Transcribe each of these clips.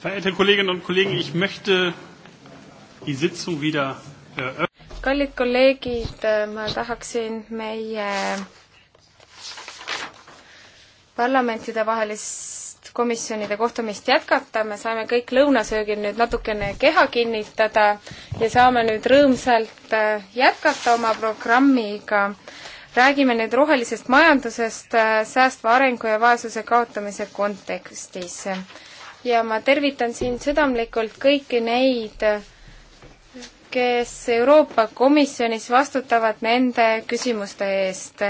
Verehrte Kolleginnen und Kollegen, ich möchte die Sitzung wieder eröffnen. kallid kolleegid, äh, ma tahaksin meie parlamentidevahelist komisjonide kohtumist jätkata, me saime kõik lõunasöögil nüüd natukene keha kinnitada ja saame nüüd rõõmsalt äh, jätkata oma programmiga räägime nüüd rohelisest majandusest äh, säästva arengu ja vaesuse kaotamise kontekstis ja ma tervitan siin südamlikult kõiki neid, kes Euroopa Komisjonis vastutavad nende küsimuste eest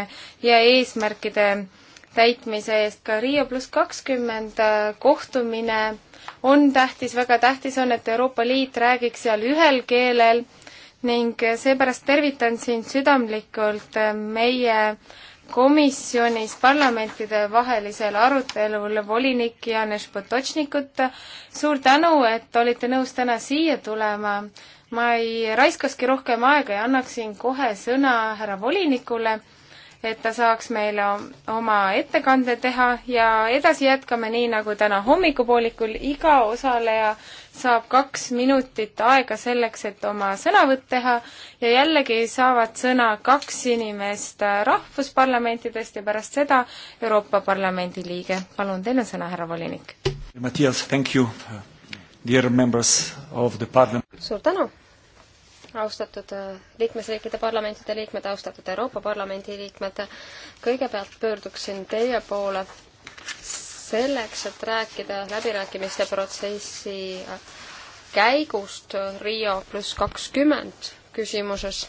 ja eesmärkide täitmise eest. ka Riia pluss kakskümmend kohtumine on tähtis, väga tähtis on, et Euroopa Liit räägiks seal ühel keelel ning seepärast tervitan sind südamlikult meie äh, komisjonis parlamentidevahelisel arutelul volinik Janes Potočnikut. suur tänu, et olite nõus täna siia tulema. ma ei raiskaski rohkem aega ja annaksin kohe sõna härra volinikule et ta saaks meile oma ettekande teha ja edasi jätkame nii nagu täna hommikupoolikul. iga osaleja saab kaks minutit aega selleks, et oma sõnavõtt teha ja jällegi saavad sõna kaks inimest rahvusparlamentidest ja pärast seda Euroopa Parlamendi liige. palun, teil on sõna, härra volinik. Mattias, thank you, dear members of the parliament. suur tänu austatud äh, liikmesriikide parlamentide liikmed, austatud Euroopa Parlamendi liikmed, kõigepealt pöörduksin teie poole selleks, et rääkida läbirääkimiste protsessi äh, käigust Rio pluss kakskümmend küsimuses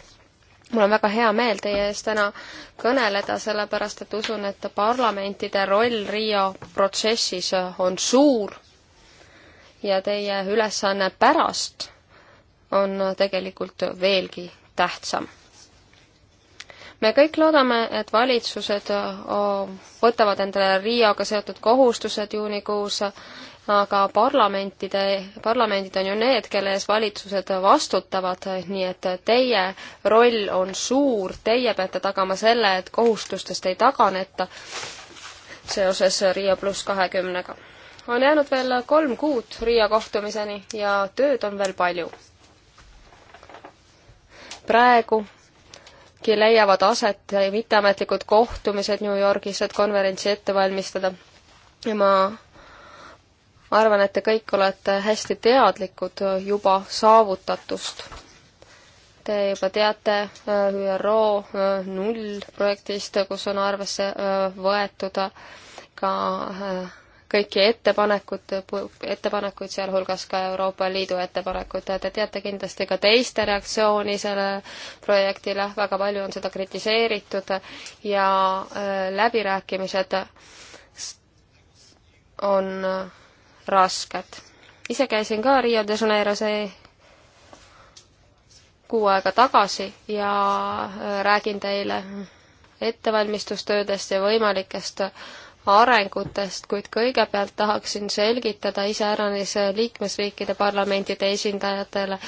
mul on väga hea meel teie ees täna kõneleda, sellepärast et usun, et parlamentide roll Riia protsessis äh, on suur ja teie ülesanne pärast on tegelikult veelgi tähtsam. me kõik loodame, et valitsused võtavad endale Riiaga seotud kohustused juunikuus, aga parlamentide, parlamendid on ju need, kelle ees valitsused vastutavad, nii et teie roll on suur, teie peate tagama selle, et kohustustest ei taganeta seoses Riia pluss kahekümnega. on jäänud veel kolm kuud Riia kohtumiseni ja tööd on veel palju praegugi leiavad aset mitteametlikud kohtumised New Yorgis, et konverentsi ette valmistada. ja ma arvan, et te kõik olete hästi teadlikud juba saavutatust. Te juba teate äh, ÜRO äh, null projektist, kus on arvesse äh, võetud ka kõiki ettepanekud, ettepanekuid, sealhulgas ka Euroopa Liidu ettepanekud. Te teate kindlasti ka teiste reaktsiooni sellele projektile, väga palju on seda kritiseeritud ja äh, läbirääkimised on rasked. ise käisin ka Rio de Janeiros kuu aega tagasi ja äh, räägin teile ettevalmistustöödest ja võimalikest arengutest, kuid kõigepealt tahaksin selgitada iseäranis liikmesriikide parlamentide esindajatele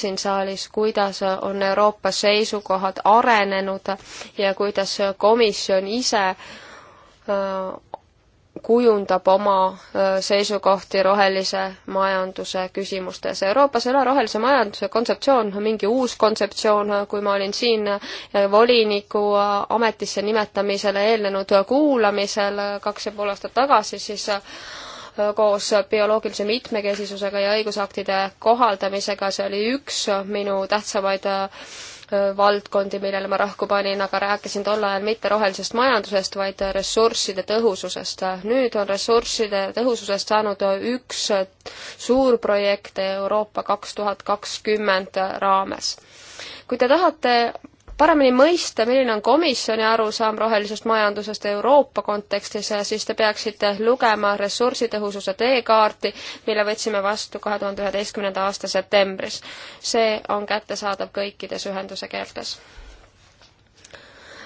siin saalis, kuidas on Euroopa seisukohad arenenud ja kuidas komisjon ise kujundab oma seisukohti rohelise majanduse küsimustes. Euroopas ei ole rohelise majanduse kontseptsioon mingi uus kontseptsioon, kui ma olin siin voliniku ametisse nimetamisele eelnenud kuulamisel kaks ja pool aastat tagasi, siis koos bioloogilise mitmekesisusega ja õigusaktide kohaldamisega, see oli üks minu tähtsamaid valdkondi, millele ma rahku panin, aga rääkisin tol ajal mitte rohelisest majandusest, vaid ressursside tõhususest. nüüd on ressursside tõhususest saanud üks suurprojekte Euroopa kaks tuhat kakskümmend raames. kui te tahate paremini mõista, milline on komisjoni arusaam rohelisest majandusest Euroopa kontekstis, siis te peaksite lugema ressursitõhususe teekaarti, mille võtsime vastu kahe tuhande üheteistkümnenda aasta septembris. see on kättesaadav kõikides ühenduse keeltes.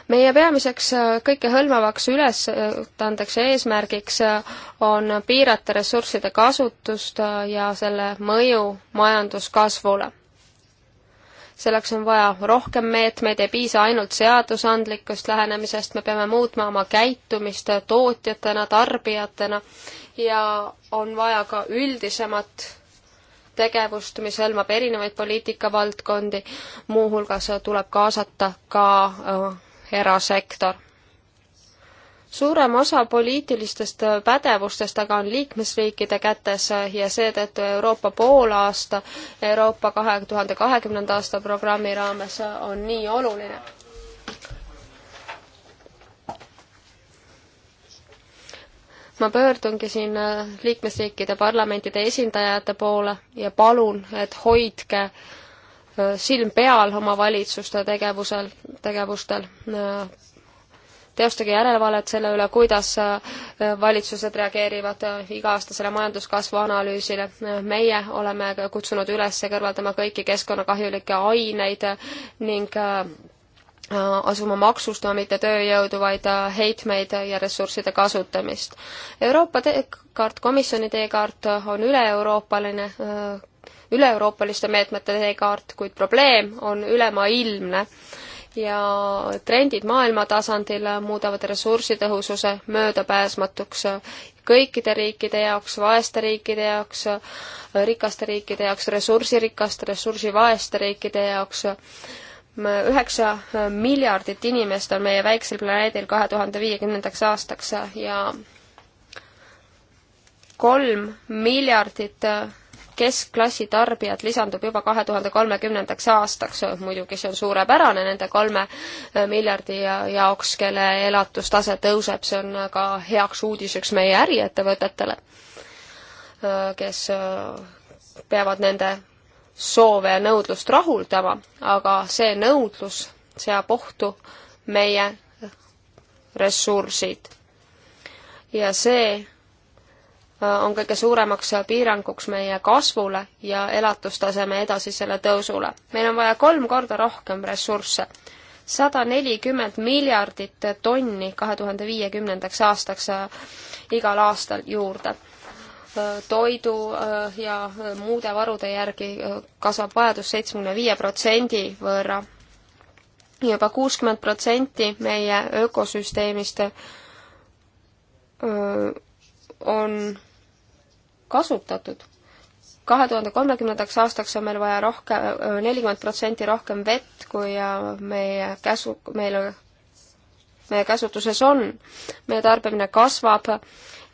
meie peamiseks äh, kõikehõlmavaks ülesandeks ja eesmärgiks äh, on piirata ressursside kasutust äh, ja selle mõju majanduskasvule selleks on vaja rohkem meetmeid, ei piisa ainult seadusandlikust lähenemisest, me peame muutma oma käitumist tootjatena, tarbijatena ja on vaja ka üldisemat tegevust, mis hõlmab erinevaid poliitikavaldkondi, muuhulgas tuleb kaasata ka äh, erasektor suurem osa poliitilistest pädevustest aga on liikmesriikide kätes ja seetõttu Euroopa poolaasta, Euroopa kahe tuhande kahekümnenda aasta programmi raames on nii oluline. ma pöördungi siin liikmesriikide parlamentide esindajate poole ja palun, et hoidke äh, silm peal oma valitsuste tegevusel, tegevustel äh, teostage järelevalvet selle üle, kuidas äh, valitsused reageerivad äh, iga-aastasele majanduskasvu analüüsile. meie oleme kutsunud üles kõrvaldama kõiki keskkonnakahjulikke aineid ning äh, asuma maksustama mitte tööjõudu, vaid heitmeid ja ressursside kasutamist. Euroopa teekaart, komisjoni teekaart on üle-euroopaline, üle-euroopaliste meetmete teekaart, kuid probleem on ülemaailmne ja trendid maailma tasandil muudavad ressursitõhususe möödapääsmatuks kõikide riikide jaoks, vaeste riikide jaoks, rikaste riikide jaoks, ressursirikaste, ressursivaeste riikide jaoks. üheksa miljardit inimest on meie väiksel planeedil kahe tuhande viiekümnendaks aastaks ja kolm miljardit keskklassi tarbijad lisandub juba kahe tuhande kolmekümnendaks aastaks. muidugi see on suurepärane nende kolme äh, miljardi jaoks, kelle elatustase tõuseb, see on ka heaks uudiseks meie äriettevõtetele, äh, kes äh, peavad nende soove ja nõudlust rahuldama, aga see nõudlus seab ohtu meie ressursid. ja see Äh, on kõige suuremaks piiranguks meie kasvule ja elatustaseme edasisele tõusule. meil on vaja kolm korda rohkem ressursse. sada nelikümmend miljardit tonni kahe tuhande viiekümnendaks aastaks äh, igal aastal juurde. Äh, toidu ja muude varude järgi kasvab vajadus seitsmekümne viie protsendi võrra. juba kuuskümmend protsenti meie ökosüsteemist on kasutatud. kahe tuhande kolmekümnendaks aastaks on meil vaja rohkem, nelikümmend protsenti rohkem vett, kui meie käsu, meil, meie käsutuses on. meie tarbimine kasvab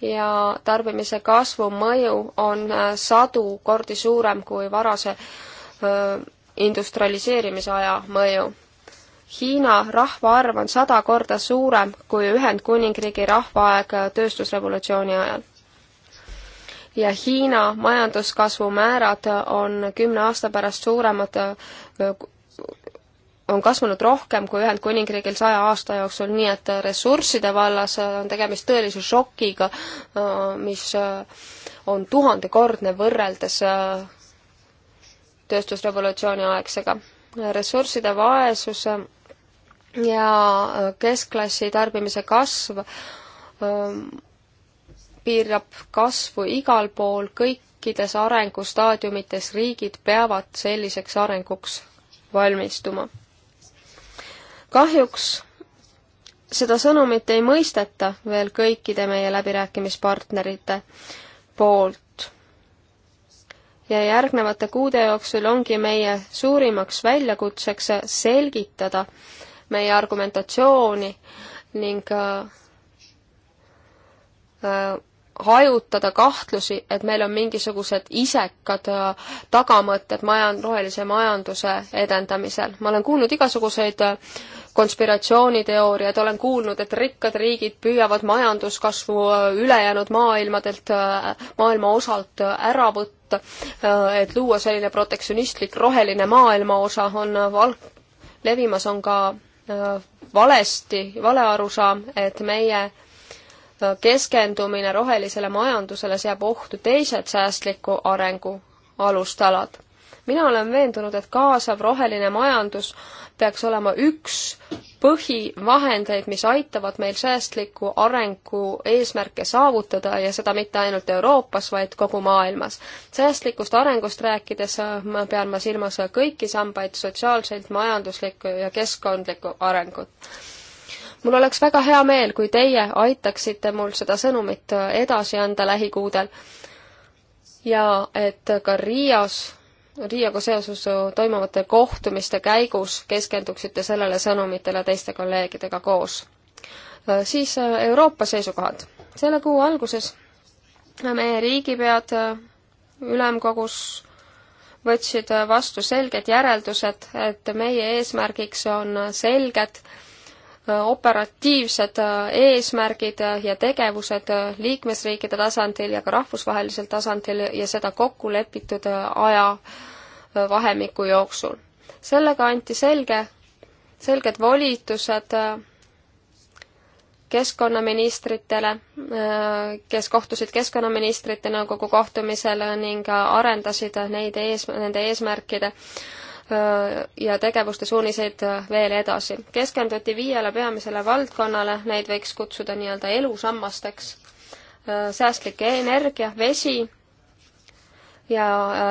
ja tarbimise kasvu mõju on äh, sadu kordi suurem kui varase äh, industrialiseerimise aja mõju Hiina rahvaarv on sada korda suurem kui Ühendkuningriigi rahvaaeg äh, tööstusrevolutsiooni ajal ja Hiina majanduskasvu määrad on kümne aasta pärast suuremad, on kasvanud rohkem kui Ühendkuningriigil saja aasta jooksul, nii et ressursside vallas on tegemist tõelise šokiga, mis on tuhandekordne võrreldes tööstusrevolutsiooni aegsega. ressursside vaesus ja keskklassi tarbimise kasv piirab kasvu igal pool, kõikides arengustaadiumites riigid peavad selliseks arenguks valmistuma. kahjuks seda sõnumit ei mõisteta veel kõikide meie läbirääkimispartnerite poolt. ja järgnevate kuude jooksul ongi meie suurimaks väljakutseks selgitada meie argumentatsiooni ning äh, äh, hajutada kahtlusi, et meil on mingisugused isekad äh, tagamõtted majand-, rohelise majanduse edendamisel. ma olen kuulnud igasuguseid äh, konspiratsiooniteooriaid, olen kuulnud, et rikkad riigid püüavad majanduskasvu äh, ülejäänud maailmadelt, maailma osalt ära võtta, et luua selline protektsionistlik roheline maailmaosa on val-, levimas on ka valesti, valearusaam, et meie keskendumine rohelisele majandusele seab ohtu teised säästliku arengu alustalad. mina olen veendunud, et kaasav roheline majandus peaks olema üks põhivahendeid, mis aitavad meil säästliku arengu eesmärke saavutada ja seda mitte ainult Euroopas, vaid kogu maailmas. säästlikust arengust rääkides ma pean ma silmas kõiki sambaid, sotsiaalseid, majanduslikku ja keskkondlikku arengut mul oleks väga hea meel, kui teie aitaksite mul seda sõnumit edasi anda lähikuudel ja et ka Riias, Riiaga seoses toimuvate kohtumiste käigus keskenduksite sellele sõnumitele teiste kolleegidega koos. siis Euroopa seisukohad. selle kuu alguses meie riigipead ülemkogus võtsid vastu selged järeldused, et meie eesmärgiks on selged operatiivsed äh, eesmärgid äh, ja tegevused äh, liikmesriikide tasandil ja ka rahvusvahelisel tasandil ja seda kokku lepitud ajavahemiku jooksul. sellega anti selge, selged volitused keskkonnaministritele, kes kohtusid Keskkonnaministrite Nõukogu kohtumisel ning arendasid neid ees, nende eesmärkide Äh, ja tegevuste suuniseid äh, veel edasi. keskenduti viiele peamisele valdkonnale, neid võiks kutsuda nii-öelda elusammasteks. Äh, säästlik energia, vesi ja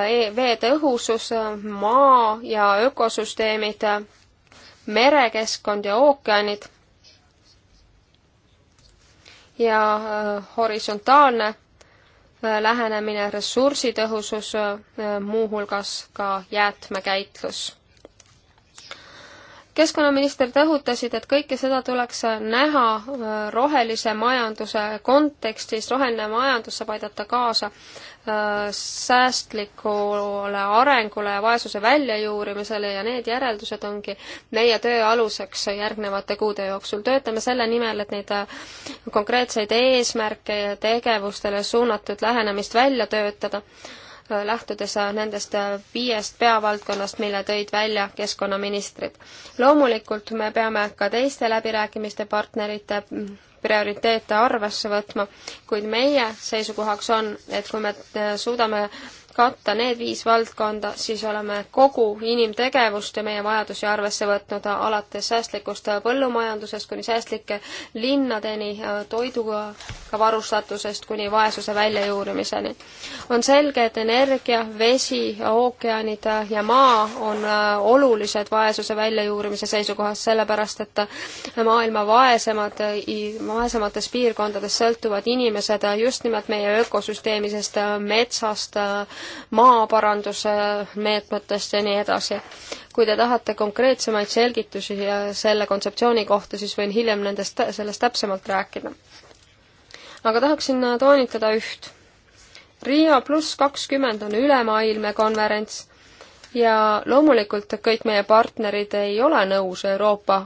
e-, veetõhusus, maa ja ökosüsteemid, merekeskkond ja ookeanid ja horisontaalne lähenemine, ressursitõhusus, muuhulgas ka jäätmekäitlus. keskkonnaminister rõhutasid, et kõike seda tuleks näha rohelise majanduse kontekstis, roheline majandus saab aidata kaasa Äh, säästlikule arengule ja vaesuse väljajuurimisele ja need järeldused ongi meie töö aluseks järgnevate kuude jooksul. töötame selle nimel, et neid äh, konkreetseid eesmärke ja tegevustele suunatud lähenemist välja töötada, äh, lähtudes nendest viiest peavaldkonnast, mille tõid välja keskkonnaministrid. loomulikult me peame ka teiste läbirääkimiste partnerite mm, prioriteete arvesse võtma, kuid meie seisukohaks on, et kui me äh, suudame katta need viis valdkonda, siis oleme kogu inimtegevust ja meie vajadusi arvesse võtnud, äh, alates säästlikust äh, põllumajandusest kuni säästlike linnadeni, äh, toiduga varustatusest kuni vaesuse väljajuurimiseni. on selge, et energia, vesi, ookeanid ja maa on olulised vaesuse väljajuurimise seisukohast, sellepärast et maailma vaesemad, vaesemates piirkondades sõltuvad inimesed just nimelt meie ökosüsteemisest, metsast, maaparanduse meetmetest ja nii edasi. kui te tahate konkreetsemaid selgitusi selle kontseptsiooni kohta, siis võin hiljem nendest, sellest täpsemalt rääkida. aga tahaksin toonitada üht. Riia pluss kakskümmend on ülemaailmne konverents ja loomulikult kõik meie partnerid ei ole nõus Euroopa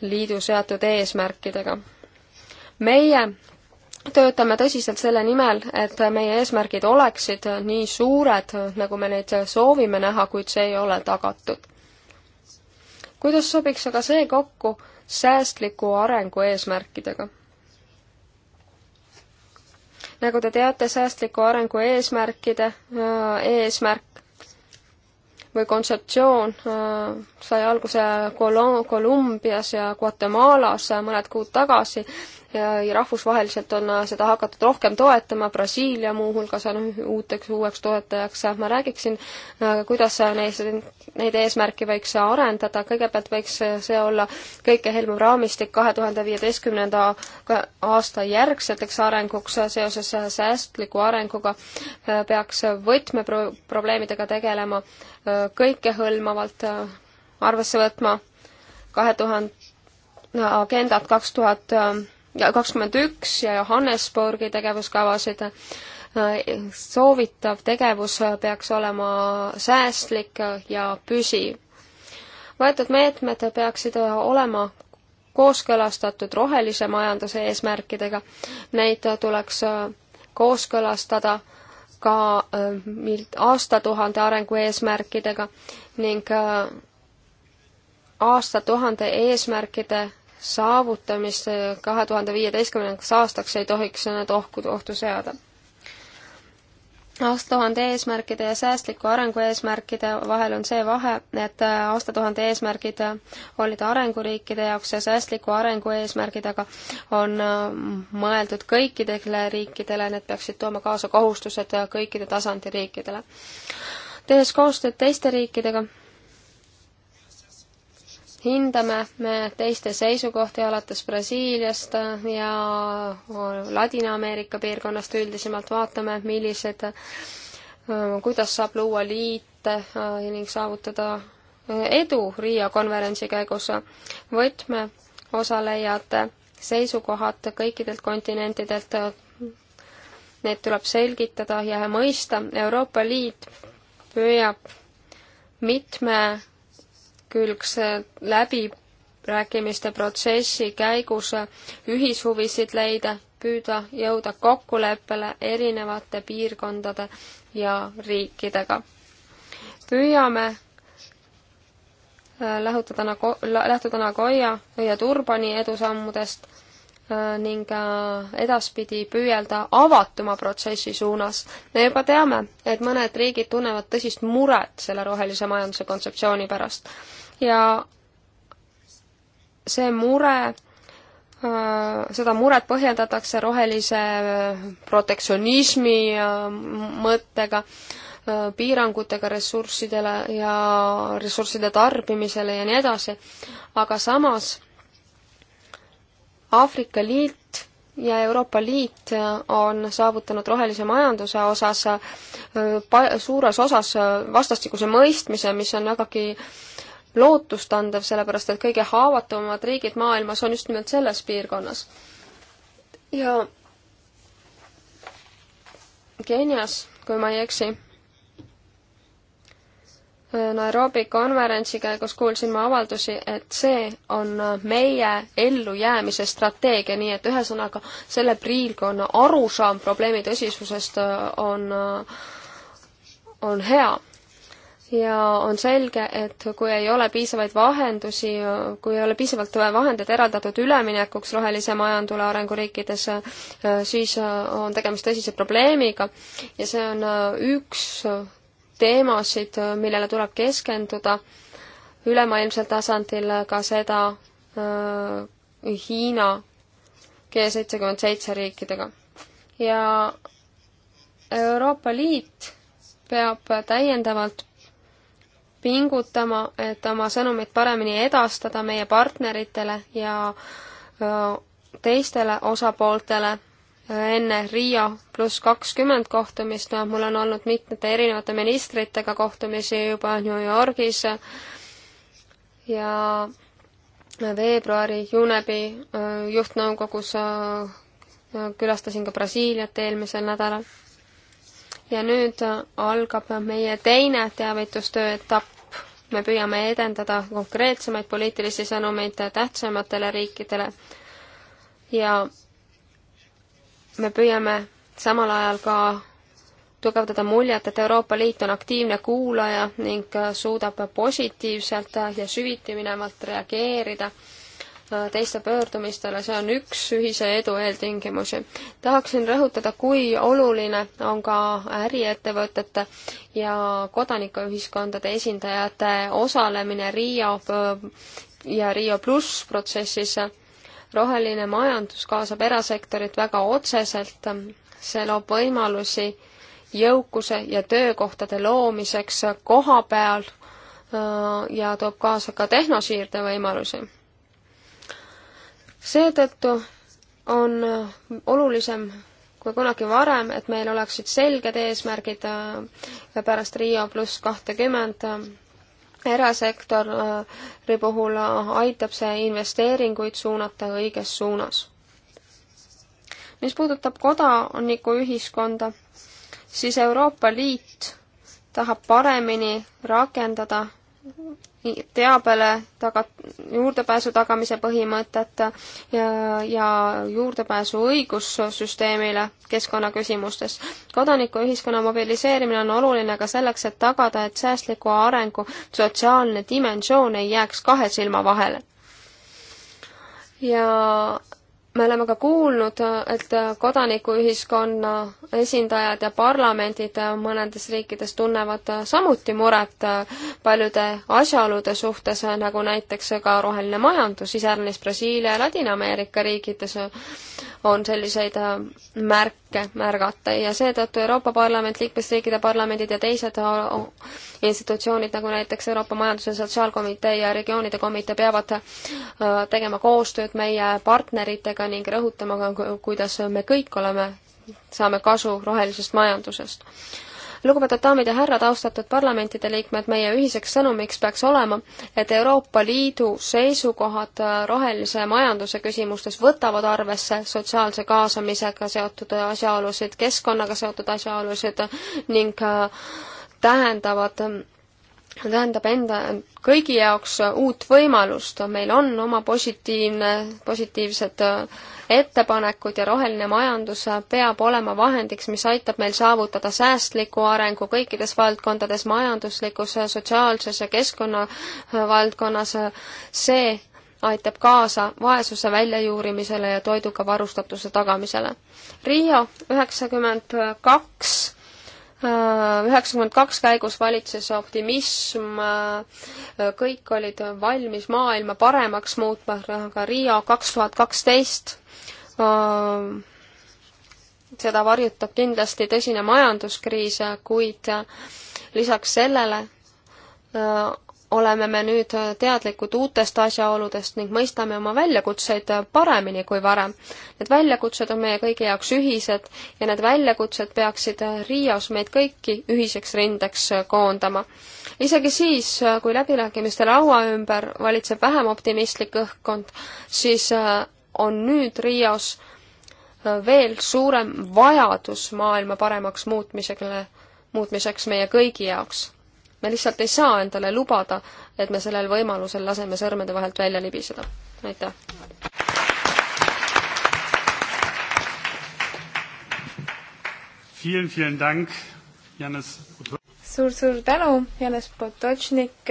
Liidu seatud eesmärkidega. meie töötame tõsiselt selle nimel, et meie eesmärgid oleksid nii suured, nagu me neid soovime näha, kuid see ei ole tagatud. kuidas sobiks aga see kokku säästliku arengu eesmärkidega? nagu te teate, säästliku arengu eesmärkide äh, eesmärk või kontseptsioon äh, sai alguse Kolumbias ja Guatemalas mõned kuud tagasi ja rahvusvaheliselt on seda hakatud rohkem toetama, Brasiilia muuhulgas on uuteks, uueks toetajaks, ma räägiksin, äh, kuidas neis, neid eesmärke võiks arendada, kõigepealt võiks see olla kõikehelmav raamistik kahe tuhande viieteistkümnenda aasta järgseteks arenguks seoses säästliku arenguga, äh, peaks võtmeprobleemidega tegelema äh, kõikehõlmavalt, arvesse võtma kahe tuhande agendat kaks tuhat ja kakskümmend üks ja Johannesburgi tegevuskavasid. soovitav tegevus peaks olema säästlik ja püsiv. võetud meetmed peaksid olema kooskõlastatud rohelise majanduse eesmärkidega, neid tuleks kooskõlastada ka äh, aastatuhande arengu eesmärkidega ning äh, aastatuhande eesmärkide saavutamist kahe tuhande viieteistkümnendaks aastaks ei tohiks need ohku, ohtu seada. aastatuhande eesmärkide ja säästliku arengu eesmärkide vahel on see vahe, et aastatuhande eesmärgid olid arenguriikide jaoks ja säästliku arengu eesmärgid aga on mõeldud kõikidele riikidele, need peaksid tooma kaasa kohustused kõikide tasandi riikidele. tehes koostööd teiste riikidega hindame me teiste seisukohti alates Brasiiliast ja Ladina-Ameerika piirkonnast üldisemalt, vaatame, millised, kuidas saab luua liite äh, ning saavutada äh, edu Riia konverentsi käigus. võtme osalejate seisukohad kõikidelt kontinentidelt, äh, need tuleb selgitada ja mõista. Euroopa Liit püüab mitme külg see läbirääkimiste protsessi käigus ühishuvisid leida, püüda jõuda kokkuleppele erinevate piirkondade ja riikidega. püüame äh, lähutada nagu, lähtuda Nagoya ja Turbani edusammudest äh, ning äh, edaspidi püüelda avatuma protsessi suunas. me juba teame, et mõned riigid tunnevad tõsist muret selle rohelise majanduse kontseptsiooni pärast ja see mure, äh, seda muret põhjendatakse rohelise äh, protektsionismi äh, mõttega, piirangutega ressurssidele ja ressursside tarbimisele ja nii edasi, aga samas Aafrika Liit ja Euroopa Liit on saavutanud rohelise majanduse osas suures osas vastastikuse mõistmise, mis on vägagi äh, lootustandev, sellepärast et kõige haavatavamad riigid maailmas on just nimelt selles piirkonnas. ja Keenias, kui ma ei eksi, Nairobi konverentsi käigus kuulsin ma avaldusi, et see on meie ellujäämise strateegia, nii et ühesõnaga selle piirkonna arusaam probleemi tõsisusest äh, on, äh, on hea ja on selge, et kui ei ole piisavaid vahendusi, kui ei ole piisavalt vahendeid eraldatud üleminekuks rohelise majandule arenguriikides, siis on tegemist tõsise probleemiga ja see on üks teemasid, millele tuleb keskenduda ülemaailmsel tasandil ka seda äh, Hiina G77 riikidega. ja Euroopa Liit peab täiendavalt pingutama, et oma sõnumit paremini edastada meie partneritele ja teistele osapooltele enne Riia pluss kakskümmend kohtumist, mul on olnud mitmete erinevate ministritega kohtumisi juba New Yorgis ja veebruari UNEP-i juhtnõukogus külastasin ka Brasiiliat eelmisel nädalal ja nüüd äh, algab meie teine teavitustöö etapp. me püüame edendada konkreetsemaid poliitilisi sõnumeid tähtsamatele riikidele ja me püüame samal ajal ka tugevdada muljet, et Euroopa Liit on aktiivne kuulaja ning äh, suudab positiivselt ja süviti minevalt reageerida teiste pöördumistele, see on üks ühise edu eeltingimusi. tahaksin rõhutada, kui oluline on ka äriettevõtete ja kodanikuühiskondade esindajate osalemine Riia äh, ja Riia pluss protsessis. roheline majandus kaasab erasektorit väga otseselt, see loob võimalusi jõukuse ja töökohtade loomiseks koha peal äh, ja toob kaasa ka tehnosiirde võimalusi seetõttu on olulisem kui kunagi varem, et meil oleksid selged eesmärgid äh, pärast Riia pluss kahtekümmend. Äh, erasektori äh, puhul aitab see investeeringuid suunata õiges suunas. mis puudutab kodanikuühiskonda, siis Euroopa Liit tahab paremini rakendada teabele taga, juurdepääsu tagamise põhimõtet ja, ja juurdepääsu õigussüsteemile keskkonnaküsimustes. kodanikuühiskonna mobiliseerimine on oluline ka selleks, et tagada, et säästliku arengu sotsiaalne dimensioon ei jääks kahe silma vahele. ja me oleme ka kuulnud, et kodanikuühiskonna esindajad ja parlamendid mõnedes riikides tunnevad samuti muret paljude asjaolude suhtes, nagu näiteks ka roheline majandus, iseäranis Brasiilia ja Ladina-Ameerika riikides on selliseid märke märgata ja seetõttu Euroopa Parlament, liikmesriikide parlamendid ja teised institutsioonid, nagu näiteks Euroopa Majandus- ja Sotsiaalkomitee ja Regioonide Komitee, peavad tegema koostööd meie partneritega, kõigega ning rõhutama ka, kuidas me kõik oleme, saame kasu rohelisest majandusest. lugupeetud daamid ja härrad, austatud parlamentide liikmed, meie ühiseks sõnumiks peaks olema, et Euroopa Liidu seisukohad rohelise majanduse küsimustes võtavad arvesse sotsiaalse kaasamisega seotud asjaolusid, keskkonnaga seotud asjaolusid ning tähendavad tähendab enda, kõigi jaoks uut võimalust, meil on oma positiivne, positiivsed äh, ettepanekud ja roheline majandus peab olema vahendiks, mis aitab meil saavutada säästliku arengu kõikides valdkondades, majanduslikus, sotsiaalses ja keskkonna äh, valdkonnas. see aitab kaasa vaesuse väljajuurimisele ja toiduga varustatuse tagamisele. Rio üheksakümmend kaks Äh, üheksakümmend kaks käigus valitses optimism, äh, kõik olid valmis maailma paremaks muutma, aga Riia kaks tuhat kaksteist, äh, seda varjutab kindlasti tõsine majanduskriis, kuid lisaks sellele oleme me nüüd teadlikud uutest asjaoludest ning mõistame oma väljakutseid paremini kui varem. Need väljakutsed on meie kõigi jaoks ühised ja need väljakutsed peaksid Riias meid kõiki ühiseks rindeks koondama. isegi siis, kui läbirääkimiste laua ümber valitseb vähem optimistlik õhkkond, siis on nüüd Riias veel suurem vajadus maailma paremaks muutmisele, muutmiseks meie kõigi jaoks me lihtsalt ei saa endale lubada, et me sellel võimalusel laseme sõrmede vahelt välja libiseda. aitäh! suur-suur tänu, Janes Potočnik!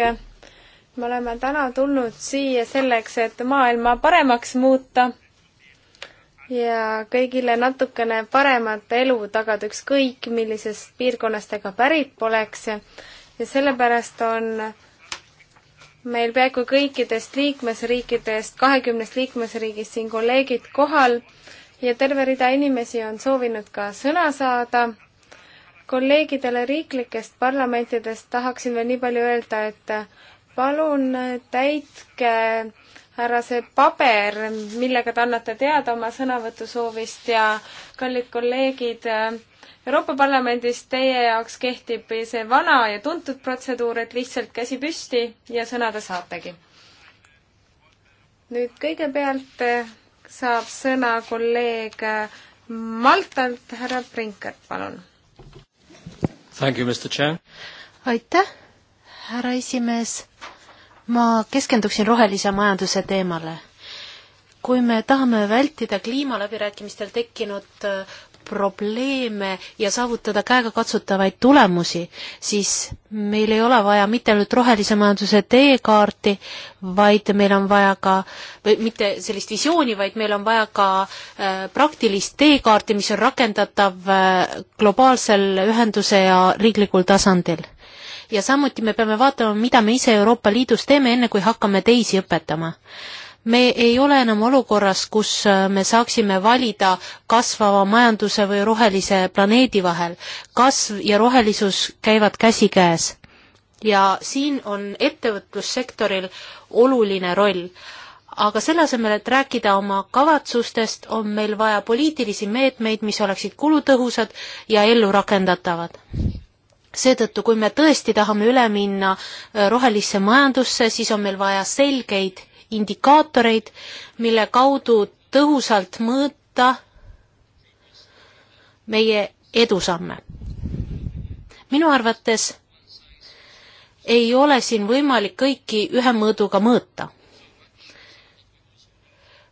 me oleme täna tulnud siia selleks, et maailma paremaks muuta ja kõigile natukene paremat elu tagada, ükskõik millisest piirkonnast ega pärit poleks ja sellepärast on meil peaaegu kõikidest liikmesriikidest, kahekümnest liikmesriigist siin kolleegid kohal ja terve rida inimesi on soovinud ka sõna saada. kolleegidele riiklikest parlamentidest tahaksin veel nii palju öelda, et palun täitke härra see paber, millega te annate teada oma sõnavõtusoovist ja kallid kolleegid äh,, Euroopa Parlamendis teie jaoks kehtib see vana ja tuntud protseduur, et lihtsalt käsi püsti ja sõna te saategi. nüüd kõigepealt eh, saab sõna kolleeg eh, Maltalt, härra Brinker, palun. aitäh, härra esimees. ma keskenduksin rohelise majanduse teemale kui me tahame vältida kliimaläbirääkimistel tekkinud eh, probleeme ja saavutada käegakatsutavaid tulemusi, siis meil ei ole vaja mitte ainult rohelise majanduse teekaarti, vaid meil on vaja ka, või mitte sellist visiooni, vaid meil on vaja ka äh, praktilist teekaarti, mis on rakendatav äh, globaalsel ühenduse ja riiklikul tasandil. ja samuti me peame vaatama, mida me ise Euroopa Liidus teeme, enne kui hakkame teisi õpetama me ei ole enam olukorras, kus äh, me saaksime valida kasvava majanduse või rohelise planeedi vahel. kasv ja rohelisus käivad käsikäes ja siin on ettevõtlussektoril oluline roll aga selle asemel, et rääkida oma kavatsustest, on meil vaja poliitilisi meetmeid, mis oleksid kulutõhusad ja ellurakendatavad. seetõttu, kui me tõesti tahame üle minna äh, rohelisse majandusse, siis on meil vaja selgeid indikaatoreid, mille kaudu tõhusalt mõõta meie edusamme. minu arvates ei ole siin võimalik kõiki ühe mõõduga mõõta.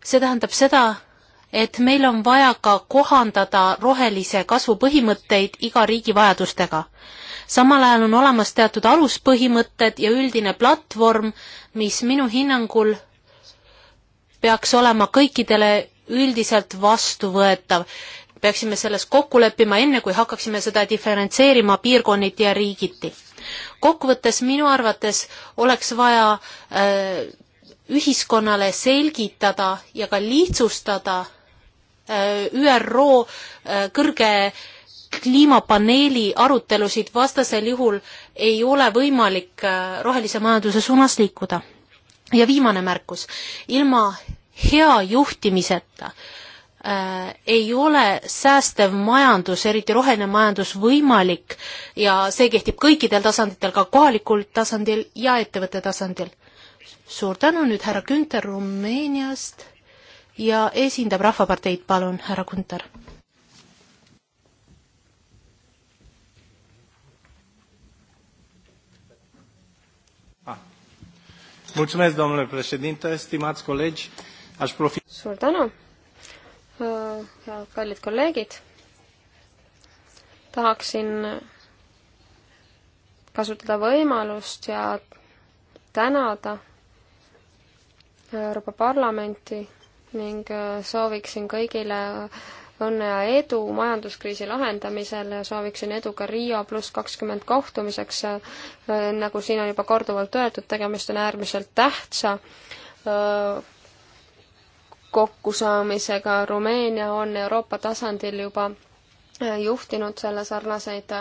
see tähendab seda, et meil on vaja ka kohandada rohelise kasvu põhimõtteid iga riigi vajadustega. samal ajal on olemas teatud aluspõhimõtted ja üldine platvorm, mis minu hinnangul peaks olema kõikidele üldiselt vastuvõetav. peaksime selles kokku leppima, enne kui hakkaksime seda diferentseerima piirkonniti ja riigiti. kokkuvõttes minu arvates oleks vaja äh, ühiskonnale selgitada ja ka lihtsustada äh, ÜRO äh, kõrge kliimapaneeli arutelusid, vastasel juhul ei ole võimalik äh, rohelise majanduse suunas liikuda ja viimane märkus, ilma hea juhtimiseta äh, ei ole säästev majandus, eriti roheline majandus, võimalik ja see kehtib kõikidel tasanditel, ka kohalikul tasandil ja ettevõtte tasandil. suur tänu nüüd härra Günter Rumeeniast ja esindab Rahvaparteid, palun, härra Günter Mulțumesc, domnule președinte, stimați colegi, aș profita... Suur tänu, kallid kolleegid. Tahaksin kasutada võimalust ja tänada Euroopa Parlamenti ning sooviksin kõigile õnne ja edu majanduskriisi lahendamisel ja sooviksin edu ka Riia pluss kakskümmend kohtumiseks. nagu siin on juba korduvalt öeldud, tegemist on äärmiselt tähtsa kokkusaamisega. Rumeenia on Euroopa tasandil juba juhtinud selle sarnaseid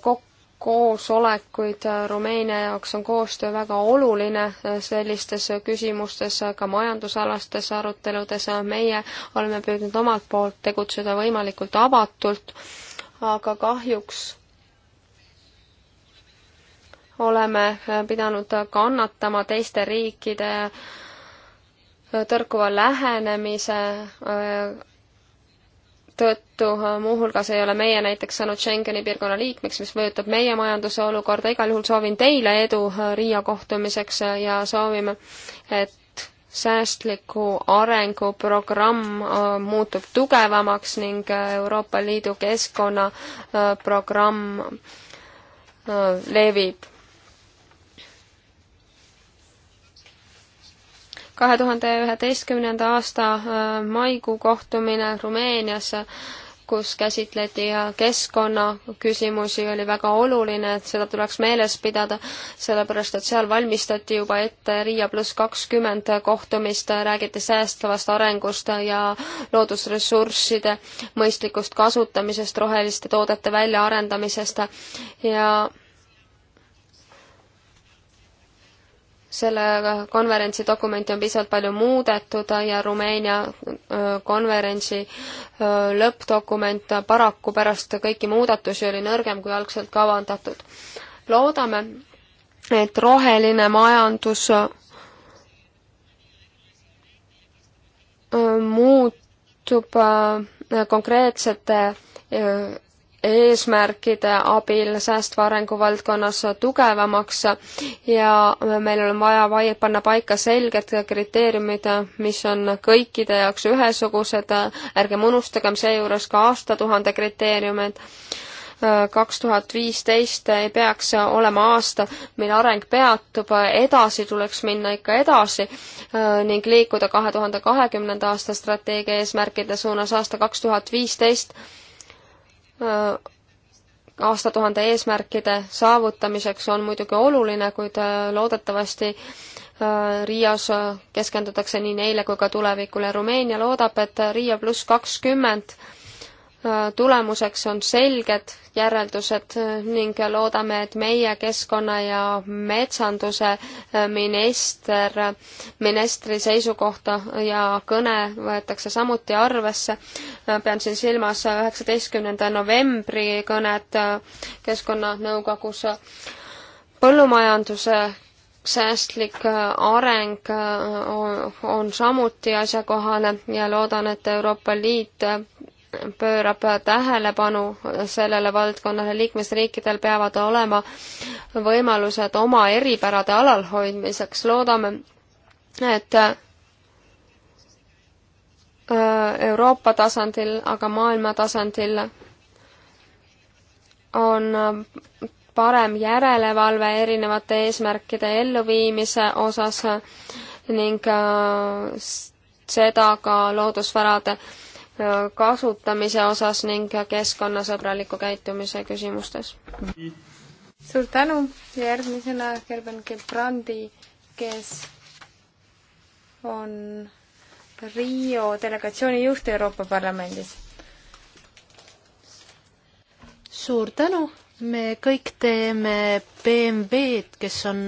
kokku koosolekuid Rumeenia jaoks on koostöö väga oluline äh, sellistes äh, küsimustes, äh, ka majandusalastes aruteludes. meie oleme püüdnud omalt poolt tegutseda võimalikult avatult, aga kahjuks oleme pidanud kannatama teiste riikide tõrkuva lähenemise tõttu äh, muuhulgas ei ole meie näiteks saanud Schengeni piirkonna liikmeks, mis mõjutab meie majanduse olukorda, igal juhul soovin teile edu äh, Riia kohtumiseks äh, ja soovime, et säästliku arengu programm muutub tugevamaks ning Euroopa Liidu keskkonnaprogramm levib. kahe tuhande üheteistkümnenda aasta äh, maikuu kohtumine Rumeenias, kus käsitleti äh, keskkonnaküsimusi, oli väga oluline, et seda tuleks meeles pidada, sellepärast et seal valmistati juba ette Riia pluss kakskümmend kohtumist, räägiti säästvast arengust ja loodusressursside mõistlikust kasutamisest, roheliste toodete väljaarendamisest ja selle konverentsi dokumenti on piisavalt palju muudetud ja Rumeenia konverentsi lõppdokument paraku pärast kõiki muudatusi oli nõrgem kui algselt kavandatud. loodame, et roheline majandus muutub konkreetsete eesmärkide abil säästva arengu valdkonnas tugevamaks ja meil on vaja panna paika selged kriteeriumid, mis on kõikide jaoks ühesugused, ärgem unustagem seejuures ka aastatuhande kriteeriumeid kaks tuhat viisteist ei peaks olema aasta, mil areng peatub, edasi tuleks minna ikka edasi ning liikuda kahe tuhande kahekümnenda aasta strateegia eesmärkide suunas aasta kaks tuhat viisteist Äh, aastatuhande eesmärkide saavutamiseks on muidugi oluline, kuid äh, loodetavasti äh, Riias keskendutakse nii neile kui ka tulevikule. Rumeenia loodab, et Riia pluss kakskümmend 20 tulemuseks on selged järeldused ning loodame, et meie keskkonna ja metsanduse minister, ministri seisukohta ja kõne võetakse samuti arvesse. pean siin silmas üheksateistkümnenda novembri kõnet Keskkonnanõukogus põllumajanduse säästlik areng on samuti asjakohane ja loodan, et Euroopa Liit pöörab tähelepanu sellele valdkonnale, liikmesriikidel peavad olema võimalused oma eripärade alalhoidmiseks, loodame, et äh, Euroopa tasandil, aga maailma tasandil on parem järelevalve erinevate eesmärkide elluviimise osas ning äh, seda ka loodusvarade äh, Äh, kasutamise osas ning keskkonnasõbraliku käitumise küsimustes. suur tänu ja järgmisena Gerben Gebrandi, kes on Riio delegatsiooni juht Euroopa Parlamendis. suur tänu, me kõik teeme BMW-d, kes on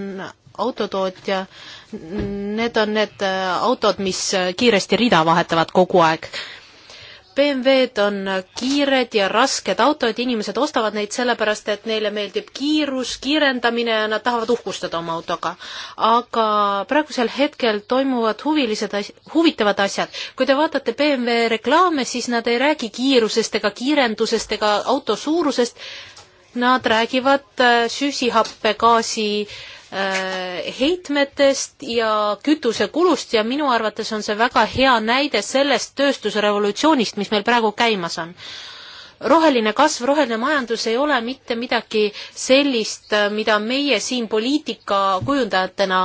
autotootja, need on need autod, mis kiiresti rida vahetavad kogu aeg BMW-d on kiired ja rasked autod, inimesed ostavad neid sellepärast, et neile meeldib kiirus, kiirendamine ja nad tahavad uhkustada oma autoga. aga praegusel hetkel toimuvad huvilised as-, huvitavad asjad. kui te vaatate BMW reklaame, siis nad ei räägi kiirusest ega kiirendusest ega auto suurusest, nad räägivad äh, süsihappegaasi Äh, heitmetest ja kütusekulust ja minu arvates on see väga hea näide sellest tööstusrevolutsioonist, mis meil praegu käimas on roheline kasv, roheline majandus ei ole mitte midagi sellist, mida meie siin poliitika kujundajatena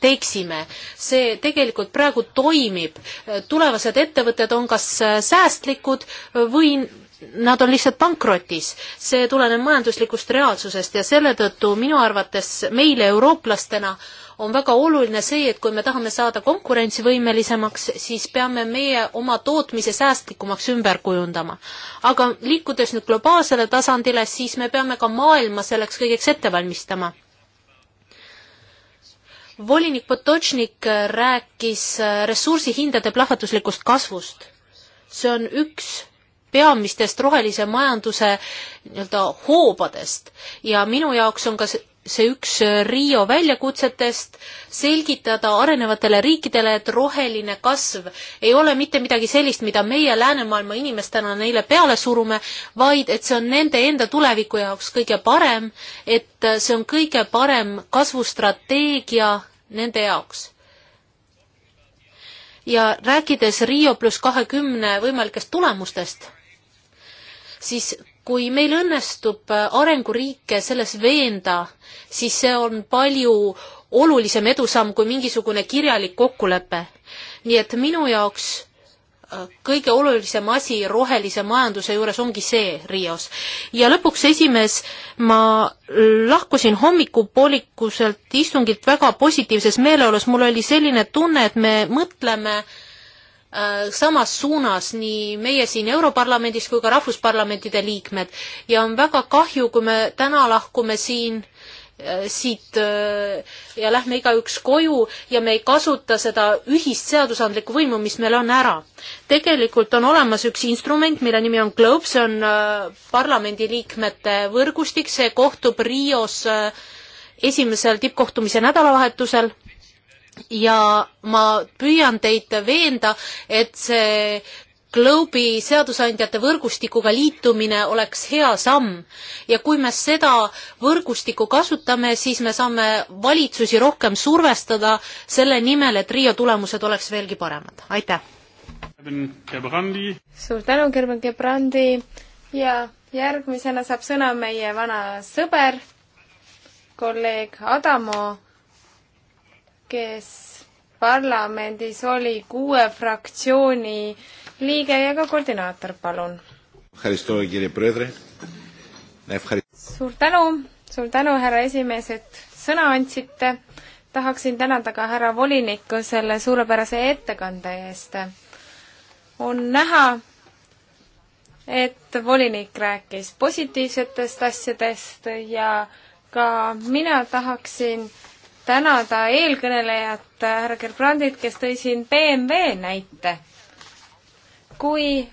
teeksime. see tegelikult praegu toimib, tulevased ettevõtted on kas säästlikud või nad on lihtsalt pankrotis. see tuleneb majanduslikust reaalsusest ja selle tõttu minu arvates meile, eurooplastena, on väga oluline see, et kui me tahame saada konkurentsivõimelisemaks, siis peame meie oma tootmise säästlikumaks ümber kujundama. aga liikudes nüüd globaalsele tasandile, siis me peame ka maailma selleks kõigeks ette valmistama volinik Potočnik rääkis ressursihindade plahvatuslikust kasvust. see on üks peamistest rohelise majanduse nii-öelda hoobadest ja minu jaoks on ka see üks Rio väljakutsetest selgitada arenevatele riikidele, et roheline kasv ei ole mitte midagi sellist, mida meie läänemaailma inimestena neile peale surume, vaid et see on nende enda tuleviku jaoks kõige parem, et see on kõige parem kasvustrateegia nende jaoks ja rääkides Rio pluss kahekümne võimalikest tulemustest, siis kui meil õnnestub äh, arenguriike selles veenda, siis see on palju olulisem edusamm kui mingisugune kirjalik kokkulepe. nii et minu jaoks äh, kõige olulisem asi rohelise majanduse juures ongi see Rios. ja lõpuks, esimees, ma lahkusin hommikupoolikuselt istungilt väga positiivses meeleolus, mul oli selline tunne, et me mõtleme äh, Äh, samas suunas nii meie siin Europarlamendis kui ka rahvusparlamentide liikmed ja on väga kahju, kui me täna lahkume siin äh, siit äh, ja lähme igaüks koju ja me ei kasuta seda ühist seadusandlikku võimu, mis meil on ära. tegelikult on olemas üks instrument, mille nimi on GLOBE, see on parlamendiliikmete võrgustik, see kohtub Rios esimesel tippkohtumise nädalavahetusel ja ma püüan teid veenda, et see Globe'i seadusandjate võrgustikuga liitumine oleks hea samm ja kui me seda võrgustikku kasutame, siis me saame valitsusi rohkem survestada selle nimel, et Riia tulemused oleks veelgi paremad, aitäh! suur tänu, Gerben Gebrandi ja järgmisena saab sõna meie vana sõber, kolleeg Adamo kes parlamendis oli kuue fraktsiooni liige ja ka koordinaator, palun. suur tänu, suur tänu, härra esimees, et sõna andsite. tahaksin tänada ka härra volinikku selle suurepärase ettekande eest. on näha, et volinik rääkis positiivsetest asjadest ja ka mina tahaksin tänada eelkõnelejat härra Gerbrandit, kes tõi siin BMW näite. kui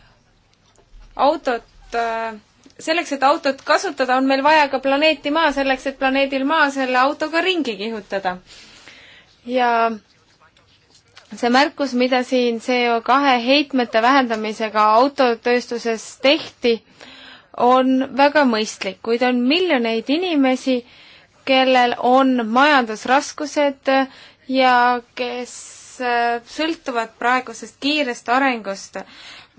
autot, äh, selleks, et autot kasutada, on meil vaja ka planeeti Maa, selleks, et planeedil Maa selle autoga ringi kihutada. ja see märkus, mida siin CO2 heitmete vähendamisega autotööstuses tehti, on väga mõistlik, kuid on miljoneid inimesi, kellel on majandusraskused ja kes äh, sõltuvad praegusest kiirest arengust.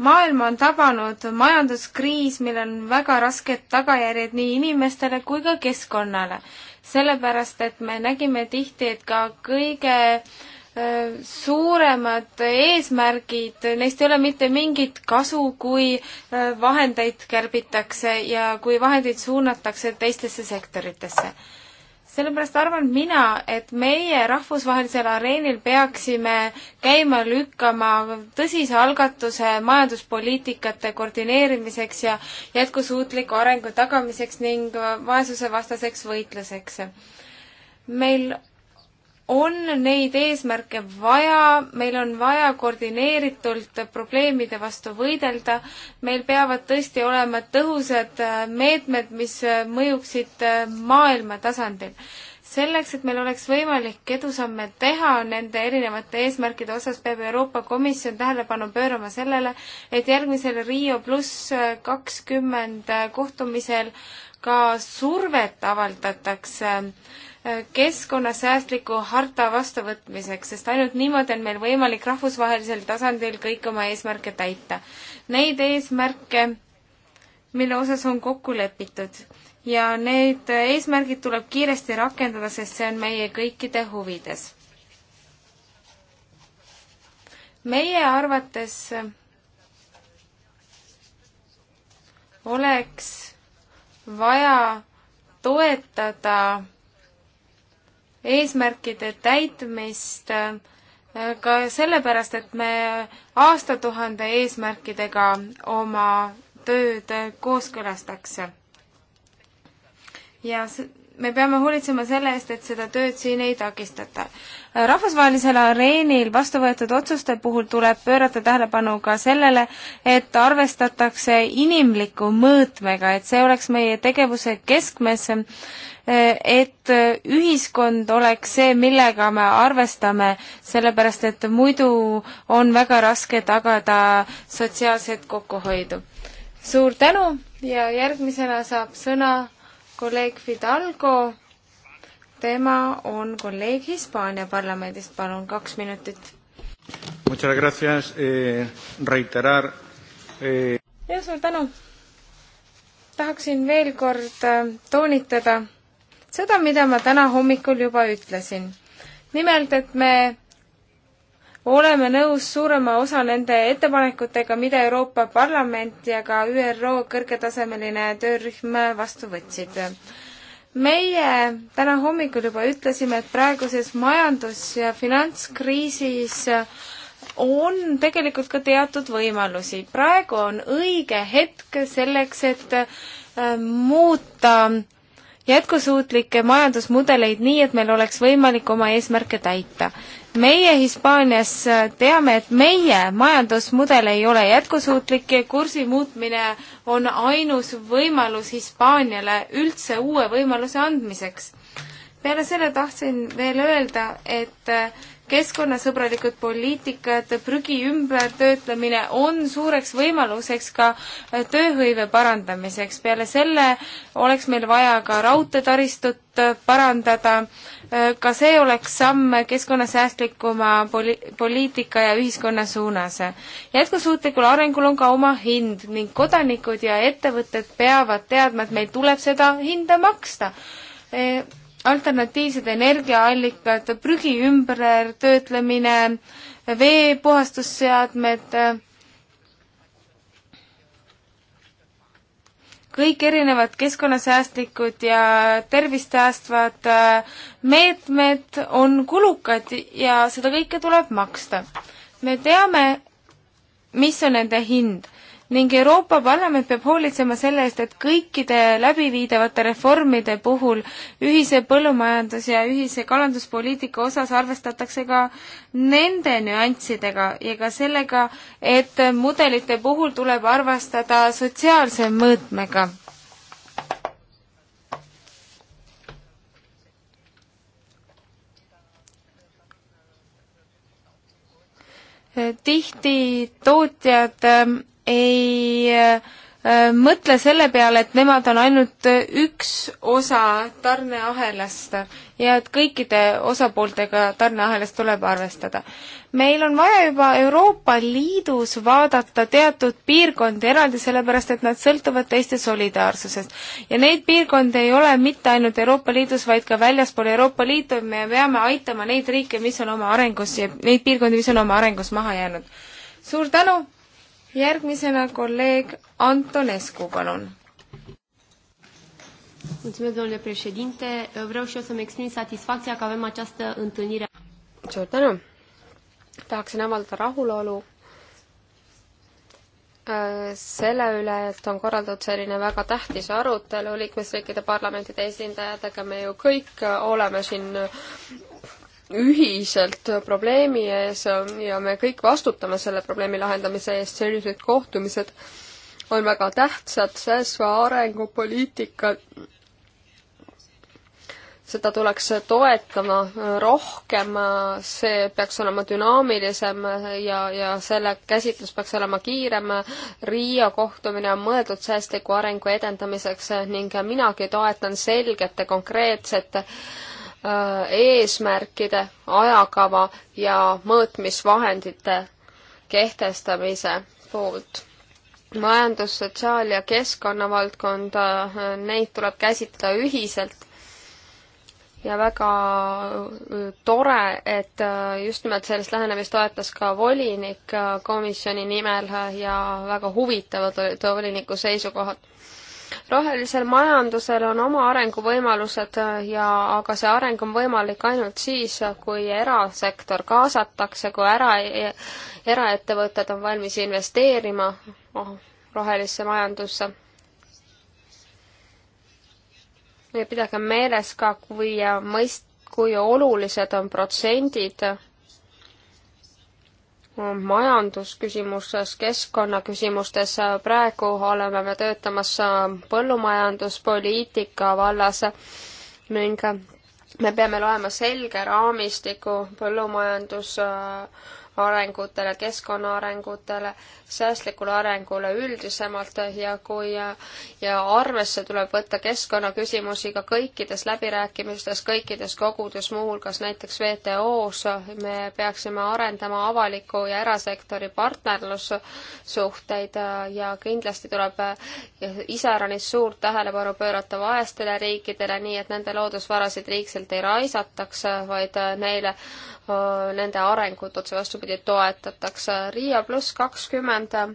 maailma on tabanud majanduskriis, millel on väga rasked tagajärjed nii inimestele kui ka keskkonnale. sellepärast, et me nägime tihti, et ka kõige äh, suuremad eesmärgid, neist ei ole mitte mingit kasu, kui äh, vahendeid kärbitakse ja kui vahendeid suunatakse teistesse sektoritesse sellepärast arvan mina, et meie rahvusvahelisel areenil peaksime käima lükkama tõsise algatuse majanduspoliitikate koordineerimiseks ja jätkusuutliku arengu tagamiseks ning vaesusevastaseks võitluseks. meil on neid eesmärke vaja, meil on vaja koordineeritult probleemide vastu võidelda, meil peavad tõesti olema tõhusad äh, meetmed, mis äh, mõjuksid äh, maailma tasandil. selleks, et meil oleks võimalik edusamme teha nende erinevate eesmärkide osas, peab Euroopa Komisjon tähelepanu pöörama sellele, et järgmisel Rio pluss kakskümmend kohtumisel ka survet avaldatakse äh, keskkonnasäästliku harta vastuvõtmiseks, sest ainult niimoodi on meil võimalik rahvusvahelisel tasandil kõik oma eesmärke täita. Neid eesmärke, mille osas on kokku lepitud ja need eesmärgid tuleb kiiresti rakendada, sest see on meie kõikide huvides. meie arvates oleks vaja toetada eesmärkide täitmist äh, ka sellepärast, et me aastatuhande eesmärkidega oma tööd kooskõlastaks. ja me peame hoolitsema selle eest, et seda tööd siin ei takistata. rahvusvahelisel areenil vastu võetud otsuste puhul tuleb pöörata tähelepanu ka sellele, et arvestatakse inimliku mõõtmega, et see oleks meie tegevuse keskmes, et ühiskond oleks see, millega me arvestame, sellepärast et muidu on väga raske tagada sotsiaalset kokkuhoidu. suur tänu ja järgmisena saab sõna kolleeg Fidalgo, tema on kolleeg Hispaania parlamendist, palun kaks minutit. Muchas gracias eh,, reiterar eh.... jah, suur tänu. tahaksin veel kord äh, toonitada seda, mida ma täna hommikul juba ütlesin. nimelt, et me oleme nõus suurema osa nende ettepanekutega, mida Euroopa Parlament ja ka ÜRO kõrgetasemeline töörühm vastu võtsid. meie täna hommikul juba ütlesime, et praeguses majandus- ja finantskriisis on tegelikult ka teatud võimalusi. praegu on õige hetk selleks, et äh, muuta jätkusuutlikke majandusmudeleid nii, et meil oleks võimalik oma eesmärke täita meie Hispaanias äh, teame, et meie majandusmudel ei ole jätkusuutlik ja kursi muutmine on ainus võimalus Hispaaniale üldse uue võimaluse andmiseks. peale selle tahtsin veel öelda, et äh, keskkonnasõbralikud poliitikad, prügi ümbertöötlemine on suureks võimaluseks ka äh, tööhõive parandamiseks. peale selle oleks meil vaja ka raudteetaristut parandada Äh, ka see oleks samm keskkonnasäästlikuma poli-, poliitika ja ühiskonna suunas. jätkusuutlikul arengul on ka oma hind ning kodanikud ja ettevõtted peavad teadma, et meil tuleb seda hinda maksta. Äh, alternatiivsed energiaallikad, prügi ümbertöötlemine, veepuhastusseadmed, kõik erinevad keskkonnasäästlikud ja tervist säästvad äh, meetmed on kulukad ja seda kõike tuleb maksta. me teame, mis on nende hind ning Euroopa Parlament peab hoolitsema selle eest, et kõikide läbiviidavate reformide puhul ühise põllumajandus- ja ühise kalanduspoliitika osas arvestatakse ka nende nüanssidega ja ka sellega, et mudelite puhul tuleb arvestada sotsiaalse mõõtmega. tihti tootjad ei äh, mõtle selle peale, et nemad on ainult üks osa tarneahelast ja et kõikide osapooltega tarneahelas tuleb arvestada. meil on vaja juba Euroopa Liidus vaadata teatud piirkondi eraldi, sellepärast et nad sõltuvad teiste solidaarsusest. ja neid piirkondi ei ole mitte ainult Euroopa Liidus, vaid ka väljaspool Euroopa Liitu, me peame aitama neid riike, mis on oma arengus ja neid piirkondi, mis on oma arengus maha jäänud. suur tänu! järgmisena kolleeg Antonescu, palun. Mulțumesc, domnule președinte. Vreau și eu să-mi exprim satisfacția că avem această întâlnire. Suur tänu! Tahaksin avaldada rahulolu äh, selle üle, et on korraldatud selline väga tähtis arutelu liikmesriikide parlamentide esindajatega, me ju kõik äh, oleme siin ühiselt probleemi ees ja me kõik vastutame selle probleemi lahendamise eest, sellised kohtumised on väga tähtsad säästva arengupoliitika seda tuleks toetama rohkem, see peaks olema dünaamilisem ja, ja selle käsitlus peaks olema kiirem. Riia kohtumine on mõeldud säästliku arengu edendamiseks ning minagi toetan selgete konkreetsete äh, Äh, eesmärkide, ajakava ja mõõtmisvahendite kehtestamise poolt. majandus, sotsiaal- ja keskkonnavaldkonda, äh, neid tuleb käsitleda ühiselt ja väga äh, tore, et just nimelt sellist lähenemist toetas ka volinik komisjoni nimel ja väga huvitavad olid voliniku seisukohad rohelisel majandusel on oma arenguvõimalused äh, ja, aga see areng on võimalik ainult siis, kui erasektor kaasatakse, kui ära, e-, eraettevõtted on valmis investeerima oh, rohelisse majandusse. ja pidage meeles ka, kui äh, mõist-, kui olulised on protsendid majandusküsimuses, keskkonnaküsimustes, praegu oleme me töötamas põllumajanduspoliitika vallas ning me peame loema selge raamistiku põllumajandus äh, arengutele, keskkonna arengutele, säästlikule arengule üldisemalt ja kui ja arvesse tuleb võtta keskkonnaküsimusi ka kõikides läbirääkimistes, kõikides kogudes, muuhulgas näiteks WTO-s, me peaksime arendama avaliku ja erasektori partnerlussuhteid ja kindlasti tuleb iseäranis suurt tähelepanu pöörata vaestele riikidele, nii et nende loodusvarasid liigselt ei raisataks, vaid neile, nende arengut otse vastupidi edaspidi toetatakse. Riia pluss kakskümmend äh,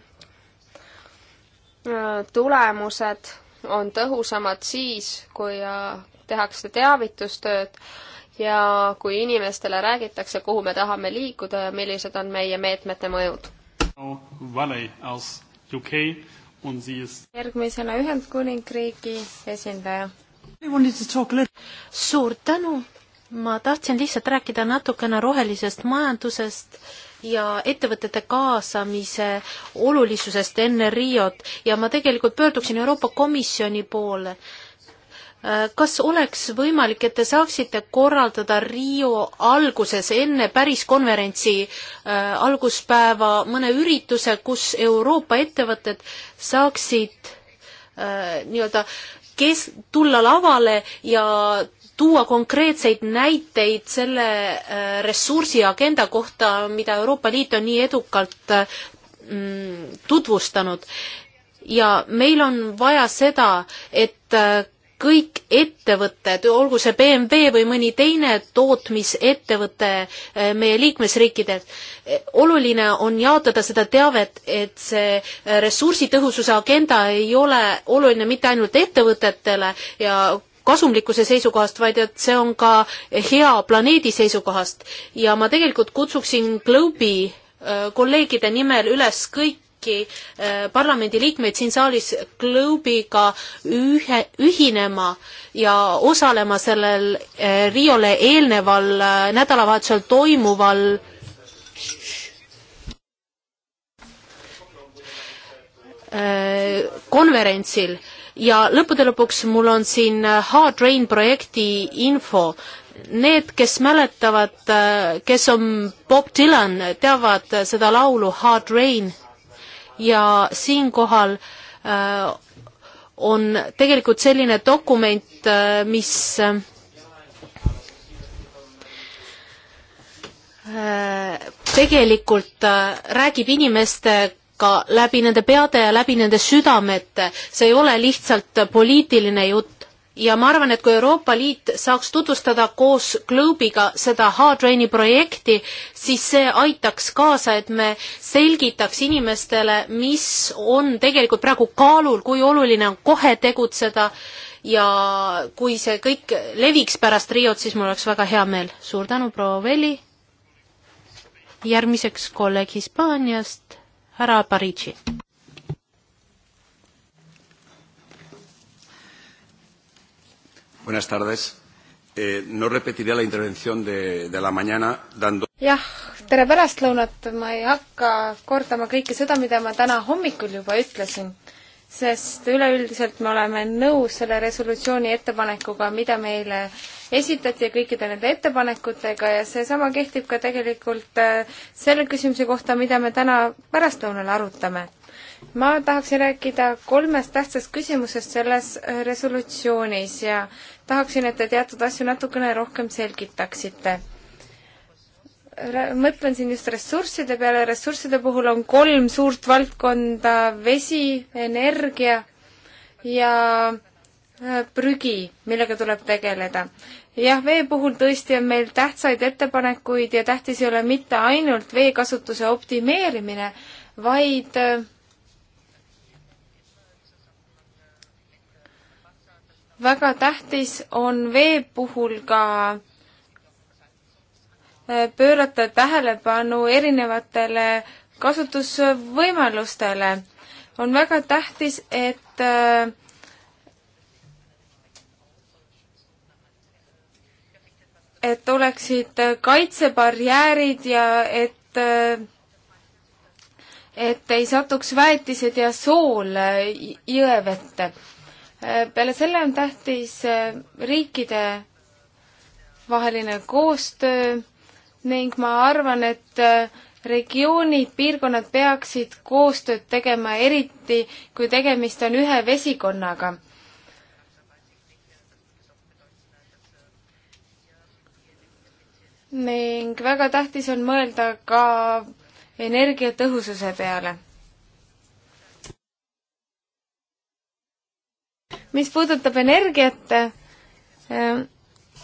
tulemused on tõhusamad siis, kui äh, tehakse teavitustööd ja kui inimestele räägitakse, kuhu me tahame liikuda ja millised on meie meetmete mõjud. järgmisena Ühendkuningriigi esindaja. suur tänu ma tahtsin lihtsalt rääkida natukene rohelisest majandusest ja ettevõtete kaasamise olulisusest enne Riot ja ma tegelikult pöörduksin Euroopa Komisjoni poole. Äh, kas oleks võimalik, et te saaksite korraldada Rio alguses enne päris konverentsi äh, alguspäeva mõne ürituse, kus Euroopa ettevõtted saaksid äh, nii-öelda kes-, tulla lavale ja tuua konkreetseid näiteid selle äh, ressursiagenda kohta, mida Euroopa Liit on nii edukalt äh, mm, tutvustanud. ja meil on vaja seda, et äh, kõik ettevõtted, olgu see BMW või mõni teine tootmisettevõte meie liikmesriikides, oluline on jaotada seda teavet, et see ressursitõhususe agenda ei ole oluline mitte ainult ettevõtetele ja kasumlikkuse seisukohast, vaid et see on ka hea planeedi seisukohast ja ma tegelikult kutsuksin Globe'i äh, kolleegide nimel üles kõiki äh, parlamendiliikmeid siin saalis Globe'iga ühe, ühinema ja osalema sellel äh, Riole eelneval nädalavahetusel toimuval konverentsil ja lõppude lõpuks mul on siin äh, Hard Rain projekti info. Need, kes mäletavad, äh, kes on Bob Dylan, teavad äh, seda laulu Hard Rain ja siinkohal on tegelikult selline dokument, mis tegelikult räägib inimeste ka läbi nende peade ja läbi nende südamete, see ei ole lihtsalt poliitiline jutt ja ma arvan, et kui Euroopa Liit saaks tutvustada koos Globe'iga seda H-Traini projekti, siis see aitaks kaasa, et me selgitaks inimestele, mis on tegelikult praegu kaalul, kui oluline on kohe tegutseda ja kui see kõik leviks pärast Riot, siis mul oleks väga hea meel. suur tänu, proua Veli. järgmiseks kolleeg Hispaaniast härra Parici. Buenas tardes. Eh, no repetiré la intervención de, de la mañana dando jah, tere pärastlõunat, ma ei hakka kordama kõike seda, mida ma täna hommikul juba ütlesin, sest üleüldiselt me oleme nõus selle resolutsiooni ettepanekuga, mida meile esitati ja kõikide nende ettepanekutega ja seesama kehtib ka tegelikult äh, selle küsimuse kohta, mida me täna pärastlõunal arutame. ma tahaksin rääkida kolmest tähtsast küsimusest selles äh, resolutsioonis ja tahaksin, et te teatud asju natukene rohkem selgitaksite mõtlen siin just ressursside peale, ressursside puhul on kolm suurt valdkonda vesi, energia ja äh, prügi, millega tuleb tegeleda jah, vee puhul tõesti on meil tähtsaid ettepanekuid ja tähtis ei ole mitte ainult veekasutuse optimeerimine, vaid äh, väga tähtis on vee puhul ka äh, pöörata tähelepanu erinevatele kasutusvõimalustele. on väga tähtis, et äh, et oleksid kaitsebarjäärid ja et, et ei satuks väetised ja sool jõevette. peale selle on tähtis riikide vaheline koostöö ning ma arvan, et regioonid, piirkonnad peaksid koostööd tegema, eriti kui tegemist on ühe vesikonnaga ning väga tähtis on mõelda ka energiatõhususe peale. mis puudutab energiat ähm,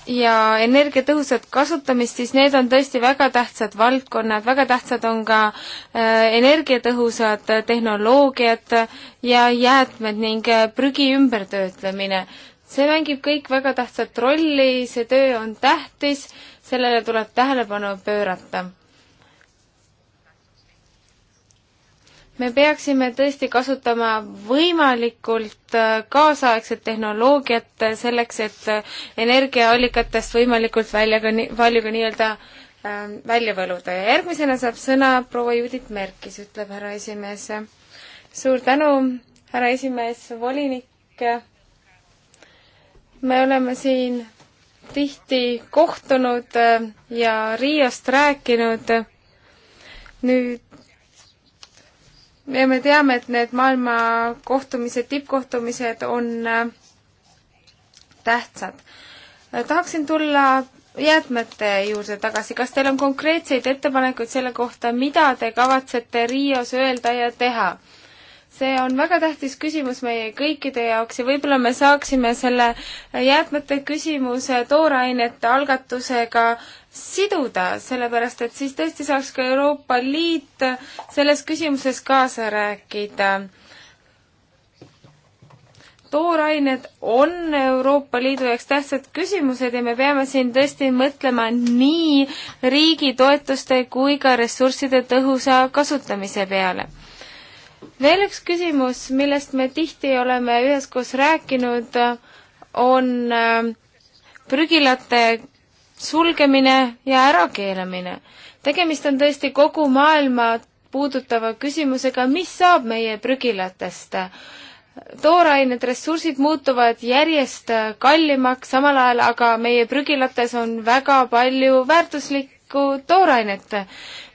ja energiatõhusat kasutamist, siis need on tõesti väga tähtsad valdkonnad, väga tähtsad on ka äh, energiatõhusad tehnoloogiad ja jäätmed ning äh, prügi ümbertöötlemine. see mängib kõik väga tähtsat rolli, see töö on tähtis sellele tuleb tähelepanu pöörata. me peaksime tõesti kasutama võimalikult äh, kaasaegset tehnoloogiat selleks, et äh, energiaallikatest võimalikult välja ka nii, palju ka nii-öelda ähm, välja võluda ja järgmisena saab sõna proua Judith Merkis, ütleb härra esimees. suur tänu, härra esimees, volinik. me oleme siin tihti kohtunud äh, ja Riiast rääkinud. nüüd ja me teame, et need maailma kohtumised, tippkohtumised on äh, tähtsad. Äh, tahaksin tulla jäätmete juurde tagasi, kas teil on konkreetseid ettepanekuid selle kohta, mida te kavatsete Riios öelda ja teha? see on väga tähtis küsimus meie kõikide jaoks ja võib-olla me saaksime selle jäätmete küsimuse toorainete algatusega siduda, sellepärast et siis tõesti saaks ka Euroopa Liit selles küsimuses kaasa rääkida. toorained on Euroopa Liidu jaoks tähtsad küsimused ja me peame siin tõesti mõtlema nii riigi toetuste kui ka ressursside tõhusa kasutamise peale veel üks küsimus, millest me tihti oleme üheskoos rääkinud, on äh, prügilate sulgemine ja ärakeelamine. tegemist on tõesti kogu maailma puudutava küsimusega, mis saab meie prügilatest. toorained, ressursid muutuvad järjest kallimaks, samal ajal aga meie prügilates on väga palju väärtuslikke väärtuslikku toorainet.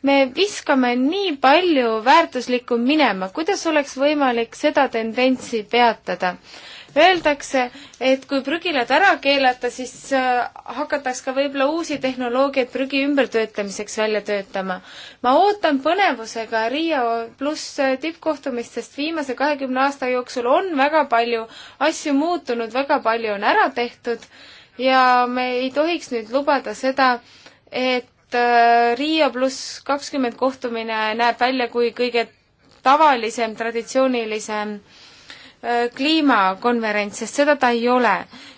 me viskame nii palju väärtuslikku minema, kuidas oleks võimalik seda tendentsi peatada? Öeldakse, et kui prügilad ära keelata, siis äh, hakataks ka võib-olla uusi tehnoloogiaid prügi ümbertöötamiseks välja töötama. ma ootan põnevusega Riia pluss äh, tippkohtumist, sest viimase kahekümne aasta jooksul on väga palju asju muutunud, väga palju on ära tehtud ja me ei tohiks nüüd lubada seda, et Äh, Riia pluss kakskümmend kohtumine näeb välja kui kõige tavalisem, traditsioonilisem äh, kliimakonverents, sest seda ta ei ole.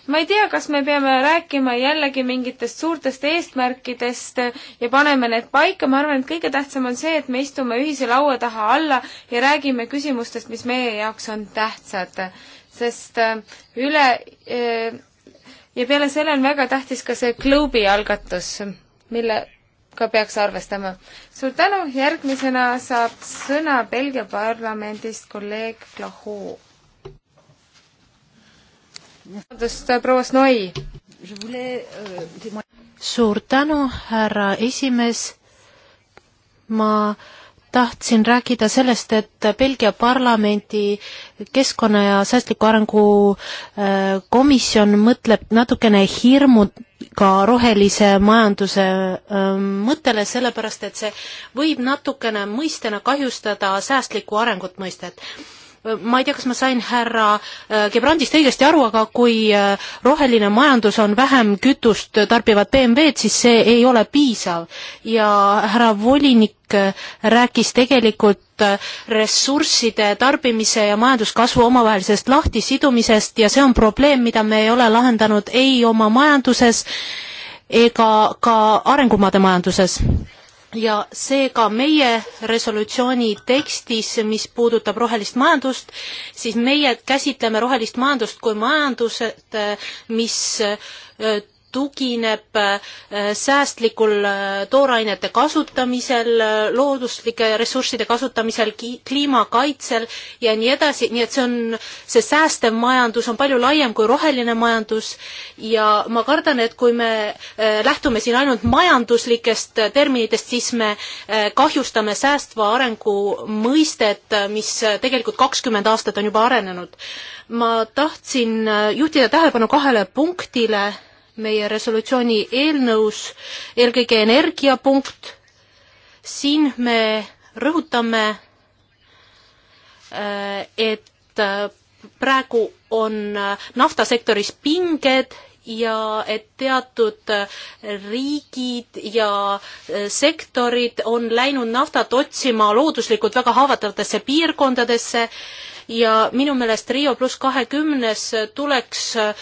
ma ei tea, kas me peame rääkima jällegi mingitest suurtest eesmärkidest ja paneme need paika, ma arvan, et kõige tähtsam on see, et me istume ühise laua taha alla ja räägime küsimustest, mis meie jaoks on tähtsad. sest äh, üle ja peale selle on väga tähtis ka see Globe'i algatus, mille ka peaks arvestama. suur tänu, järgmisena saab sõna Belgia parlamendist kolleeg Lahoo. vabandust, proua Snoi. suur tänu, härra esimees. ma tahtsin rääkida sellest, et Belgia parlamendi keskkonna ja säästliku arengu äh, komisjon mõtleb natukene hirmu ka rohelise majanduse ähm, mõttele, sellepärast et see võib natukene mõistena kahjustada säästlikku arengut mõistet ma ei tea, kas ma sain härra äh, Gebrandist õigesti aru, aga kui äh, roheline majandus on vähem kütust tarbivad BMW-d, siis see ei ole piisav. ja härra volinik äh, rääkis tegelikult ressursside tarbimise ja majanduskasvu omavahelisest lahtisidumisest ja see on probleem, mida me ei ole lahendanud ei oma majanduses ega ka arengumaade majanduses ja seega meie resolutsiooni tekstis, mis puudutab rohelist majandust, siis meie käsitleme rohelist majandust kui majandused, mis tugineb äh, säästlikul äh, toorainete kasutamisel, äh, looduslike ressursside kasutamisel, kliimakaitsel ja nii edasi, nii et see on, see säästev majandus on palju laiem kui roheline majandus ja ma kardan, et kui me lähtume siin ainult majanduslikest terminitest, siis me kahjustame säästva arengu mõistet, mis tegelikult kakskümmend aastat on juba arenenud. ma tahtsin juhtida tähelepanu kahele punktile meie resolutsiooni eelnõus, eelkõige energiapunkt, siin me rõhutame, äh, et äh, praegu on äh, naftasektoris pinged ja et teatud riigid ja sektorid on läinud naftat otsima looduslikult väga haavatavatesse piirkondadesse ja minu meelest Rio pluss kahekümnes tuleks äh,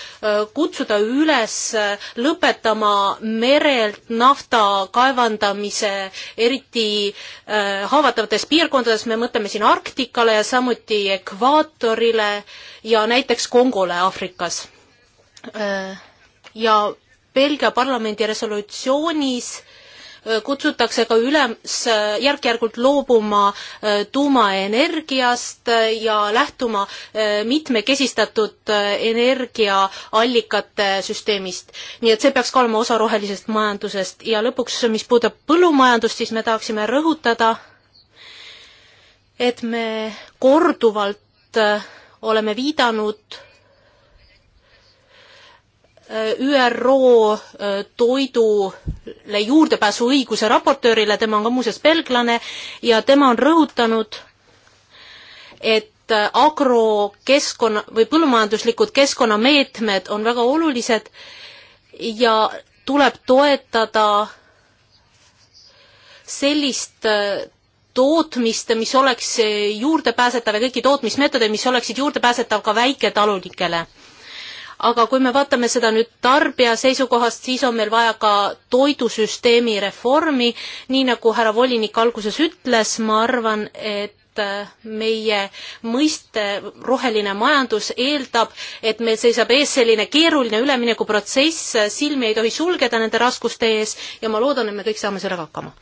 kutsuda üles äh, lõpetama merelt nafta kaevandamise, eriti äh, haavatavates piirkondades, me mõtleme siin Arktikale ja samuti ekvaatorile ja näiteks Kongole Aafrikas. ja Belgia parlamendi resolutsioonis äh, kutsutakse ka üles järk-järgult loobuma tuumaenergiast ja lähtuma mitmekesistatud energiaallikate süsteemist. nii et see peaks ka olema osa rohelisest majandusest ja lõpuks, mis puudutab põllumajandust, siis me tahaksime rõhutada, et me korduvalt oleme viidanud Äh, ÜRO äh, toidule juurdepääsuõiguse raportöörile, tema on ka muuseas belglane, ja tema on rõhutanud, et äh, agrokeskkonna või põllumajanduslikud keskkonnameetmed on väga olulised ja tuleb toetada sellist tootmist, mis oleks juurdepääsetav ja kõiki tootmismeetodeid, mis oleksid juurdepääsetav ka väiketalunikele aga kui me vaatame seda nüüd tarbija seisukohast, siis on meil vaja ka toidusüsteemi reformi, nii nagu härra volinik alguses ütles, ma arvan, et äh, meie mõiste roheline majandus eeldab, et meil seisab ees selline keeruline üleminekuprotsess, silmi ei tohi sulgeda nende raskuste ees ja ma loodan, et me kõik saame sellega hakkama.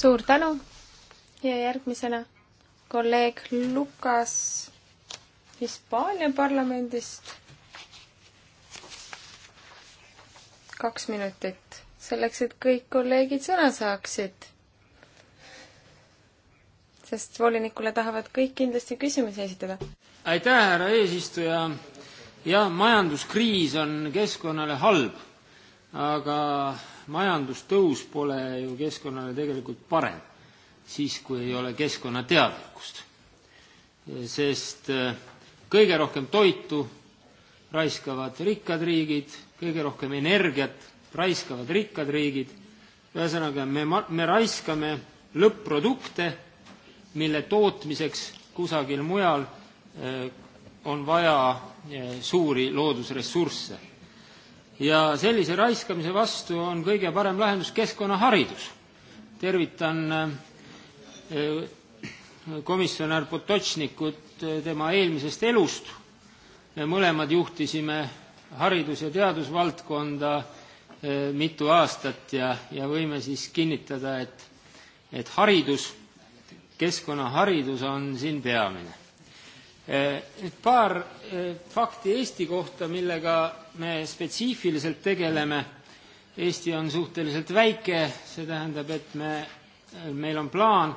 suur tänu ja järgmisena kolleeg Lukas Hispaania parlamendist. kaks minutit, selleks et kõik kolleegid sõna saaksid. sest volinikule tahavad kõik kindlasti küsimusi esitada. aitäh, härra eesistuja. jah, majanduskriis on keskkonnale halb, aga majandustõus pole ju keskkonnale tegelikult parem siis, kui ei ole keskkonnateadlikkust. sest äh, kõige rohkem toitu raiskavad rikkad riigid, kõige rohkem energiat raiskavad rikkad riigid. ühesõnaga, me, me raiskame lõpp-produkte, mille tootmiseks kusagil mujal eh, on vaja eh, suuri loodusressursse. ja sellise raiskamise vastu on kõige parem lahendus keskkonnaharidus. tervitan eh, komisjonär Potočnikut eh, tema eelmisest elust. me mõlemad juhtisime haridus- ja teadusvaldkonda eh, mitu aastat ja, ja võime siis kinnitada, et, et haridus, keskkonnaharidus on siin peamine. Nüüd eh, paar fakti Eesti kohta, millega me spetsiifiliselt tegeleme. Eesti on suhteliselt väike, see tähendab, et me, meil on plaan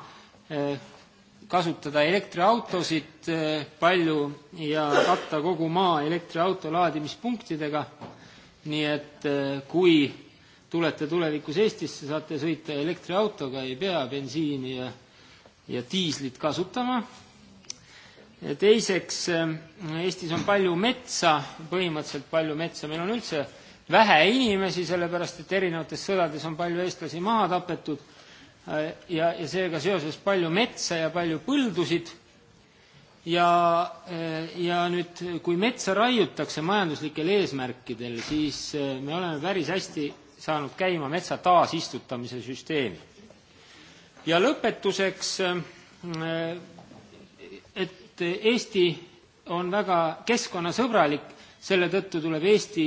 kasutada elektriautosid eh, palju ja katta kogu maa elektriauto laadimispunktidega. nii et eh, kui tulete tulevikus Eestisse, saate sõita elektriautoga, ei pea bensiini ja, ja diislit kasutama. teiseks, eh, Eestis on palju metsa, põhimõtteliselt palju metsa, meil on üldse vähe inimesi, sellepärast et erinevates sõdades on palju eestlasi maha tapetud Äh, ja, ja seega seoses palju metsa ja palju põldusid ja, äh, ja nüüd, kui metsa raiutakse majanduslikel eesmärkidel, siis äh, me oleme päris hästi saanud käima metsa taasistutamise süsteemi. ja lõpetuseks, et Eesti on väga keskkonnasõbralik, selle tõttu tuleb Eesti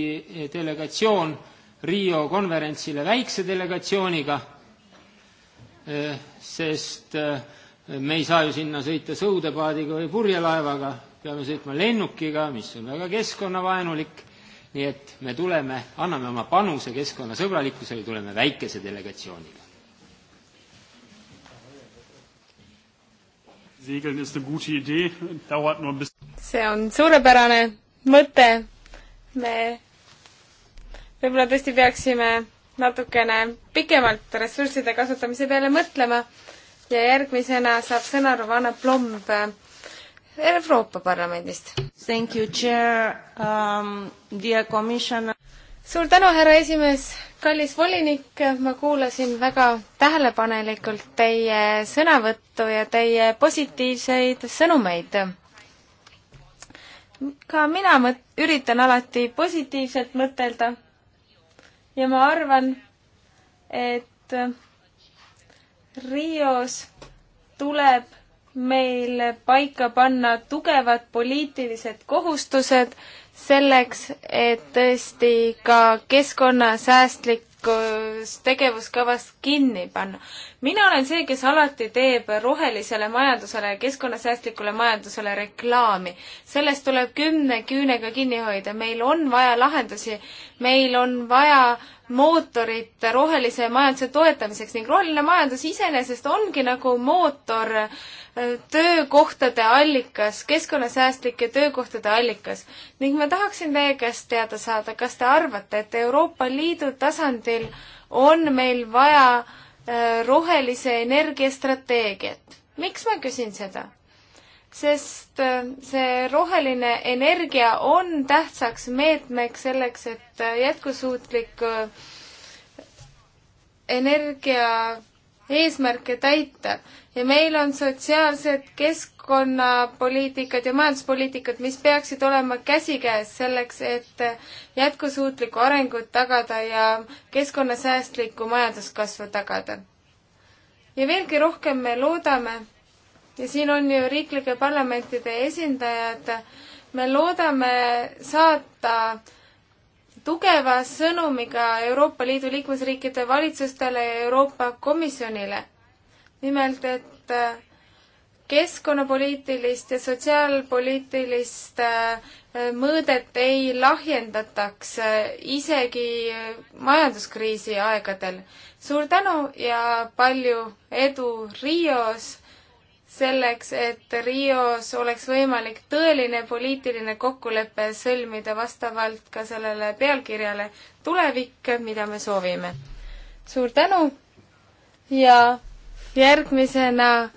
delegatsioon Rio konverentsile väikse delegatsiooniga Eh, sest eh, me ei saa ju sinna sõita sõudepaadiga või purjelaevaga, peame sõitma lennukiga, mis on väga keskkonnavaenulik, nii et me tuleme, anname oma panuse keskkonnasõbralikkusele, tuleme väikese delegatsiooniga. see on suurepärane mõte, me võib-olla tõesti peaksime natukene pikemalt ressursside kasutamise peale mõtlema ja järgmisena saab sõna Rovana Plomb äh, Euroopa Parlamendist. Thank you, chair um,, dear commissioner. suur tänu, härra esimees, kallis volinik, ma kuulasin väga tähelepanelikult teie sõnavõttu ja teie positiivseid sõnumeid ka mina mõt-, üritan alati positiivselt mõtelda ja ma arvan, et Rios tuleb meil paika panna tugevad poliitilised kohustused selleks, et tõesti ka keskkonnasäästlik tulevikus tegevuskavas kinni panna. mina olen see, kes alati teeb rohelisele majandusele ja keskkonnasäästlikule majandusele reklaami. sellest tuleb kümne küünega kinni hoida, meil on vaja lahendusi, meil on vaja mootorit rohelise majanduse toetamiseks ning roheline majandus iseenesest ongi nagu mootor, äh, töökohtade allikas, keskkonnasäästlike töökohtade allikas. ning ma tahaksin teie käest teada saada, kas te arvate, et Euroopa Liidu tasandil on meil vaja äh, rohelise energia strateegiat? miks ma küsin seda? sest äh, see roheline energia on tähtsaks meetmeks selleks, et äh, jätkusuutlik äh, energia eesmärke täita ja meil on sotsiaalsed keskkonnapoliitikad ja majanduspoliitikad, mis peaksid olema käsikäes selleks, et jätkusuutlikku arengut tagada ja keskkonnasäästlikku majanduskasvu tagada. ja veelgi rohkem me loodame, ja siin on ju riiklike parlamentide esindajad. me loodame saata tugeva sõnumiga Euroopa Liidu liikmesriikide valitsustele ja Euroopa Komisjonile. nimelt, et äh, keskkonnapoliitilist ja sotsiaalpoliitilist äh, mõõdet ei lahjendataks äh, isegi majanduskriisi aegadel. suur tänu ja palju edu Rios selleks, et Rios oleks võimalik tõeline poliitiline kokkulepe sõlmida vastavalt ka sellele pealkirjale Tulevik, mida me soovime. suur tänu ja järgmisena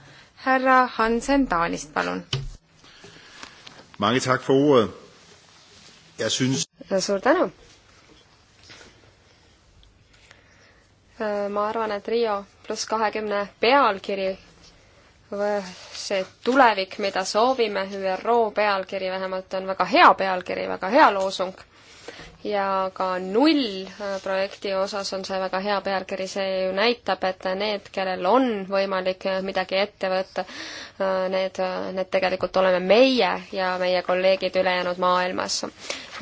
härra Hansen Taanist, palun. suur tänu. Äh, ma arvan, et Rio pluss kahekümne pealkiri see tulevik, mida soovime, ÜRO pealkiri vähemalt on väga hea pealkiri, väga hea loosung. ja ka null äh, projekti osas on see väga hea pealkiri, see ju näitab, et need, kellel on võimalik äh, midagi ette võtta, äh, need, need tegelikult oleme meie ja meie kolleegid ülejäänud maailmas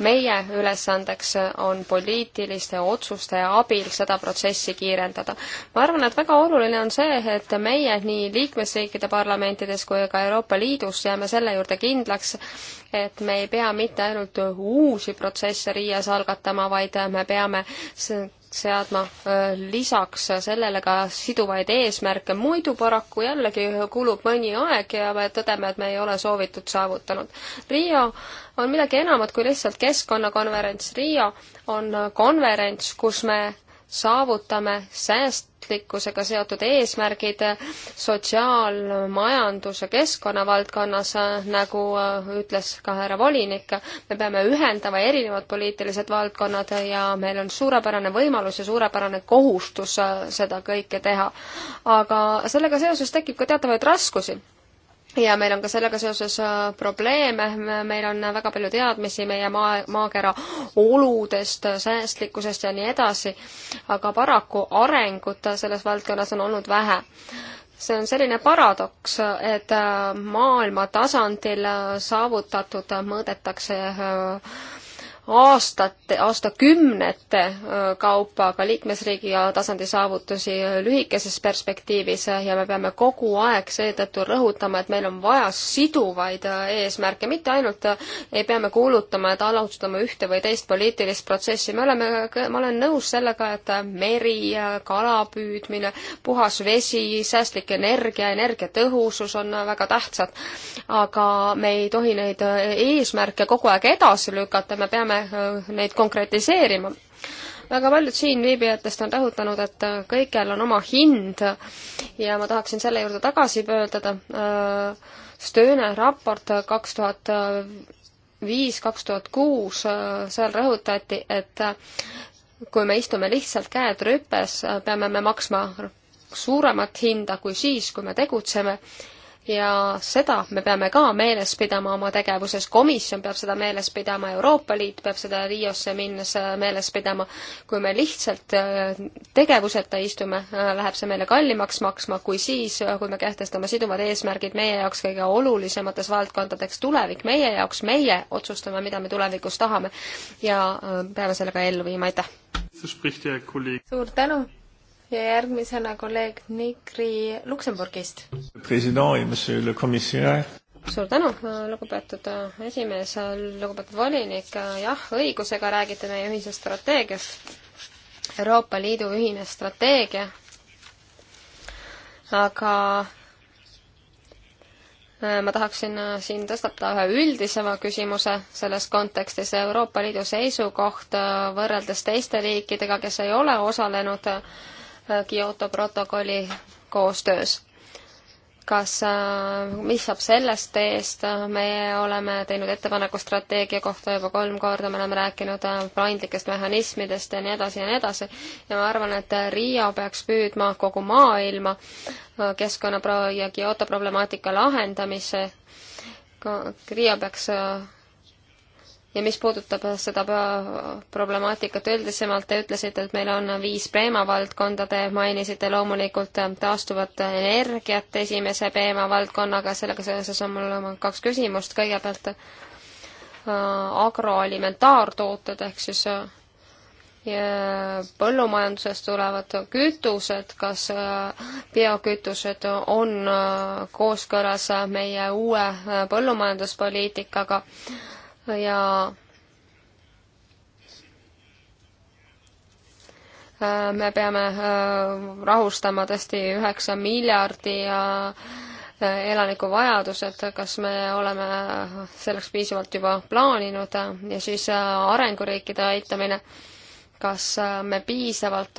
meie ülesandeks on poliitiliste otsuste abil seda protsessi kiirendada. ma arvan, et väga oluline on see, et meie nii liikmesriikide parlamentides kui ka Euroopa Liidus jääme selle juurde kindlaks, et me ei pea mitte ainult uusi protsesse Riias algatama, vaid me peame seadma lisaks sellele ka siduvaid eesmärke, muidu paraku jällegi kulub mõni aeg ja me tõdeme, et me ei ole soovitud saavutanud. Riia on midagi enamat kui lihtsalt keskkonnakonverents, Riia on konverents, kus me saavutame säästlikkusega seotud eesmärgid sotsiaal-, majandus- ja keskkonnavaldkonnas, nagu äh, ütles ka härra volinik, me peame ühendama erinevad poliitilised valdkonnad ja meil on suurepärane võimalus ja suurepärane kohustus äh, seda kõike teha. aga sellega seoses tekib ka teatavaid raskusi ja meil on ka sellega seoses äh, probleeme, meil on väga palju teadmisi meie maa, maakera oludest, säästlikkusest ja nii edasi, aga paraku arengut selles valdkonnas on olnud vähe. see on selline paradoks, et äh, maailma tasandil äh, saavutatud mõõdetakse aastate, aastakümnete kaupa ka liikmesriigi tasandi saavutusi lühikeses perspektiivis ja me peame kogu aeg seetõttu rõhutama, et meil on vaja siduvaid eesmärke, mitte ainult ei pea me kuulutama, et alustame ühte või teist poliitilist protsessi, me oleme, ma olen nõus sellega, et meri, kala püüdmine, puhas vesi, säästlik energia, energiatõhusus on väga tähtsad, aga me ei tohi neid eesmärke kogu aeg edasi lükata, me peame peame äh, neid konkretiseerima. väga paljud siinviibijatest on rõhutanud, et äh, kõikjal on oma hind ja ma tahaksin selle juurde tagasi pöörduda. Äh, Stööne raport kaks tuhat viis, kaks tuhat kuus, seal rõhutati, et kui me istume lihtsalt käed rüpes, peame me maksma suuremat hinda kui siis, kui me tegutseme ja seda me peame ka meeles pidama oma tegevuses, komisjon peab seda meeles pidama, Euroopa Liit peab seda Riosse minnes äh, meeles pidama. kui me lihtsalt äh, tegevuseta istume, äh, läheb see meile kallimaks maksma, kui siis, kui me kehtestame siduvad eesmärgid meie jaoks kõige olulisemates valdkondadeks, tulevik meie jaoks, meie otsustame, mida me tulevikus tahame ja peame selle ka ellu viima, aitäh! suur tänu! ja järgmisena kolleeg Nigri Luksemburgist. suur tänu, lugupeetud äh, esimees, äh, lugupeetud volinik, äh, jah, õigusega räägite meie ühisest strateegiast, Euroopa Liidu ühine strateegia, aga ma tahaksin siin tõstatada ühe üldisema küsimuse selles kontekstis, Euroopa Liidu seisukoht võrreldes teiste riikidega, kes ei ole osalenud Kyoto protokolli koostöös. kas, äh, mis saab sellest teest, me oleme teinud ettepaneku strateegia kohta juba kolm korda, me oleme rääkinud äh, paindlikest mehhanismidest ja nii edasi ja nii edasi ja ma arvan, et Riia peaks püüdma kogu maailma äh, keskkonna ja Kyoto problemaatika lahendamise Riia peaks ja mis puudutab seda problemaatikat üldisemalt, te ütlesite, et meil on viis teemavaldkonda, te mainisite loomulikult taastuvat energiat esimese teemavaldkonnaga, sellega seoses on mul kaks küsimust, kõigepealt äh, agroalimentaartooted ehk siis äh, põllumajandusest tulevad kütused, kas äh, biokütused on kooskõlas meie uue põllumajanduspoliitikaga ja me peame äh, rahustama tõesti üheksa miljardi ja äh, elaniku vajadused, kas me oleme selleks piisavalt juba plaaninud ja siis äh, arenguriikide aitamine, kas me piisavalt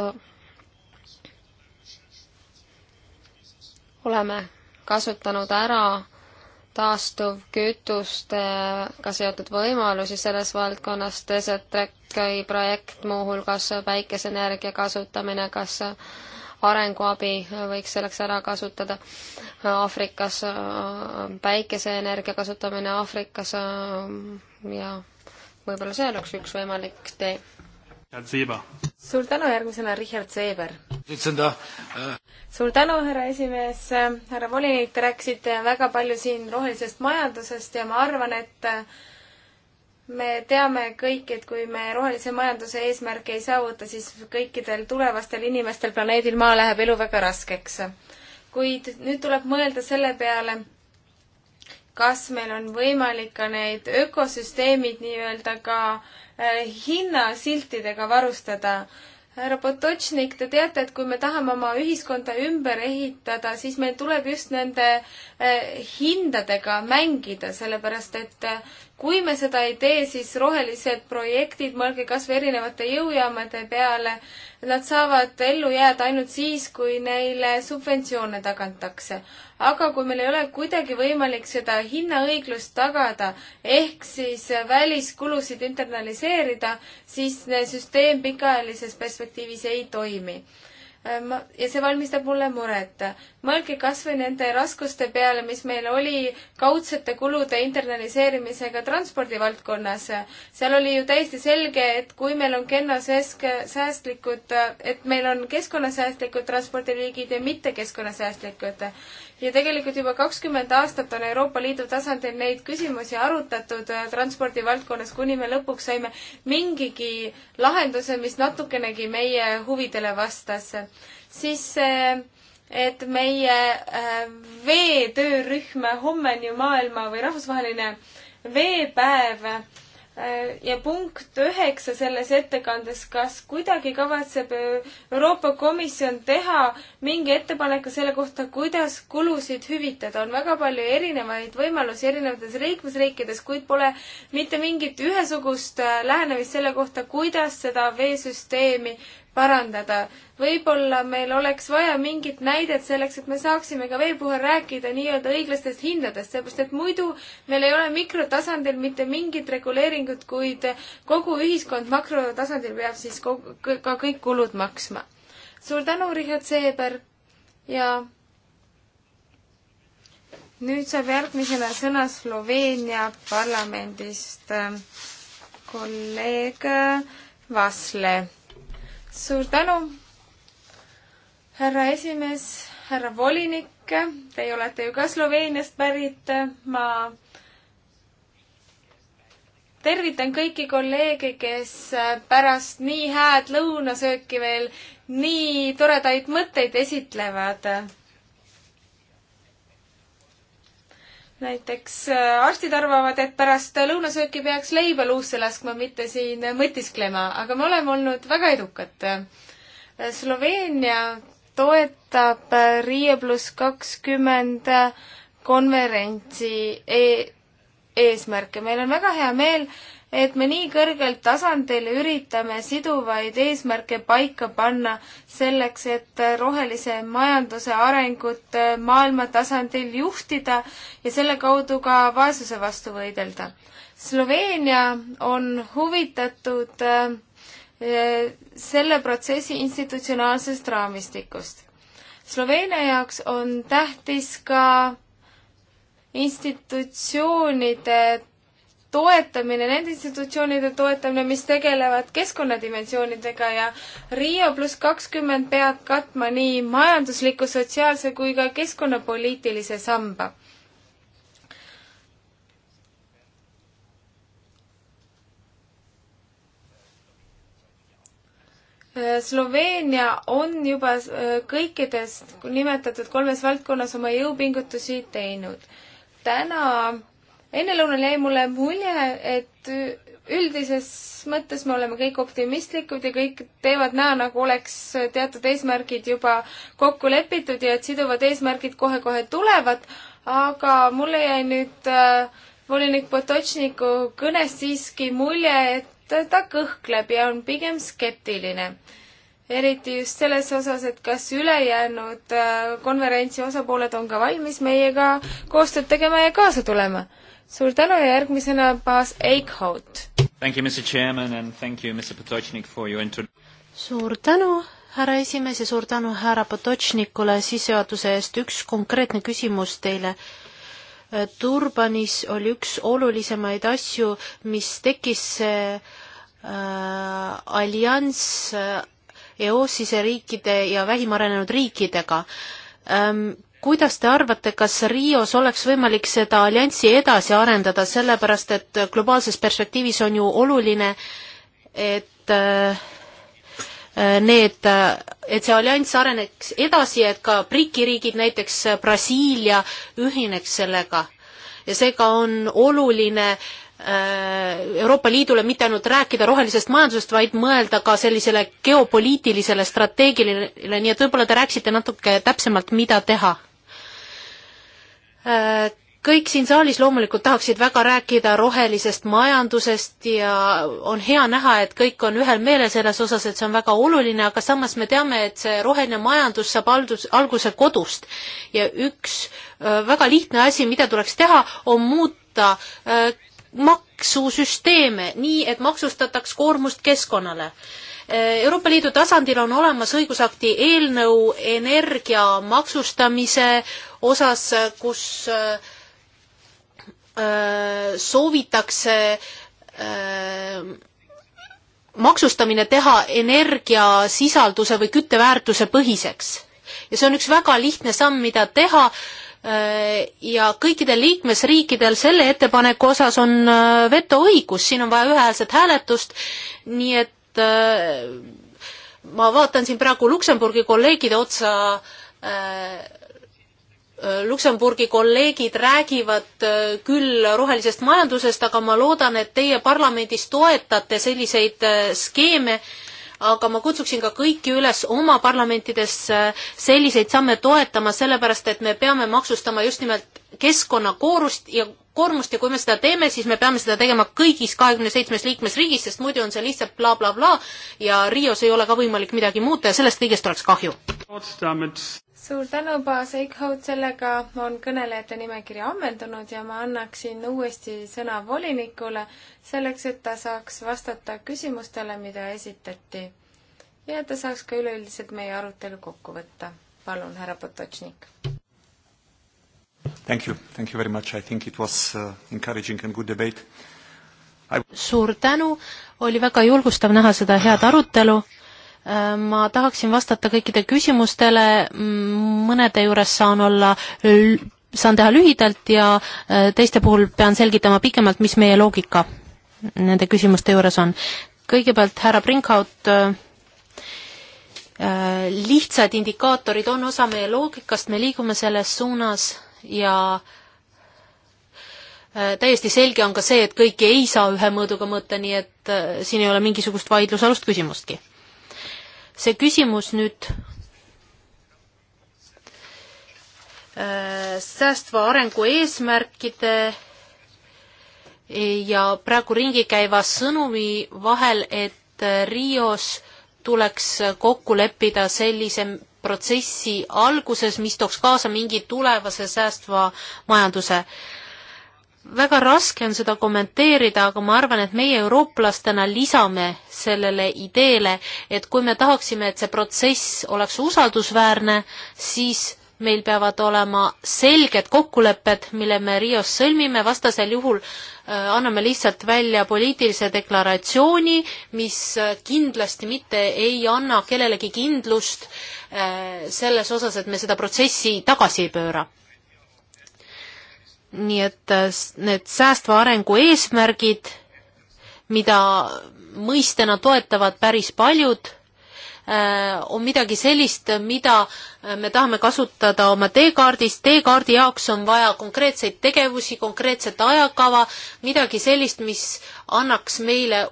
oleme kasutanud ära taastuvkütustega seotud võimalusi selles valdkonnas, Desertrechi projekt, muuhulgas päikeseenergia kasutamine, kas arenguabi võiks selleks ära kasutada Aafrikas, päikeseenergia kasutamine Aafrikas ja võib-olla see oleks üks võimalik tee suur tänu, järgmisena Richard Seeber. Äh, suur tänu, härra esimees, härra volinik, te rääkisite väga palju siin rohelisest majandusest ja ma arvan, et äh, me teame kõik, et kui me rohelise majanduse eesmärke ei saavuta, siis kõikidel tulevastel inimestel planeedil Maa läheb elu väga raskeks. kuid nüüd tuleb mõelda selle peale, kas meil on võimalik ka need ökosüsteemid nii-öelda ka Äh, hinnasiltidega varustada. härra Potočnik, te teate, et kui me tahame oma ühiskonda ümber ehitada, siis meil tuleb just nende äh, hindadega mängida, sellepärast et äh, kui me seda ei tee, siis rohelised projektid, mõelge kas või erinevate jõujaamade peale, nad saavad ellu jääda ainult siis, kui neile subventsioone tagantakse. aga kui meil ei ole kuidagi võimalik seda hinnaõiglust tagada, ehk siis väliskulusid internaliseerida, siis süsteem pikaajalises perspektiivis ei toimi ja see valmistab mulle muret mõelge kas või nende raskuste peale, mis meil oli kaudsete kulude internaliseerimisega transpordivaldkonnas. seal oli ju täiesti selge, et kui meil on kennasesk-, säästlikud, et meil on keskkonnasäästlikud transpordiliigid ja mitte keskkonnasäästlikud. ja tegelikult juba kakskümmend aastat on Euroopa Liidu tasandil neid küsimusi arutatud transpordivaldkonnas, kuni me lõpuks saime mingigi lahenduse, mis natukenegi meie huvidele vastas. siis see äh, et meie äh, veetöörühm homme on ju maailma või rahvusvaheline veepäev äh, ja punkt üheksa selles ettekandes, kas kuidagi kavatseb Euroopa Komisjon teha mingi ettepaneku selle kohta, kuidas kulusid hüvitada. on väga palju erinevaid võimalusi erinevates liikmesriikides, kuid pole mitte mingit ühesugust äh, lähenemist selle kohta, kuidas seda veesüsteemi parandada. võib-olla meil oleks vaja mingit näidet selleks, et me saaksime ka veel puhul rääkida nii-öelda õiglastest hindadest, sellepärast et muidu meil ei ole mikrotasandil mitte mingit reguleeringut, kuid kogu ühiskond makrotasandil peab siis kogu, ka kõik kulud maksma. suur tänu, Richard Seeber ja nüüd saab järgmisena sõna Sloveenia parlamendist kolleeg Vasle suur tänu, härra esimees, härra volinik, teie olete ju ka Sloveeniast pärit, ma tervitan kõiki kolleege, kes pärast nii head lõunasööki veel nii toredaid mõtteid esitlevad näiteks äh, arstid arvavad, et pärast lõunasööki peaks leiba luusse laskma, mitte siin mõtisklema, aga me oleme olnud väga edukad. Äh, Sloveenia toetab äh, Riie pluss kakskümmend konverentsi e eesmärke. meil on väga hea meel, et me nii kõrgel tasandil üritame siduvaid eesmärke paika panna selleks, et rohelise majanduse arengut äh, maailma tasandil juhtida ja selle kaudu ka vaesuse vastu võidelda. Sloveenia on huvitatud äh, äh, selle protsessi institutsionaalsest raamistikust. Sloveenia jaoks on tähtis ka institutsioonide toetamine, nende institutsioonide toetamine, mis tegelevad keskkonnadimensioonidega ja Rio pluss kakskümmend peab katma nii majandusliku, sotsiaalse kui ka keskkonnapoliitilise samba. Sloveenia on juba äh, kõikidest nimetatud kolmes valdkonnas oma jõupingutusi teinud. täna ennelõunal jäi mulle mulje, et üldises mõttes me oleme kõik optimistlikud ja kõik teevad näo, nagu oleks teatud eesmärgid juba kokku lepitud ja et siduvad eesmärgid kohe-kohe tulevad, aga mulle jäi nüüd äh, volinik Potočniku kõnest siiski mulje, et ta kõhkleb ja on pigem skeptiline eriti just selles osas, et kas ülejäänud äh, konverentsi osapooled on ka valmis meiega koostööd tegema ja kaasa tulema suur tänu ja järgmisena baas Eichhout. suur tänu, härra esimees ja suur tänu härra Potočnikule sissejuhatuse eest. üks konkreetne küsimus teile Turbanis oli üks olulisemaid asju, mis tekkis see äh, allianss äh, EOS-ise riikide ja vähim arenenud riikidega ähm, kuidas te arvate, kas Rios oleks võimalik seda allianssi edasi arendada, sellepärast et globaalses perspektiivis on ju oluline, et äh, need, äh, et see allianss areneks edasi, et ka BRICS-i riigid, näiteks Brasiilia, ühineks sellega. ja seega on oluline äh, Euroopa Liidule mitte ainult rääkida rohelisest majandusest, vaid mõelda ka sellisele geopoliitilisele strateegiline, nii et võib-olla te rääkisite natuke täpsemalt, mida teha kõik siin saalis loomulikult tahaksid väga rääkida rohelisest majandusest ja on hea näha, et kõik on ühel meelel selles osas, et see on väga oluline, aga samas me teame, et see roheline majandus saab aldus, alguse kodust. ja üks äh, väga lihtne asi, mida tuleks teha, on muuta äh, maksusüsteeme nii, et maksustataks koormust keskkonnale Euroopa Liidu tasandil on olemas õigusakti eelnõu energia maksustamise osas, kus äh, äh, soovitakse äh, maksustamine teha energiasisalduse või kütteväärtuse põhiseks. ja see on üks väga lihtne samm, mida teha ja kõikidel liikmesriikidel selle ettepaneku osas on vetoõigus, siin on vaja ühehäälset hääletust, nii et Äh, ma vaatan siin praegu Luksemburgi kolleegide otsa äh, Luksemburgi kolleegid räägivad äh, küll rohelisest majandusest, aga ma loodan, et teie parlamendis toetate selliseid skeeme, aga ma kutsuksin ka kõiki üles oma parlamentides selliseid samme toetama, sellepärast et me peame maksustama just nimelt keskkonnakoorust ja koormust ja kui me seda teeme, siis me peame seda tegema kõigis kahekümne seitsmes liikmesriigis, sest muidu on see lihtsalt blablabla bla, bla, bla ja Rios ei ole ka võimalik midagi muuta ja sellest kõigest oleks kahju. suur tänu, baas Eichhout, sellega on kõnelejate nimekiri ammendunud ja ma annaksin uuesti sõna volinikule selleks, et ta saaks vastata küsimustele, mida esitati. ja et ta saaks ka üleüldiselt meie arutelu kokku võtta. palun, härra Potočnik Thank you, thank you very much, I think it was uh, encouraging and good debate I.... suur tänu, oli väga julgustav näha seda head arutelu äh, ma tahaksin vastata kõikide küsimustele, mm, mõnede juures saan olla, saan teha lühidalt ja äh, teiste puhul pean selgitama pikemalt, mis meie loogika nende küsimuste juures on. kõigepealt härra Brinkhaut, äh, lihtsad indikaatorid on osa meie loogikast, me liigume selles suunas ja äh, täiesti selge on ka see, et kõiki ei saa ühe mõõduga mõõta, nii et äh, siin ei ole mingisugust vaidlusalust küsimustki. see küsimus nüüd äh, säästva arengu eesmärkide ja praegu ringi käiva sõnumi vahel, et Rios tuleks kokku leppida sellise protsessi alguses, mis tooks kaasa mingi tulevase säästva majanduse. väga raske on seda kommenteerida, aga ma arvan, et meie eurooplastena lisame sellele ideele, et kui me tahaksime, et see protsess oleks usaldusväärne, siis meil peavad olema selged kokkulepped, mille me Rios sõlmime, vastasel juhul äh, anname lihtsalt välja poliitilise deklaratsiooni, mis äh, kindlasti mitte ei anna kellelegi kindlust äh, selles osas, et me seda protsessi tagasi ei pööra nii et need säästva arengu eesmärgid, mida mõistena toetavad päris paljud, Äh, on midagi sellist, mida äh, me tahame kasutada oma teekaardis, teekaardi jaoks on vaja konkreetseid tegevusi, konkreetset ajakava, midagi sellist, mis annaks meile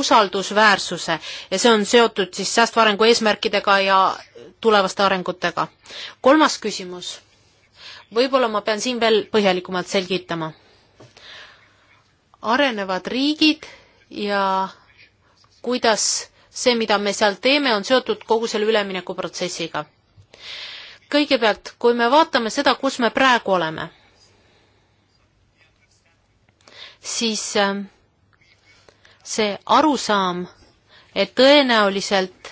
usaldusväärsuse ja see on seotud siis säästva arengu eesmärkidega ja tulevaste arengutega. kolmas küsimus. võib-olla ma pean siin veel põhjalikumalt selgitama. arenevad riigid ja kuidas see, mida me seal teeme, on seotud kogu selle üleminekuprotsessiga. kõigepealt, kui me vaatame seda, kus me praegu oleme, siis ähm, see arusaam, et tõenäoliselt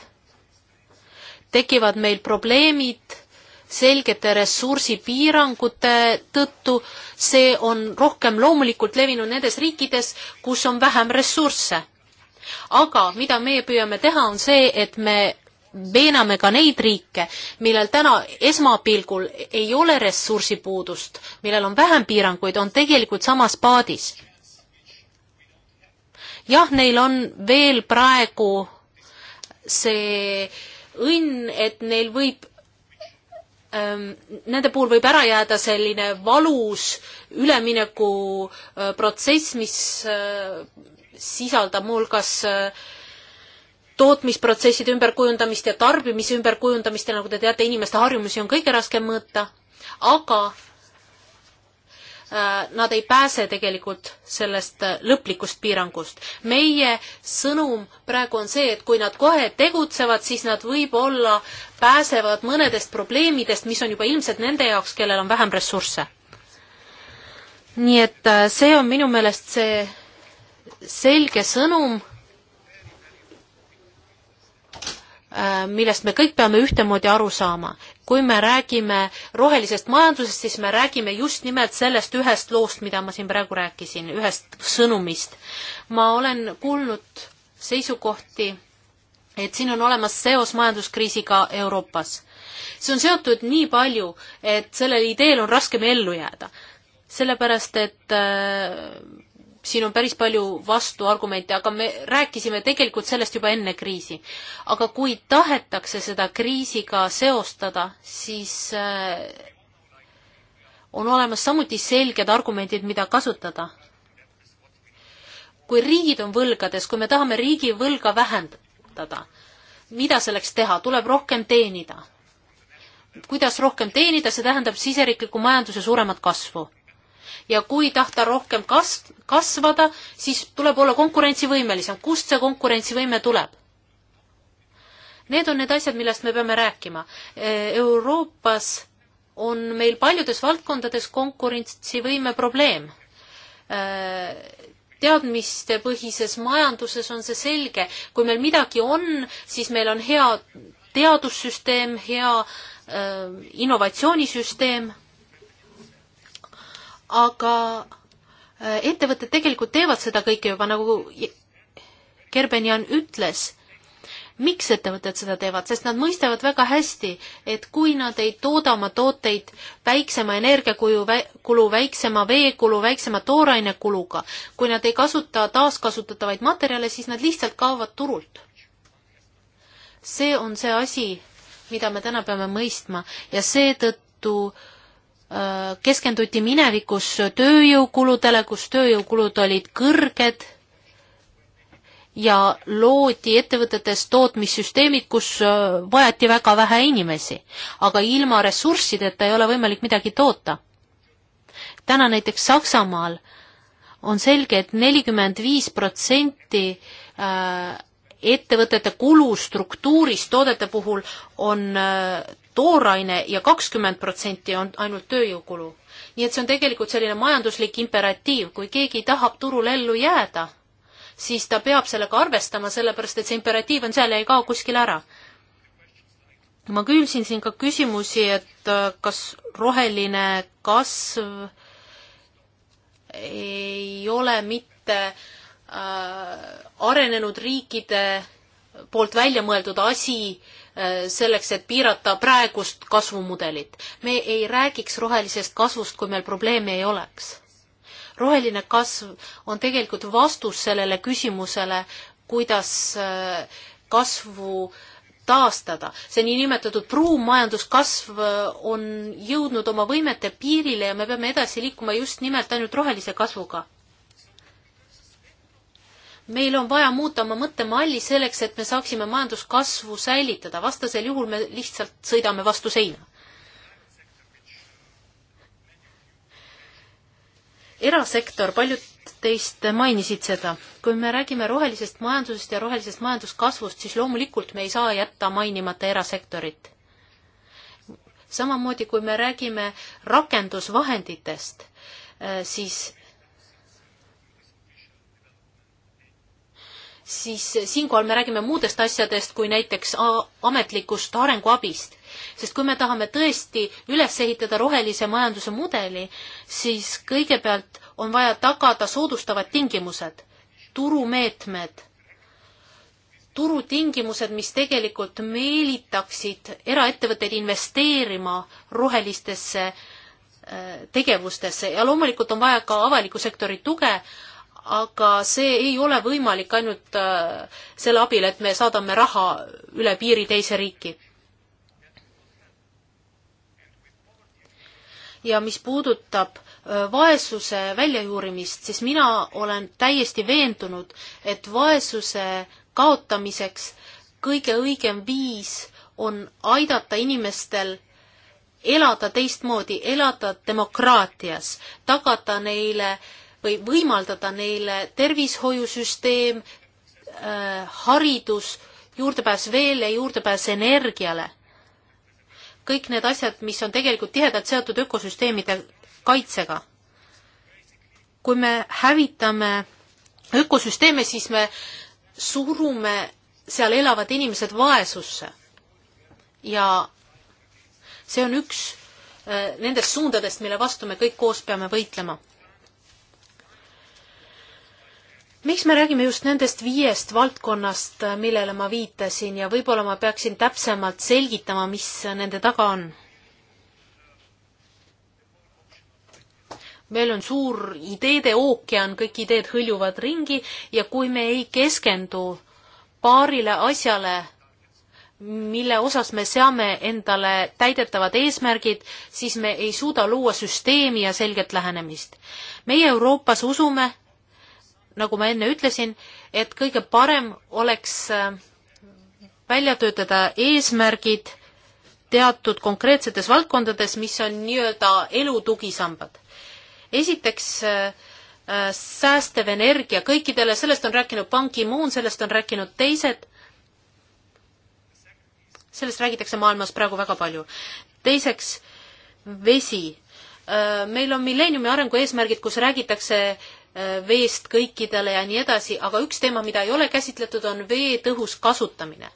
tekivad meil probleemid selgete ressursipiirangute tõttu, see on rohkem loomulikult levinud nendes riikides, kus on vähem ressursse aga mida meie püüame teha, on see, et me veename ka neid riike, millel täna esmapilgul ei ole ressursipuudust, millel on vähem piiranguid, on tegelikult samas paadis. jah, neil on veel praegu see õnn, et neil võib ähm, nende puhul võib ära jääda selline valus üleminekuprotsess, äh, mis äh, sisaldab muuhulgas äh, tootmisprotsesside ümberkujundamist ja tarbimise ümberkujundamist ja nagu te teate, inimeste harjumusi on kõige raskem mõõta, aga äh, nad ei pääse tegelikult sellest äh, lõplikust piirangust. meie sõnum praegu on see, et kui nad kohe tegutsevad, siis nad võib-olla pääsevad mõnedest probleemidest, mis on juba ilmselt nende jaoks, kellel on vähem ressursse. nii et see on minu meelest see selge sõnum, äh, millest me kõik peame ühtemoodi aru saama. kui me räägime rohelisest majandusest, siis me räägime just nimelt sellest ühest loost, mida ma siin praegu rääkisin, ühest sõnumist. ma olen kuulnud seisukohti, et siin on olemas seos majanduskriisiga Euroopas. see on seotud nii palju, et sellel ideel on raskem ellu jääda. sellepärast, et äh, siin on päris palju vastuargumente, aga me rääkisime tegelikult sellest juba enne kriisi. aga kui tahetakse seda kriisiga seostada, siis äh, on olemas samuti selged argumendid, mida kasutada. kui riigid on võlgades, kui me tahame riigi võlga vähendada, mida selleks teha, tuleb rohkem teenida kuidas rohkem teenida, see tähendab siseriikliku majanduse suuremat kasvu ja kui tahta rohkem kas-, kasvada, siis tuleb olla konkurentsivõimelisem. kust see konkurentsivõime tuleb? Need on need asjad, millest me peame rääkima. E, Euroopas on meil paljudes valdkondades konkurentsivõime probleem. E, teadmistepõhises majanduses on see selge, kui meil midagi on, siis meil on hea teadussüsteem, hea e, innovatsioonisüsteem aga äh, ettevõtted tegelikult teevad seda kõike juba, nagu Gerbenian ütles. miks ettevõtted seda teevad? sest nad mõistavad väga hästi, et kui nad ei tooda oma tooteid väiksema energiakuju vä-, kulu, väiksema veekulu, väiksema toorainekuluga, kui nad ei kasuta taaskasutatavaid materjale, siis nad lihtsalt kaovad turult. see on see asi, mida me täna peame mõistma ja seetõttu äh, keskenduti minevikus tööjõukuludele, kus tööjõukulud olid kõrged ja loodi ettevõtetes tootmissüsteemid, kus äh, vajati väga vähe inimesi, aga ilma ressurssideta ei ole võimalik midagi toota. täna näiteks Saksamaal on selge et, et nelikümmend viis protsenti äh, ettevõtete kulustruktuuris toodete puhul on äh, tooraine ja kakskümmend protsenti on ainult tööjõukulu. nii et see on tegelikult selline majanduslik imperatiiv, kui keegi tahab turul ellu jääda, siis ta peab sellega arvestama, sellepärast et see imperatiiv on seal ja ei kao kuskile ära. ma küülsin siin ka küsimusi, et äh, kas roheline kasv ei ole mitte äh, arenenud riikide poolt välja mõeldud asi äh,, Äh, selleks, et piirata praegust kasvumudelit. me ei räägiks rohelisest kasvust, kui meil probleemi ei oleks. roheline kasv on tegelikult vastus sellele küsimusele, kuidas äh, kasvu taastada. see niinimetatud pruummajanduskasv äh, on jõudnud oma võimete piirile ja me peame edasi liikuma just nimelt ainult rohelise kasvuga meil on vaja muuta oma mõttemalli selleks, et me saaksime majanduskasvu säilitada, vastasel juhul me lihtsalt sõidame vastu seina. erasektor, paljud teist mainisid seda, kui me räägime rohelisest majandusest ja rohelisest majanduskasvust, siis loomulikult me ei saa jätta mainimata erasektorit. samamoodi, kui me räägime rakendusvahenditest, eh, siis siis siinkohal me räägime muudest asjadest kui näiteks ametlikust arenguabist. sest kui me tahame tõesti üles ehitada rohelise majanduse mudeli, siis kõigepealt on vaja tagada soodustavad tingimused, turumeetmed, turutingimused, mis tegelikult meelitaksid eraettevõtteid investeerima rohelistesse äh, tegevustesse ja loomulikult on vaja ka avaliku sektori tuge, aga see ei ole võimalik ainult äh, selle abil, et me saadame raha üle piiri teise riiki. ja mis puudutab äh, vaesuse väljajuurimist, siis mina olen täiesti veendunud, et vaesuse kaotamiseks kõige õigem viis on aidata inimestel elada teistmoodi, elada demokraatias, tagada neile äh, või võimaldada neile tervishoiusüsteem, äh, haridus, juurdepääs veele, juurdepääs energiale. kõik need asjad, mis on tegelikult tihedalt seotud ökosüsteemide kaitsega. kui me hävitame ökosüsteeme, siis me surume seal elavad inimesed vaesusse. ja see on üks äh, nendest suundadest, mille vastu me kõik koos peame võitlema miks me räägime just nendest viiest valdkonnast, millele ma viitasin ja võib-olla ma peaksin täpsemalt selgitama, mis nende taga on? meil on suur ideede ookean, kõik ideed hõljuvad ringi ja kui me ei keskendu paarile asjale, mille osas me seame endale täidetavad eesmärgid, siis me ei suuda luua süsteemi ja selget lähenemist. meie Euroopas usume, nagu ma enne ütlesin, et kõige parem oleks äh, välja töötada eesmärgid teatud konkreetsetes valdkondades, mis on nii-öelda elu tugisambad. esiteks äh, äh, säästev energia kõikidele, sellest on rääkinud Ban Ki-moon, sellest on rääkinud teised, sellest räägitakse maailmas praegu väga palju. teiseks, vesi. Äh, meil on milleeniumi arengu eesmärgid, kus räägitakse Äh, veest kõikidele ja nii edasi, aga üks teema, mida ei ole käsitletud, on vee tõhus kasutamine.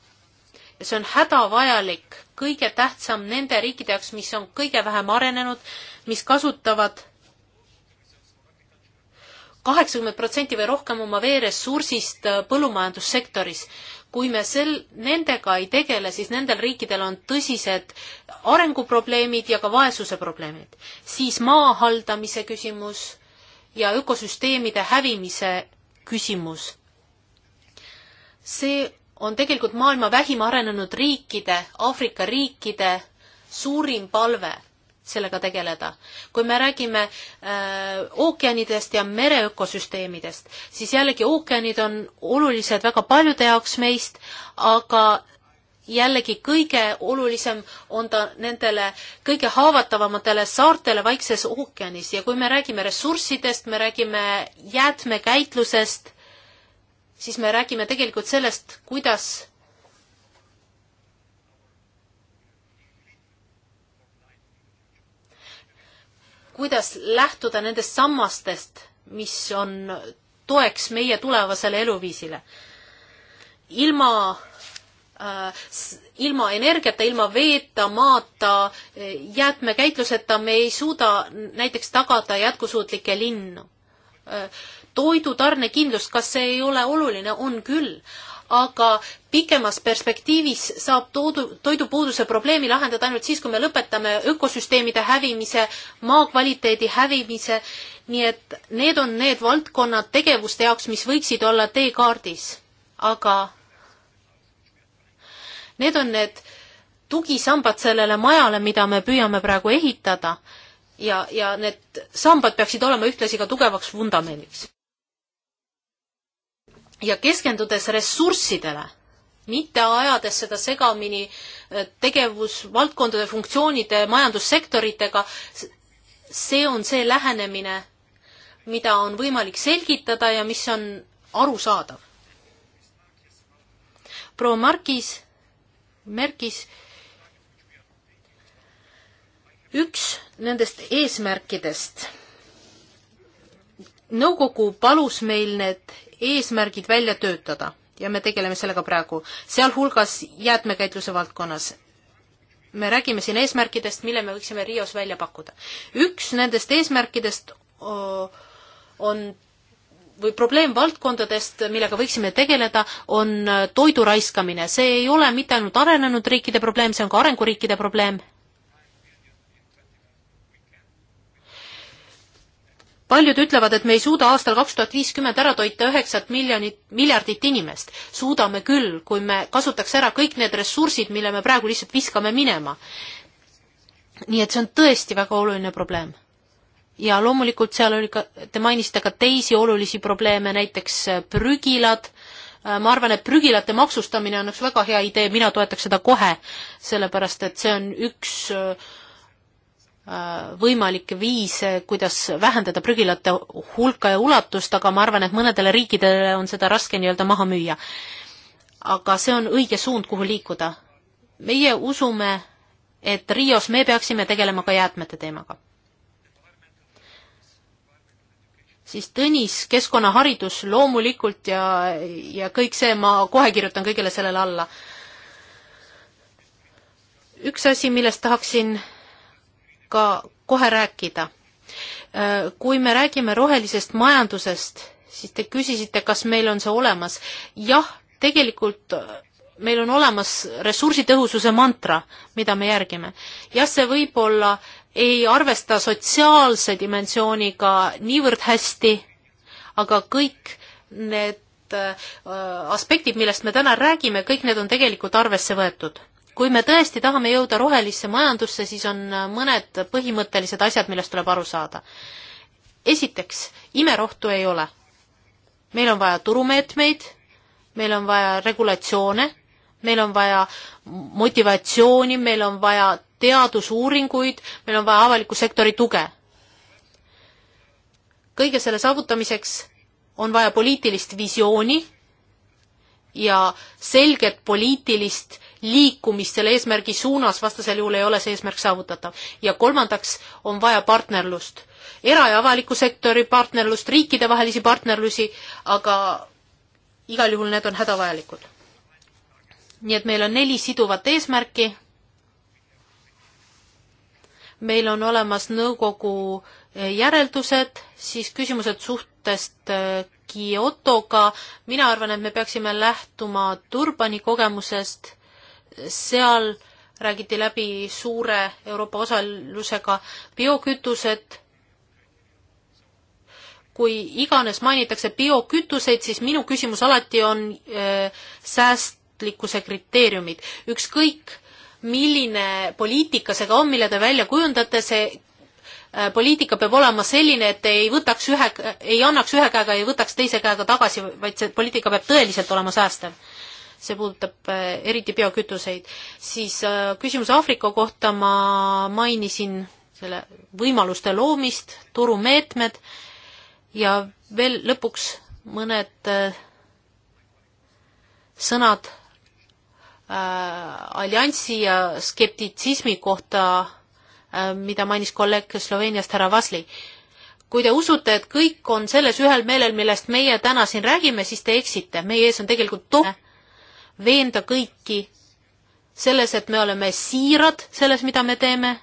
ja see on hädavajalik, kõige tähtsam nende riikide jaoks, mis on kõige vähem arenenud, mis kasutavad kaheksakümmend protsenti või rohkem oma veeressursist äh, põllumajandussektoris. kui me sel, nendega ei tegele, siis nendel riikidel on tõsised arenguprobleemid ja ka vaesuse probleemid. siis maa haldamise küsimus ja ökosüsteemide hävimise küsimus. see on tegelikult maailma vähim arenenud riikide, Aafrika riikide suurim palve sellega tegeleda. kui me räägime äh, ookeanidest ja mereökosüsteemidest, siis jällegi ookeanid on olulised väga paljude jaoks meist, aga jällegi kõige olulisem on ta nendele kõige haavatavamatele saartele Vaikses ookeanis ja kui me räägime ressurssidest, me räägime jäätmekäitlusest, siis me räägime tegelikult sellest, kuidas kuidas lähtuda nendest sammastest, mis on toeks meie tulevasele eluviisile. ilma Äh, ilma energiata, ilma veeta, maata, äh, jäätmekäitluseta me ei suuda näiteks tagada jätkusuutlikke linnu. Äh, toidutarnekindlus, kas see ei ole oluline, on küll, aga pikemas perspektiivis saab toodu, toidupuuduse probleemi lahendada ainult siis, kui me lõpetame ökosüsteemide hävimise, maa kvaliteedi hävimise, nii et need on need valdkonnad tegevuste jaoks, mis võiksid olla teekaardis. aga Need on need tugisambad sellele majale, mida me püüame praegu ehitada ja, ja need sambad peaksid olema ühtlasi ka tugevaks vundamendiks. ja keskendudes ressurssidele, mitte ajades seda segamini äh, tegevusvaldkondade, funktsioonide, majandussektoritega, see on see lähenemine, mida on võimalik selgitada ja mis on arusaadav. proua Markis märgis. üks nendest eesmärkidest. nõukogu palus meil need eesmärgid välja töötada ja me tegeleme sellega praegu, sealhulgas jäätmekäitluse valdkonnas. me räägime siin eesmärkidest, mille me võiksime Rios välja pakkuda. üks nendest eesmärkidest on või probleemvaldkondadest, millega võiksime tegeleda, on äh, toidu raiskamine. see ei ole mitte ainult arenenud riikide probleem, see on ka arenguriikide probleem. paljud ütlevad, et me ei suuda aastal kaks tuhat viiskümmend ära toita üheksat miljonit, miljardit inimest. suudame küll, kui me kasutaks ära kõik need ressursid, mille me praegu lihtsalt viskame minema. nii et see on tõesti väga oluline probleem ja loomulikult seal oli ka, te mainisite ka teisi olulisi probleeme, näiteks äh, prügilad. Äh, ma arvan, et prügilate maksustamine on üks väga hea idee, mina toetaks seda kohe, sellepärast et see on üks äh, võimalikke viise, kuidas vähendada prügilate hulka ja ulatust, aga ma arvan, et mõnedele riikidele on seda raske nii-öelda maha müüa. aga see on õige suund, kuhu liikuda. meie usume, et Rios me peaksime tegelema ka jäätmete teemaga siis Tõnis, keskkonnaharidus loomulikult ja, ja kõik see, ma kohe kirjutan kõigele sellele alla. üks asi, millest tahaksin ka kohe rääkida. kui me räägime rohelisest majandusest, siis te küsisite, kas meil on see olemas. jah, tegelikult meil on olemas ressursitõhususe mantra, mida me järgime. jah, see võib olla äh, ei arvesta sotsiaalse dimensiooniga niivõrd hästi, aga kõik need äh, aspektid, millest me täna räägime, kõik need on tegelikult arvesse võetud. kui me tõesti tahame jõuda rohelisse majandusse, siis on äh, mõned põhimõttelised asjad, millest tuleb aru saada. esiteks, imerohtu ei ole. meil on vaja turumeetmeid, meil on vaja regulatsioone, meil on vaja motivatsiooni, meil on vaja teadusuuringuid, meil on vaja avaliku sektori tuge. kõige selle saavutamiseks on vaja poliitilist visiooni ja selget poliitilist liikumist selle eesmärgi suunas, vastasel juhul ei ole see eesmärk saavutatav. ja kolmandaks on vaja partnerlust, era- ja avaliku sektori partnerlust, riikidevahelisi partnerlusi, aga igal juhul need on hädavajalikud. nii et meil on neli siduvat eesmärki meil on olemas nõukogu eh, järeldused, siis küsimused suhtest eh, Kyotoga, mina arvan, et me peaksime lähtuma Durbani kogemusest, seal räägiti läbi suure Euroopa osalusega biokütused, kui iganes mainitakse biokütuseid, siis minu küsimus alati on äh, säästlikkuse kriteeriumid, ükskõik milline poliitika see ka on, mille te välja kujundate, see äh, poliitika peab olema selline, et ei võtaks ühe, ei annaks ühe käega, ei võtaks teise käega tagasi, vaid see poliitika peab tõeliselt olema säästev. see puudutab äh, eriti biokütuseid. siis äh, küsimus Aafrika kohta, ma mainisin selle võimaluste loomist, turumeetmed ja veel lõpuks mõned sõnad Äh, alliansi ja skeptitsismi kohta, äh, mida mainis kolleeg Sloveeniast härra Vasli. kui te usute, et kõik on selles ühel meelel, millest meie täna siin räägime, siis te eksite, meie ees on tegelikult to-, veenda kõiki selles, et me oleme siirad selles, mida me teeme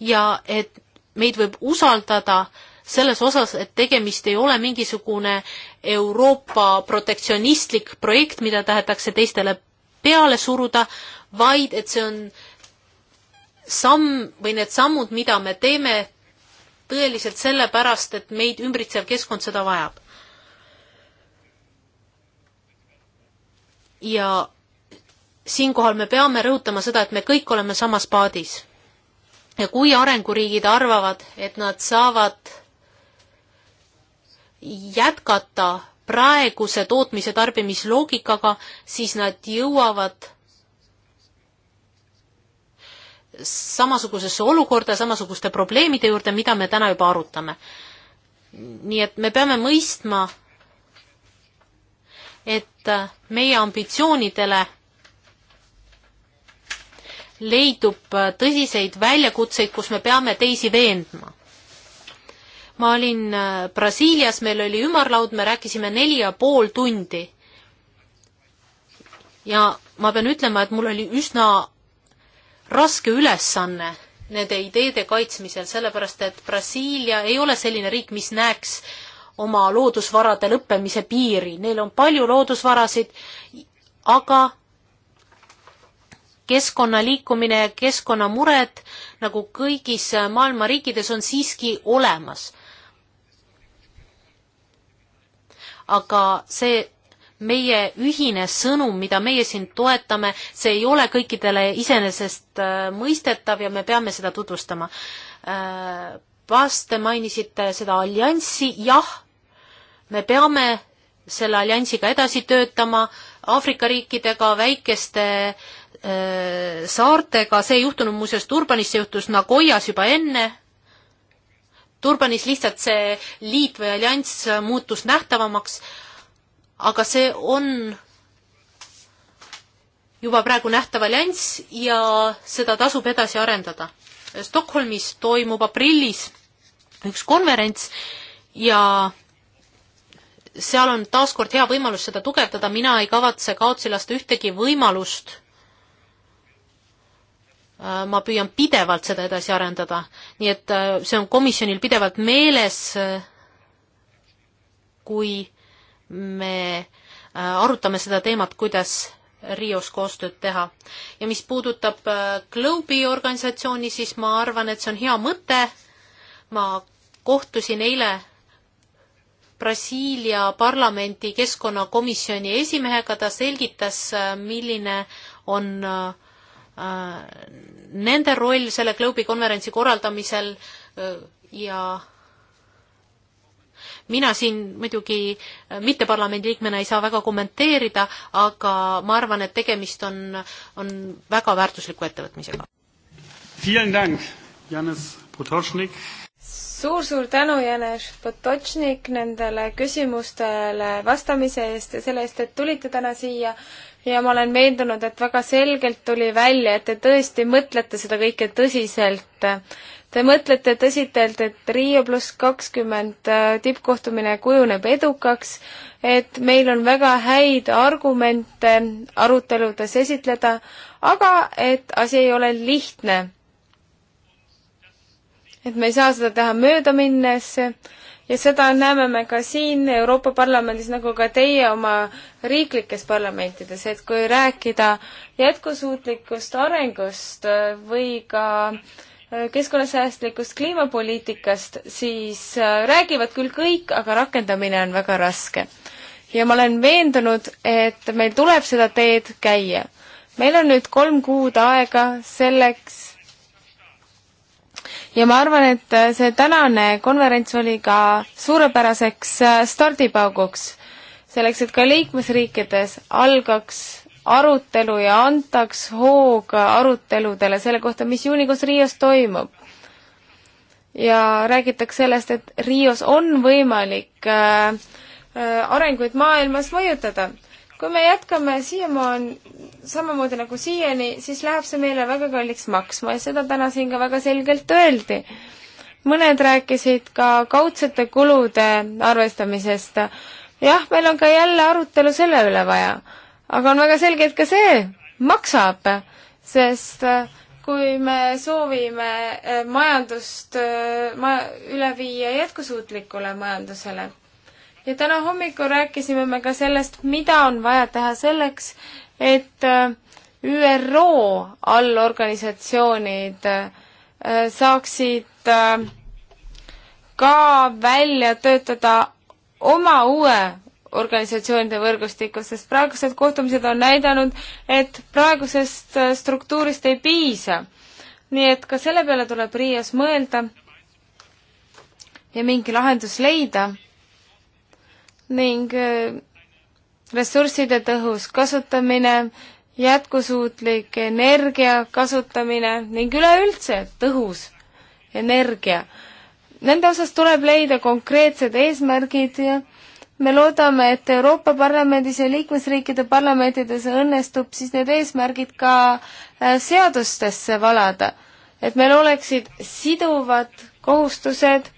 ja et meid võib usaldada selles osas, et tegemist ei ole mingisugune Euroopa protektsionistlik projekt, mida tahetakse teistele peale suruda, vaid et see on samm või need sammud, mida me teeme tõeliselt sellepärast, et meid ümbritsev keskkond seda vajab. ja siinkohal me peame rõhutama seda, et me kõik oleme samas paadis. ja kui arenguriigid arvavad, et nad saavad jätkata praeguse tootmise tarbimisloogikaga, siis nad jõuavad samasugusesse olukorda, samasuguste probleemide juurde, mida me täna juba arutame. nii et me peame mõistma, et meie ambitsioonidele leidub tõsiseid väljakutseid, kus me peame teisi veendma ma olin äh, Brasiilias, meil oli ümarlaud, me rääkisime neli ja pool tundi. ja ma pean ütlema, et mul oli üsna raske ülesanne nende ideede kaitsmisel, sellepärast et Brasiilia ei ole selline riik, mis näeks oma loodusvarade lõppemise piiri, neil on palju loodusvarasid, aga keskkonna liikumine ja keskkonnamured nagu kõigis äh, maailma riikides on siiski olemas. aga see meie ühine sõnum, mida meie siin toetame, see ei ole kõikidele iseenesest äh, mõistetav ja me peame seda tutvustama. Äh, Vas, te mainisite seda allianssi, jah, me peame selle alliansiga edasi töötama, Aafrika riikidega, väikeste äh, saartega, see ei juhtunud muuseas Turbanis, see juhtus Nagoyas juba enne Durbanis lihtsalt see liit või allianss muutus nähtavamaks, aga see on juba praegu nähtav allianss ja seda tasub edasi arendada. Stockholmis toimub aprillis üks konverents ja seal on taaskord hea võimalus seda tugevdada, mina ei kavatse kaotsi lasta ühtegi võimalust Äh, ma püüan pidevalt seda edasi arendada, nii et äh, see on komisjonil pidevalt meeles, äh, kui me arutame seda teemat, kuidas Rios koostööd teha. ja mis puudutab Globe'i organisatsiooni, siis ma arvan, et see on hea mõte, ma kohtusin eile Brasiilia parlamendi keskkonnakomisjoni esimehega, ta selgitas, milline on äh, Äh, nende roll selle klubi konverentsi korraldamisel äh, ja mina siin muidugi äh, mitteparlamendi liikmena ei saa väga kommenteerida, aga ma arvan, et tegemist on, on väga väärtusliku ettevõtmisega. suur-suur tänu, Janes Potočnik, nendele küsimustele vastamise eest ja selle eest, et tulite täna siia ja ma olen veendunud, et väga selgelt tuli välja, et te tõesti mõtlete seda kõike tõsiselt. Te mõtlete tõsiselt, et Riia pluss kakskümmend äh, tippkohtumine kujuneb edukaks, et meil on väga häid argumente aruteludes esitleda, aga et asi ei ole lihtne. et me ei saa seda teha möödaminnes ja seda näeme me ka siin Euroopa Parlamendis, nagu ka teie oma riiklikes parlamentides, et kui rääkida jätkusuutlikust arengust äh, või ka äh, keskkonnasäästlikust kliimapoliitikast, siis äh, räägivad küll kõik, aga rakendamine on väga raske. ja ma olen veendunud, et meil tuleb seda teed käia. meil on nüüd kolm kuud aega selleks, ja ma arvan, et äh, see tänane konverents oli ka suurepäraseks äh, stardipauguks, selleks, et ka liikmesriikides algaks arutelu ja antaks hoog aruteludele selle kohta, mis juunikuus Riios toimub. ja räägitakse sellest, et Riios on võimalik äh, äh, arenguid maailmas mõjutada kui me jätkame siiamaani samamoodi nagu siiani, siis läheb see meile väga kalliks maksma ja seda täna siin ka väga selgelt öeldi. mõned rääkisid ka kaudsete kulude arvestamisest. jah, meil on ka jälle arutelu selle üle vaja, aga on väga selge, et ka see maksab, sest äh, kui me soovime äh, majandust äh, ma-, üle viia jätkusuutlikule majandusele ja täna hommikul rääkisime me ka sellest, mida on vaja teha selleks, et äh, ÜRO allorganisatsioonid äh, saaksid äh, ka välja töötada oma uue organisatsioonide võrgustikus, sest praegused kohtumised on näidanud, et praegusest struktuurist ei piisa. nii et ka selle peale tuleb Riias mõelda ja mingi lahendus leida ning äh, ressursside tõhus kasutamine, jätkusuutlik energia kasutamine ning üleüldse tõhus energia. Nende osas tuleb leida konkreetsed eesmärgid ja me loodame, et Euroopa Parlamendis ja liikmesriikide parlamentides õnnestub siis need eesmärgid ka äh, seadustesse valada, et meil oleksid siduvad kohustused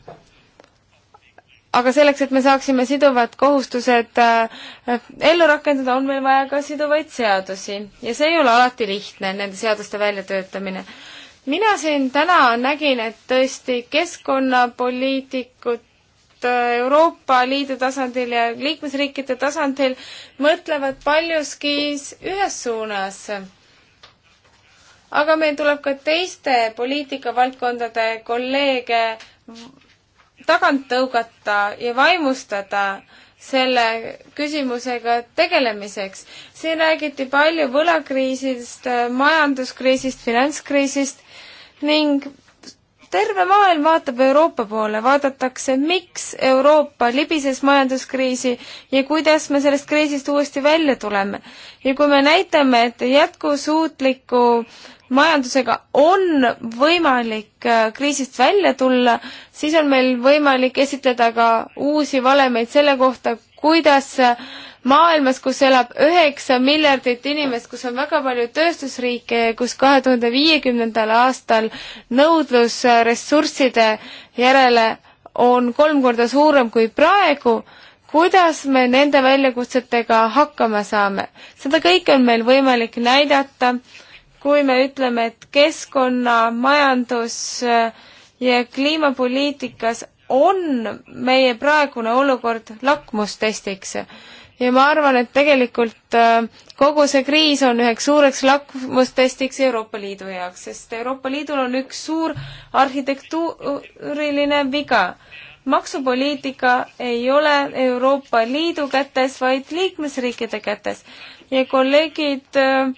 aga selleks, et me saaksime siduvad kohustused äh, ellu rakendada, on meil vaja ka siduvaid seadusi ja see ei ole alati lihtne, nende seaduste väljatöötamine. mina siin täna nägin, et tõesti keskkonnapoliitikud äh, Euroopa Liidu tasandil ja liikmesriikide tasandil mõtlevad paljuski ühes suunas aga meil tuleb ka teiste poliitikavaldkondade kolleege tagant tõugata ja vaimustada selle küsimusega tegelemiseks. siin räägiti palju võlakriisist, majanduskriisist, finantskriisist ning terve maailm vaatab Euroopa poole, vaadatakse, miks Euroopa libises majanduskriisi ja kuidas me sellest kriisist uuesti välja tuleme. ja kui me näitame, et jätkusuutlikku äh, majandusega on võimalik äh, kriisist välja tulla, siis on meil võimalik esitleda ka uusi valemeid selle kohta, kuidas maailmas, kus elab üheksa miljardit inimest, kus on väga palju tööstusriike ja kus kahe tuhande viiekümnendal aastal nõudlus äh, ressursside järele on kolm korda suurem kui praegu, kuidas me nende väljakutsetega hakkama saame. seda kõike on meil võimalik näidata kui me ütleme, et keskkonna, majandus ja kliimapoliitikas on meie praegune olukord lakmustestiks. ja ma arvan, et tegelikult äh, kogu see kriis on üheks suureks lakmustestiks Euroopa Liidu jaoks, sest Euroopa Liidul on üks suur arhitektuuriline viga. maksupoliitika ei ole Euroopa Liidu kätes, vaid liikmesriikide kätes ja kolleegid äh,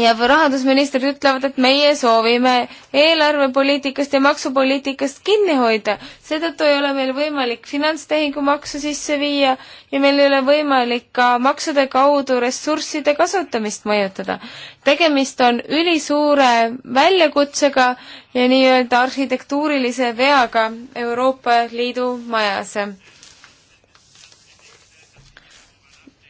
ja rahandusministrid ütlevad, et meie soovime eelarvepoliitikast ja maksupoliitikast kinni hoida. seetõttu ei ole meil võimalik finantstehingumaksu sisse viia ja meil ei ole võimalik ka maksude kaudu ressursside kasutamist mõjutada. tegemist on ülisuure väljakutsega ja nii-öelda arhitektuurilise veaga Euroopa Liidu majas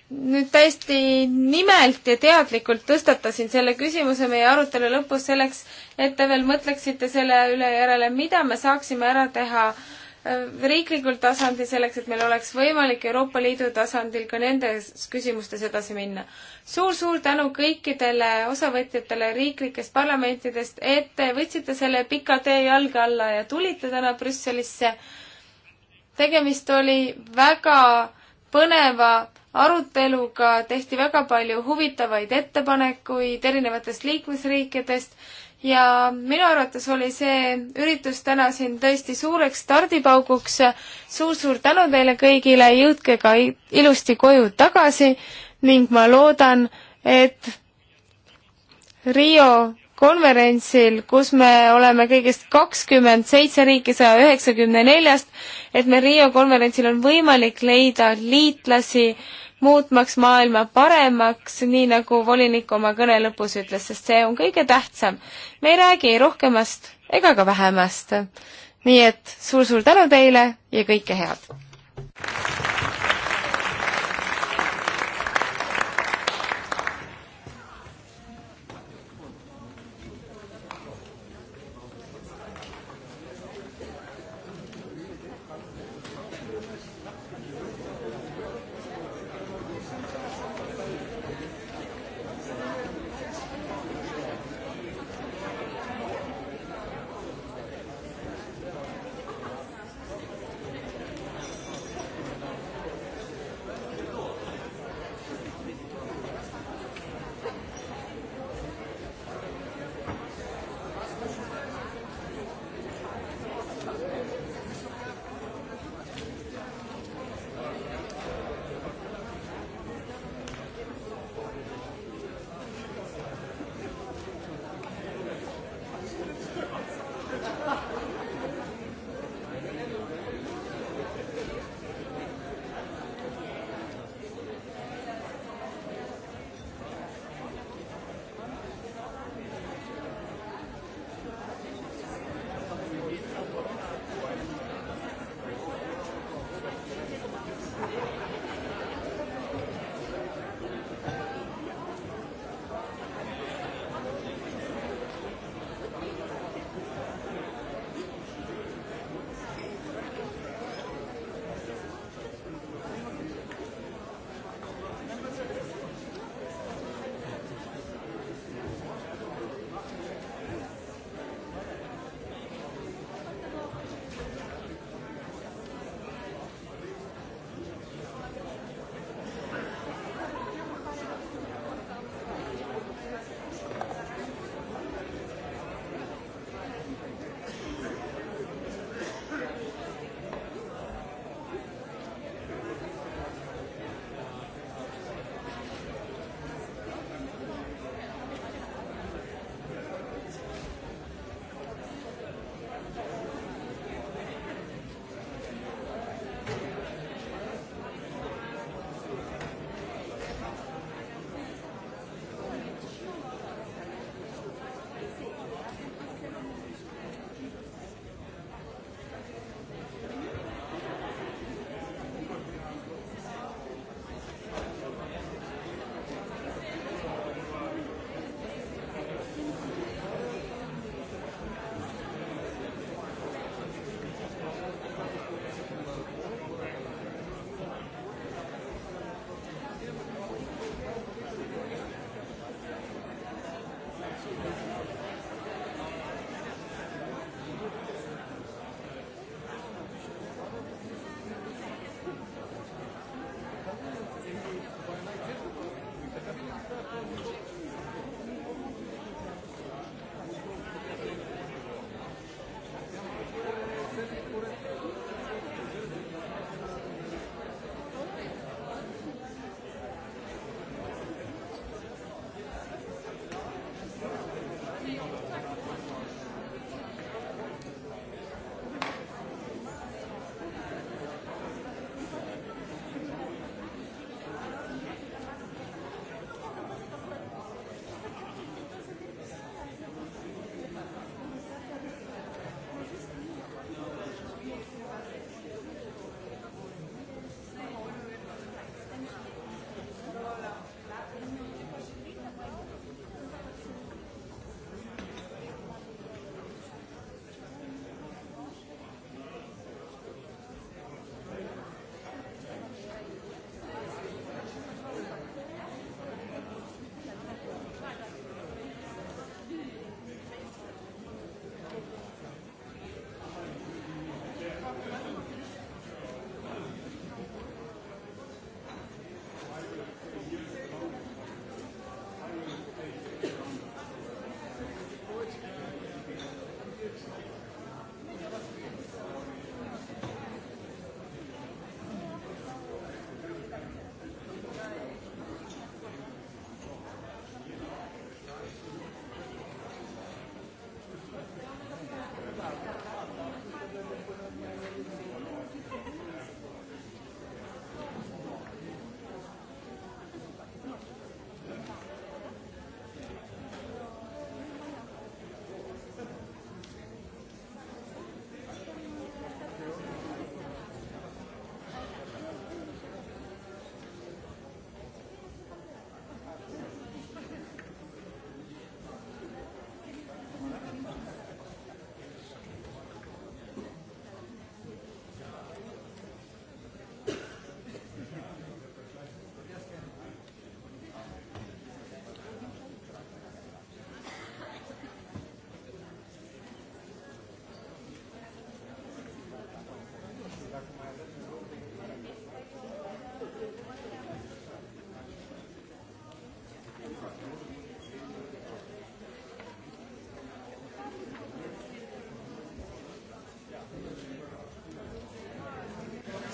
nüüd täiesti nimelt ja teadlikult tõstatasin selle küsimuse meie arutelu lõpus selleks, et te veel mõtleksite selle üle järele, mida me saaksime ära teha äh, riiklikul tasandil selleks, et meil oleks võimalik Euroopa Liidu tasandil ka nendes küsimustes edasi minna suur,. suur-suur tänu kõikidele osavõtjatele riiklikest parlamentidest, et te võtsite selle pika tee jalge alla ja tulite täna Brüsselisse. tegemist oli väga põneva aruteluga, tehti väga palju huvitavaid ettepanekuid erinevatest liikmesriikidest ja minu arvates oli see üritus täna siin tõesti suureks stardipauguks suur,. suur-suur tänu teile kõigile, jõudke ka ilusti koju tagasi ning ma loodan, et Rio konverentsil, kus me oleme kõigest kakskümmend seitse riiki saja üheksakümne neljast, et meil Rio konverentsil on võimalik leida liitlasi muutmaks maailma paremaks, nii nagu volinik oma kõne lõpus ütles, sest see on kõige tähtsam. me ei räägi ei rohkemast ega ka vähemast. nii et suur-suur tänu teile ja kõike head!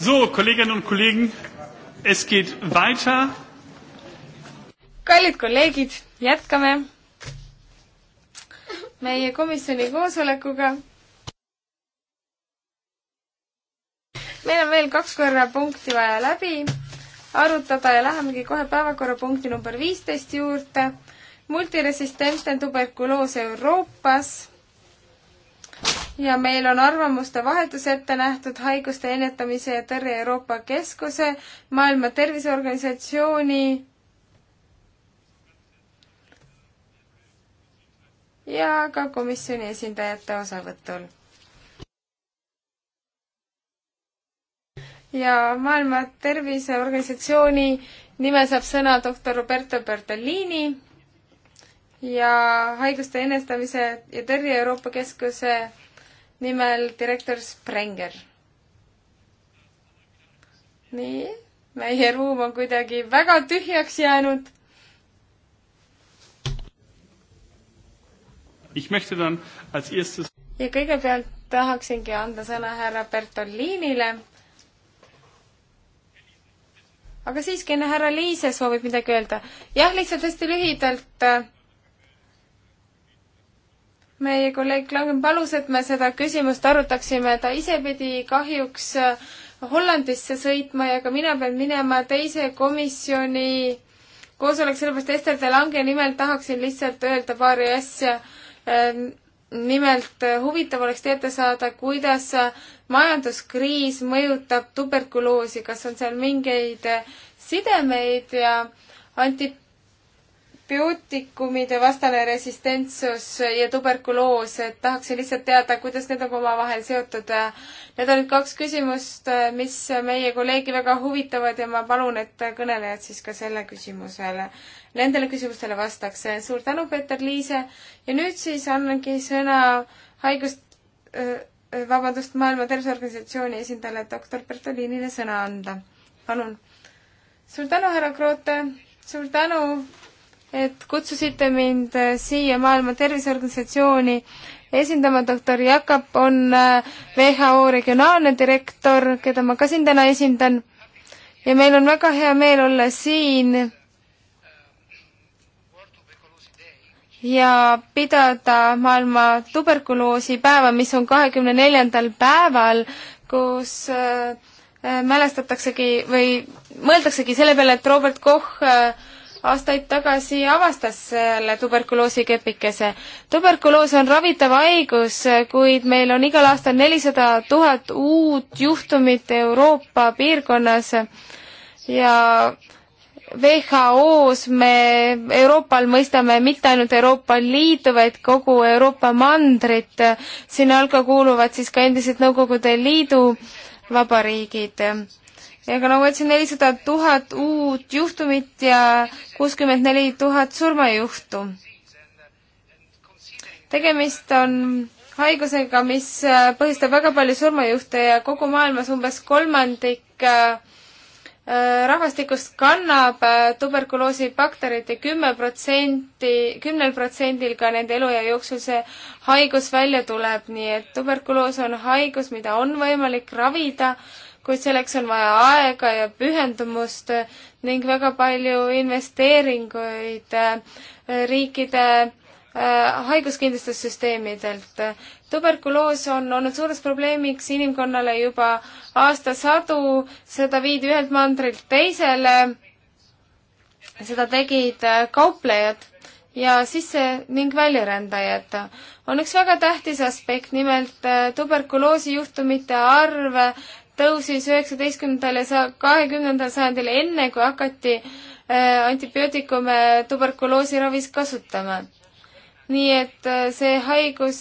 So, Kolleginnen und Kollegen, es geht weiter. kallid kolleegid, jätkame meie komisjoni koosolekuga. meil on veel kaks korra punkti vaja läbi arutada ja lähemegi kohe päevakorrapunkti number viisteist juurde. multiresistentne tuberkuloos Euroopas ja meil on arvamuste vahetus ette nähtud Haiguste Ennetamise ja Tõrje Euroopa Keskuse, Maailma Terviseorganisatsiooni ja ka komisjoni esindajate osavõtul. ja Maailma Terviseorganisatsiooni nime saab sõna doktor Roberto Bertolini ja Haiguste Ennetamise ja Tõrje Euroopa Keskuse nimel direktor Sprenger. nii, meie ruum on kuidagi väga tühjaks jäänud. ja kõigepealt tahaksingi anda sõna härra Bertolinile. aga siiski enne härra Liise soovib midagi öelda. jah, lihtsalt hästi lühidalt äh, meie kolleeg Langen palus, et me seda küsimust arutaksime, ta ise pidi kahjuks äh, Hollandisse sõitma ja ka mina pean minema teise komisjoni koosolek, sellepärast Ester de Lange nimel tahaksin lihtsalt öelda paari asja. Ähm, nimelt äh, huvitav oleks teada saada, kuidas äh, majanduskriis mõjutab tuberkuloosi, kas on seal mingeid sidemeid ja Antip antibiootikumide vastane resistentsus ja tuberkuloos, et tahaksin lihtsalt teada, kuidas need on omavahel seotud. Need olid kaks küsimust, mis meie kolleegi väga huvitavad ja ma palun, et kõnelejad siis ka selle küsimusele, nendele küsimustele vastaks. suur tänu, Peeter Liise ja nüüd siis annangi sõna haigust, vabandust, Maailma Terviseorganisatsiooni esindajale doktor Bertolinile sõna anda. palun. suur tänu, härra Kroote, suur tänu et kutsusite mind äh, siia Maailma Terviseorganisatsiooni esindama, doktor Jakab on äh, WHO regionaalne direktor, keda ma ka siin täna esindan. ja meil on väga hea meel olla siin ja pidada maailma tuberkuloosipäeva, mis on kahekümne neljandal päeval, kus äh, mälestataksegi või mõeldaksegi selle peale, et Robert Koch äh, aastaid tagasi avastas selle tuberkuloosi kepikese. tuberkuloos on ravitav haigus, kuid meil on igal aastal nelisada tuhat uut juhtumit Euroopa piirkonnas ja WHO-s me Euroopal mõistame mitte ainult Euroopa Liitu, vaid kogu Euroopa mandrit. sinna hulka kuuluvad siis ka endised Nõukogude Liidu vabariigid aga nagu ma ütlesin, nelisada tuhat uut juhtumit ja kuuskümmend neli tuhat surmajuhtu. tegemist on haigusega, mis äh, põhjustab väga palju surmajuhte ja kogu maailmas umbes kolmandik äh, äh, rahvastikust kannab tuberkuloosibakterit ja kümme protsenti, kümnel protsendil ka nende eluea jooksul see haigus välja tuleb, nii et tuberkuloos on haigus, mida on võimalik ravida kuid selleks on vaja aega ja pühendumust ning väga palju investeeringuid äh, riikide äh, haiguskindlustussüsteemidelt. tuberkuloos on olnud suureks probleemiks inimkonnale juba aastasadu, seda viidi ühelt mandrilt teisele, seda tegid äh, kauplejad ja sisse- ning väljarändajad. on üks väga tähtis aspekt, nimelt tuberkuloosi juhtumite arv tõusis üheksateistkümnendal ja kahekümnendal sajandil, enne kui hakati äh, antibiootikume tuberkuloosiravis kasutama. nii et äh, see haigus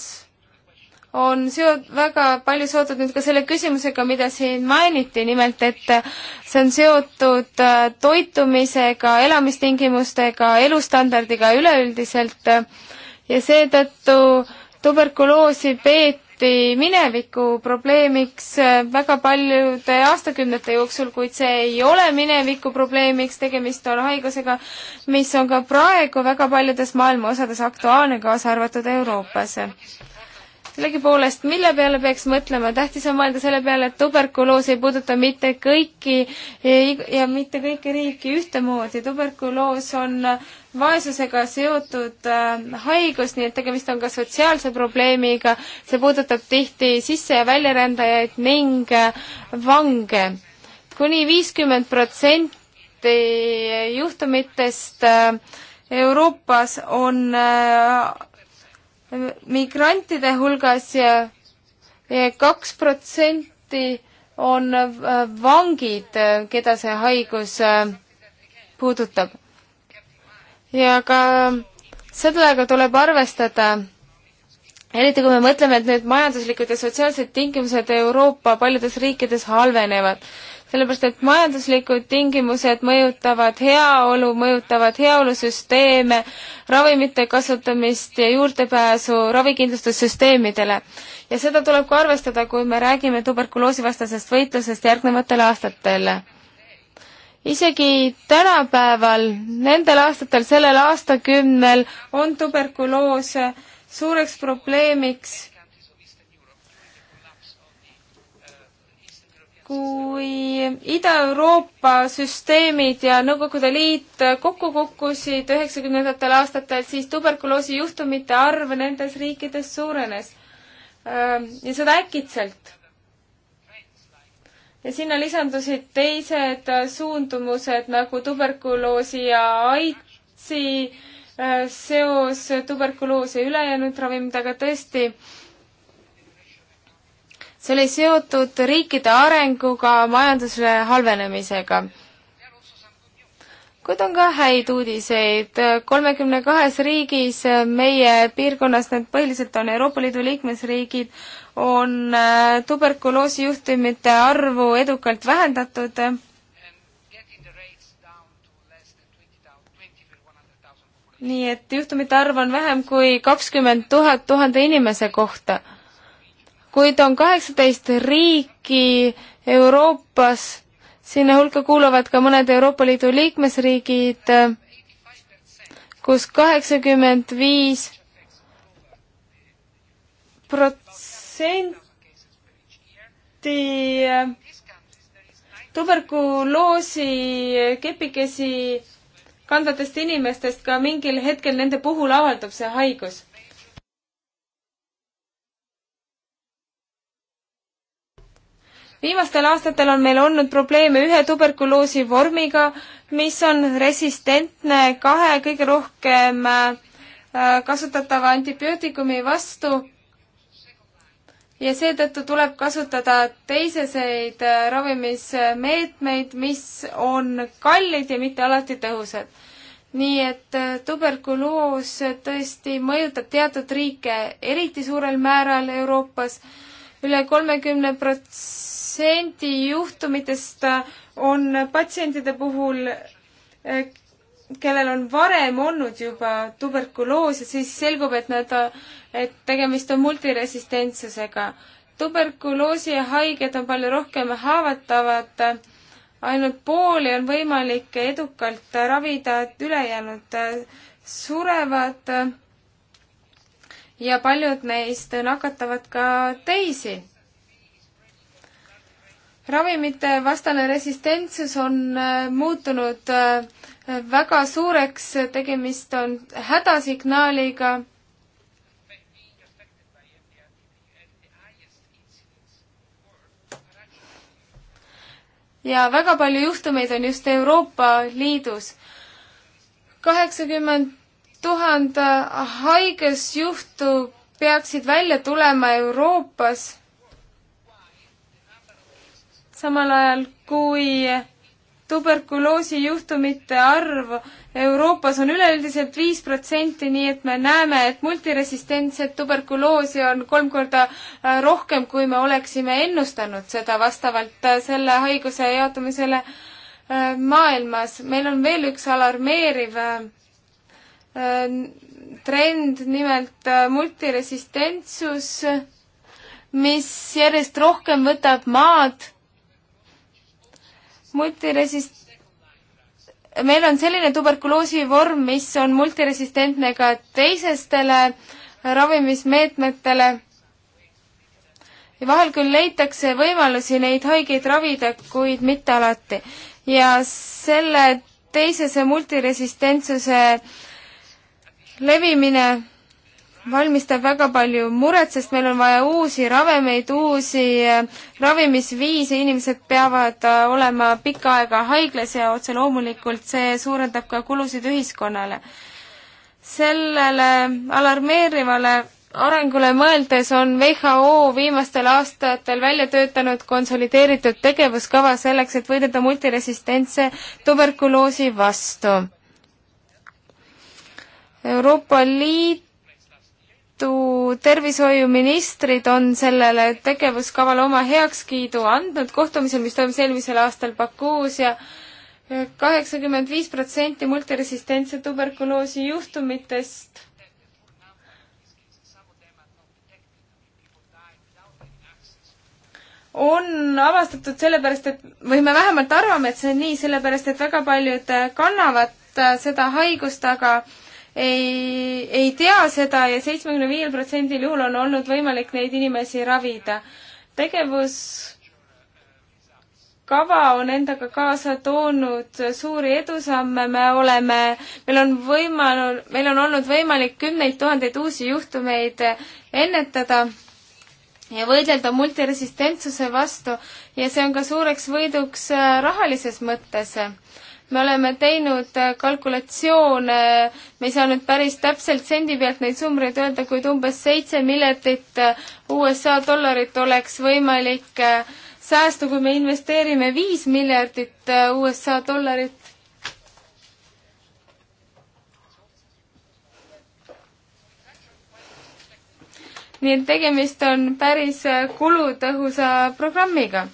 on seot-, väga palju seotud nüüd ka selle küsimusega, mida siin mainiti, nimelt et äh, see on seotud toitumisega, elamistingimustega, elustandardiga üleüldiselt ja seetõttu tuberkuloosi peeti peeti mineviku probleemiks äh, väga paljude aastakümnete jooksul, kuid see ei ole mineviku probleemiks, tegemist on haigusega, mis on ka praegu väga paljudes maailma osades aktuaalne, kaasa arvatud Euroopas sellegipoolest, mille peale peaks mõtlema, tähtis on mõelda selle peale, et tuberkuloos ei puuduta mitte kõiki ja mitte kõiki riiki ühtemoodi, tuberkuloos on vaesusega seotud äh, haigus, nii et tegemist on ka sotsiaalse probleemiga, see puudutab tihti sisse- ja väljarändajaid ning äh, vange kuni. kuni viiskümmend protsenti juhtumitest äh, Euroopas on migrantide hulgas ja kaks protsenti on vangid, keda see haigus äh, puudutab. ja ka sellega tuleb arvestada, eriti kui me mõtleme, et need majanduslikud ja sotsiaalsed tingimused Euroopa paljudes riikides halvenevad sellepärast et majanduslikud tingimused mõjutavad heaolu, mõjutavad heaolusüsteeme, ravimite kasutamist ja juurdepääsu ravikindlustussüsteemidele. ja seda tuleb ka arvestada, kui me räägime tuberkuloosivastasest võitlusest järgnevatel aastatel isegi tänapäeval, nendel aastatel, sellel aastakümnel on tuberkuloos suureks probleemiks kui Ida-Euroopa süsteemid ja Nõukogude Liit kokku kukkusid üheksakümnendatel aastatel, siis tuberkuloosi juhtumite arv nendes riikides suurenes. ja seda äkitselt. ja sinna lisandusid teised suundumused nagu tuberkuloosi ja AIDSi seos tuberkuloosi ülejäänud ravimidega tõesti äh, see oli seotud riikide arenguga, majanduse halvenemisega. kuid on ka häid uudiseid. kolmekümne kahes riigis meie piirkonnas, need põhiliselt on Euroopa Liidu liikmesriigid, on äh, tuberkuloosi juhtumite arvu edukalt vähendatud nii et juhtumite arv on vähem kui kakskümmend tuhat tuhande inimese kohta kuid on kaheksateist riiki Euroopas, sinna hulka kuuluvad ka mõned Euroopa Liidu liikmesriigid, kus kaheksakümmend viis protsenti tuberkuloosi kepikesi kandvatest inimestest ka mingil hetkel nende puhul avaldub see haigus viimastel aastatel on meil olnud probleeme ühe tuberkuloosi vormiga, mis on resistentne kahe kõige rohkem äh, kasutatava antibiootikumi vastu ja seetõttu tuleb kasutada teiseseid äh, ravimismeetmeid, mis on kallid ja mitte alati tõhusad. nii et äh, tuberkuloos tõesti mõjutab teatud riike eriti suurel määral Euroopas üle, üle kolmekümne prots-, protsendi juhtumitest on patsientide puhul, eh, kellel on varem olnud juba tuberkuloos ja siis selgub, et nad, et tegemist on multiresistentsusega. tuberkuloosi haiged on palju rohkem haavatavad ainult pooli on võimalik edukalt ravida, et ülejäänud eh, surevad ja paljud neist nakatavad ka teisi ravimite vastane resistentsus on äh, muutunud äh, väga suureks, tegemist on hädasignaaliga ja väga palju juhtumeid on just Euroopa Liidus. kaheksakümmend tuhande haigesjuhtu peaksid välja tulema Euroopas samal ajal kui tuberkuloosi juhtumite arv Euroopas on üleüldiselt viis protsenti, nii et me näeme, et multiresistentset tuberkuloosi on kolm korda äh, rohkem, kui me oleksime ennustanud seda vastavalt äh, selle haiguse jaotumisele äh, maailmas. meil on veel üks alarmeeriv trend, nimelt multiresistentsus, mis järjest rohkem võtab maad multiresist-, meil on selline tuberkuloosi vorm, mis on multiresistentne ka teisestele ravimismeetmetele ja vahel küll leitakse võimalusi neid haigeid ravida, kuid mitte alati. ja selle teisese multiresistentsuse levimine valmistab väga palju muret, sest meil on vaja uusi ravimeid, uusi äh, ravimisviise, inimesed peavad äh, olema pikka aega haiglas ja otse loomulikult see suurendab ka kulusid ühiskonnale. sellele alarmeerivale arengule mõeldes on WHO viimastel aastatel välja töötanud konsolideeritud tegevuskava selleks, et võidelda multiresistentse tuberkuloosi vastu. Euroopa Liit mitu tervishoiuministrit on sellele tegevuskavale oma heakskiidu andnud kohtumisel, mis toimus eelmisel aastal Bakuus ja kaheksakümmend viis protsenti multiresistentse tuberkuloosi juhtumitest on avastatud sellepärast, et või me vähemalt arvame, et see on nii, sellepärast et väga paljud kannavad seda haigust, aga ei, ei tea seda ja seitsmekümne viiel protsendil juhul on olnud võimalik neid inimesi ravida. tegevuskava on endaga kaasa toonud suuri edusamme, me oleme, meil on võimal-, meil on olnud võimalik kümneid tuhandeid uusi juhtumeid ennetada ja võidelda multiresistentsuse vastu ja see on ka suureks võiduks äh, rahalises mõttes me oleme teinud äh, kalkulatsioone, me ei saa nüüd päris täpselt sendi pealt neid summaid öelda, kuid umbes seitse miljardit äh, USA dollarit oleks võimalik äh, säästu, kui me investeerime viis miljardit USA dollarit. nii et tegemist on päris kulutõhusa programmiga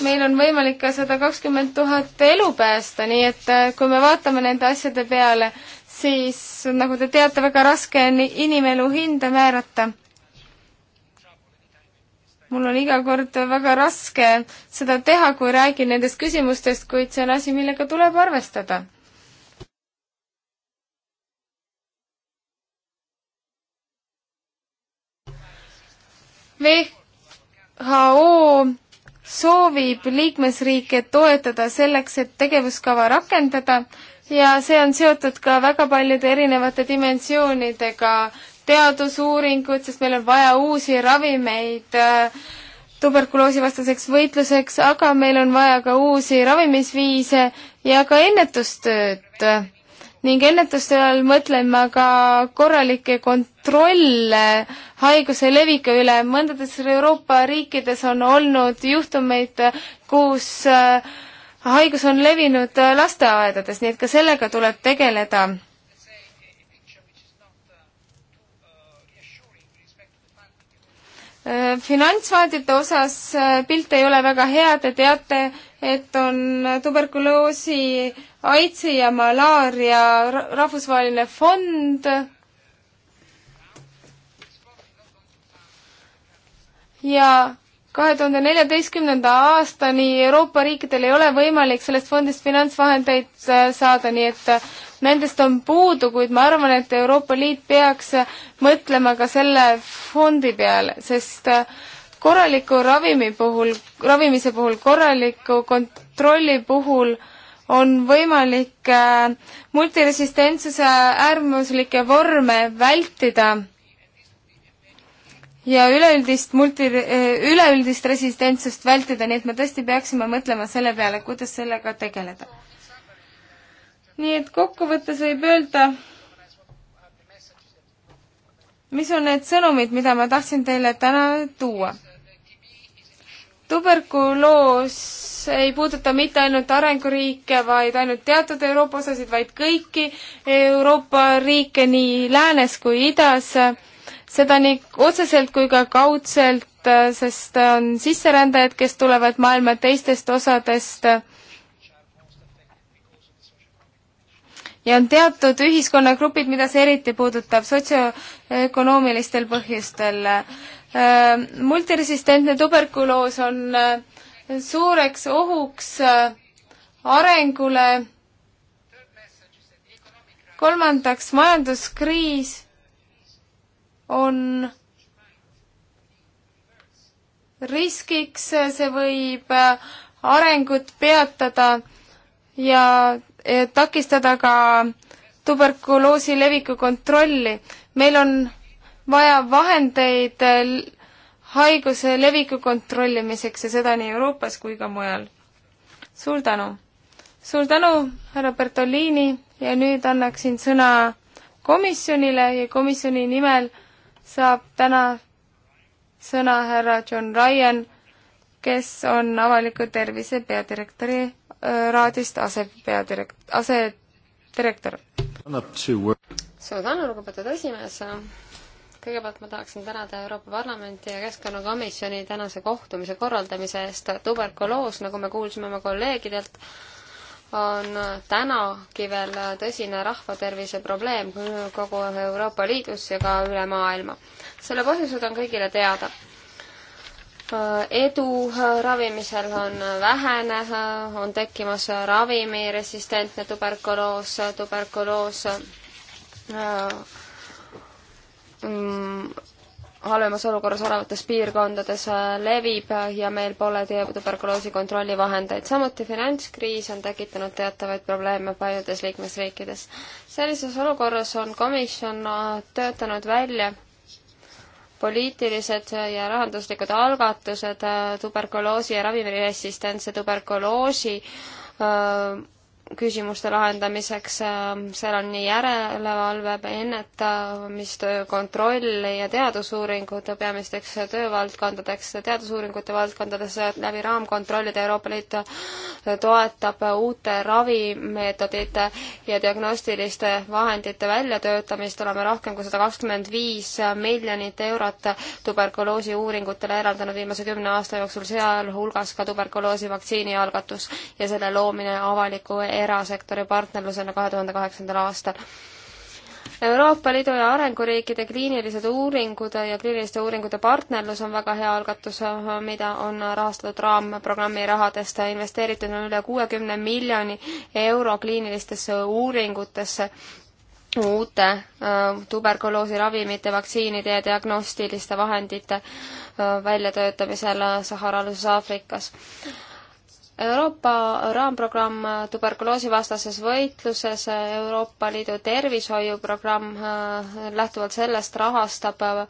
meil on võimalik ka sada kakskümmend tuhat elu päästa, nii et äh, kui me vaatame nende asjade peale, siis nagu te teate, väga raske on inimelu hinda määrata. mul on iga kord väga raske seda teha, kui räägin nendest küsimustest, kuid see on asi, millega tuleb arvestada WHO soovib liikmesriike toetada selleks, et tegevuskava rakendada ja see on seotud ka väga paljude erinevate dimensioonidega, teadusuuringud, sest meil on vaja uusi ravimeid äh, tuberkuloosivastaseks võitluseks, aga meil on vaja ka uusi ravimisviise ja ka ennetustööd ning ennetustöö all mõtlen ma ka korralikke kontrolle haiguse leviku üle. mõndades Euroopa riikides on olnud juhtumeid, kus äh, haigus on levinud äh, lasteaedades, nii et ka sellega tuleb tegeleda äh, finantsvaadete osas pilt ei ole väga hea, te teate, et on tuberkuloosi AIDSi ja malaaria rahvusvaheline fond ja kahe tuhande neljateistkümnenda aastani Euroopa riikidel ei ole võimalik sellest fondist finantsvahendeid äh, saada, nii et äh, nendest on puudu, kuid ma arvan, et Euroopa Liit peaks äh, mõtlema ka selle fondi peale, sest korraliku ravimi puhul, ravimise puhul, korraliku kontrolli puhul äh, on võimalik äh, multiresistentsuse äärmuslikke vorme vältida ja üleüldist multi, äh, üleüldist resistentsust vältida, nii et me tõesti peaksime mõtlema selle peale, kuidas sellega tegeleda. nii et kokkuvõttes võib öelda, mis on need sõnumid, mida ma tahtsin teile täna tuua tuberkuloos ei puuduta mitte ainult arenguriike, vaid ainult teatud Euroopa osasid, vaid kõiki Euroopa riike nii läänes kui idas. seda nii otseselt kui ka kaudselt, sest on sisserändajad, kes tulevad maailma teistest osadest. ja on teatud ühiskonnagrupid, mida see eriti puudutab sotsioökonoomilistel põhjustel Äh, multiresistentne tuberkuloos on äh, suureks ohuks äh, arengule. kolmandaks, majanduskriis on riskiks, see võib arengut peatada ja takistada ka tuberkuloosi leviku kontrolli. meil on vajab vahendeid eh, haiguse leviku kontrollimiseks ja seda nii Euroopas kui ka mujal. suur tänu! suur tänu, härra Bertolini ja nüüd annaksin sõna komisjonile ja komisjoni nimel saab täna sõna härra John Ryan, kes on avaliku tervise peadirektori äh, raadist asepeadirekt-, asedirektor. suur tänu, lugupeetud esimees kõigepealt ma tahaksin tänada Euroopa Parlamenti ja Keskkonnakomisjoni tänase kohtumise korraldamise eest. tuberkuloos, nagu me kuulsime oma kolleegidelt, on tänagi veel tõsine rahvatervise probleem kogu Euroopa Liidus ja ka üle maailma. selle põhjused on kõigile teada. edu ravimisel on vähene, on tekkimas ravimiresistentne tuberkuloos, tuberkuloos Mm, halvemas olukorras olevates piirkondades äh, levib ja meil pole tuberkuloosi kontrollivahendeid. samuti finantskriis on tekitanud teatavaid probleeme paljudes liikmesriikides. sellises olukorras on komisjon äh, töötanud välja poliitilised ja rahanduslikud algatused äh, tuberkuloosi ja ravimiresistentsuse tuberkuloosi küsimuste lahendamiseks, äh, seal on nii järelevalve, ennetamistöö, kontroll ja teadusuuringud peamisteks töövaldkondadeks. teadusuuringute valdkondades läbi raamkontrollide Euroopa Liit toetab uute ravimeetodite ja diagnostiliste vahendite väljatöötamist. oleme rohkem kui sada kakskümmend viis miljonit eurot tuberkuloosi uuringutele eraldanud viimase kümne aasta jooksul, sealhulgas ka tuberkuloosi vaktsiini algatus ja selle loomine avaliku erasektori partnerlusena kahe tuhande kaheksandal aastal. Euroopa Liidu ja arenguriikide kliinilised uuringud ja kliiniliste uuringute partnerlus on väga hea algatus, mida on rahastatud raamprogrammi rahadest, investeeritud on üle kuuekümne miljoni euro kliinilistesse uuringutesse uute äh, tuberkuloosiravimite, vaktsiinide ja diagnostiliste vahendite äh, väljatöötamisel Sahara-aluses Aafrikas. Euroopa raamprogramm tuberkuloosivastases võitluses, Euroopa Liidu tervishoiuprogramm äh, lähtuvalt sellest rahastab äh,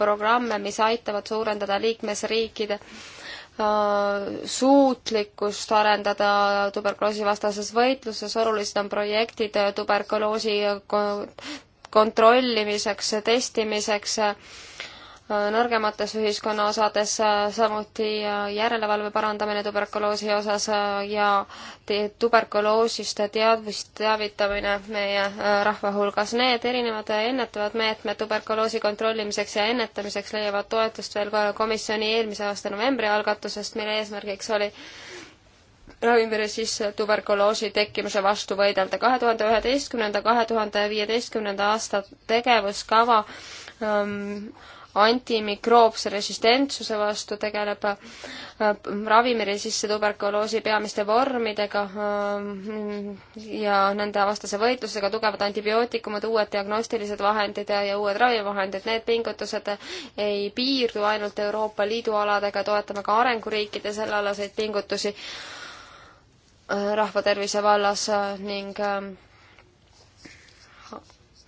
programme, mis aitavad suurendada liikmesriikide äh, suutlikkust arendada tuberkuloosivastases võitluses, olulised on projektid tuberkuloosi kontrollimiseks, testimiseks nõrgemates ühiskonna osades, samuti äh, järelevalve parandamine tuberkuloosi osas äh, ja tuberkuloosist teadvist teavitamine meie äh, rahva hulgas. Need erinevad ennetavad meetmed tuberkuloosi kontrollimiseks ja ennetamiseks leiavad toetust veel ka komisjoni eelmise aasta novembri algatusest, mille eesmärgiks oli ravimiresiistse tuberkuloosi tekkimise vastu võidelda. kahe tuhande üheteistkümnenda, kahe tuhande viieteistkümnenda aasta tegevuskava ähm, antimikroobse resistentsuse vastu, tegeleb äh, ravimiressisse tuberkuloosi peamiste vormidega äh, ja nende vastase võitlusega, tugevad antibiootikumid, uued diagnostilised vahendid ja uued ravivahendid, need pingutused ei piirdu ainult Euroopa Liidu aladega, toetame ka arenguriikide sellealaseid pingutusi äh, rahvatervise vallas ning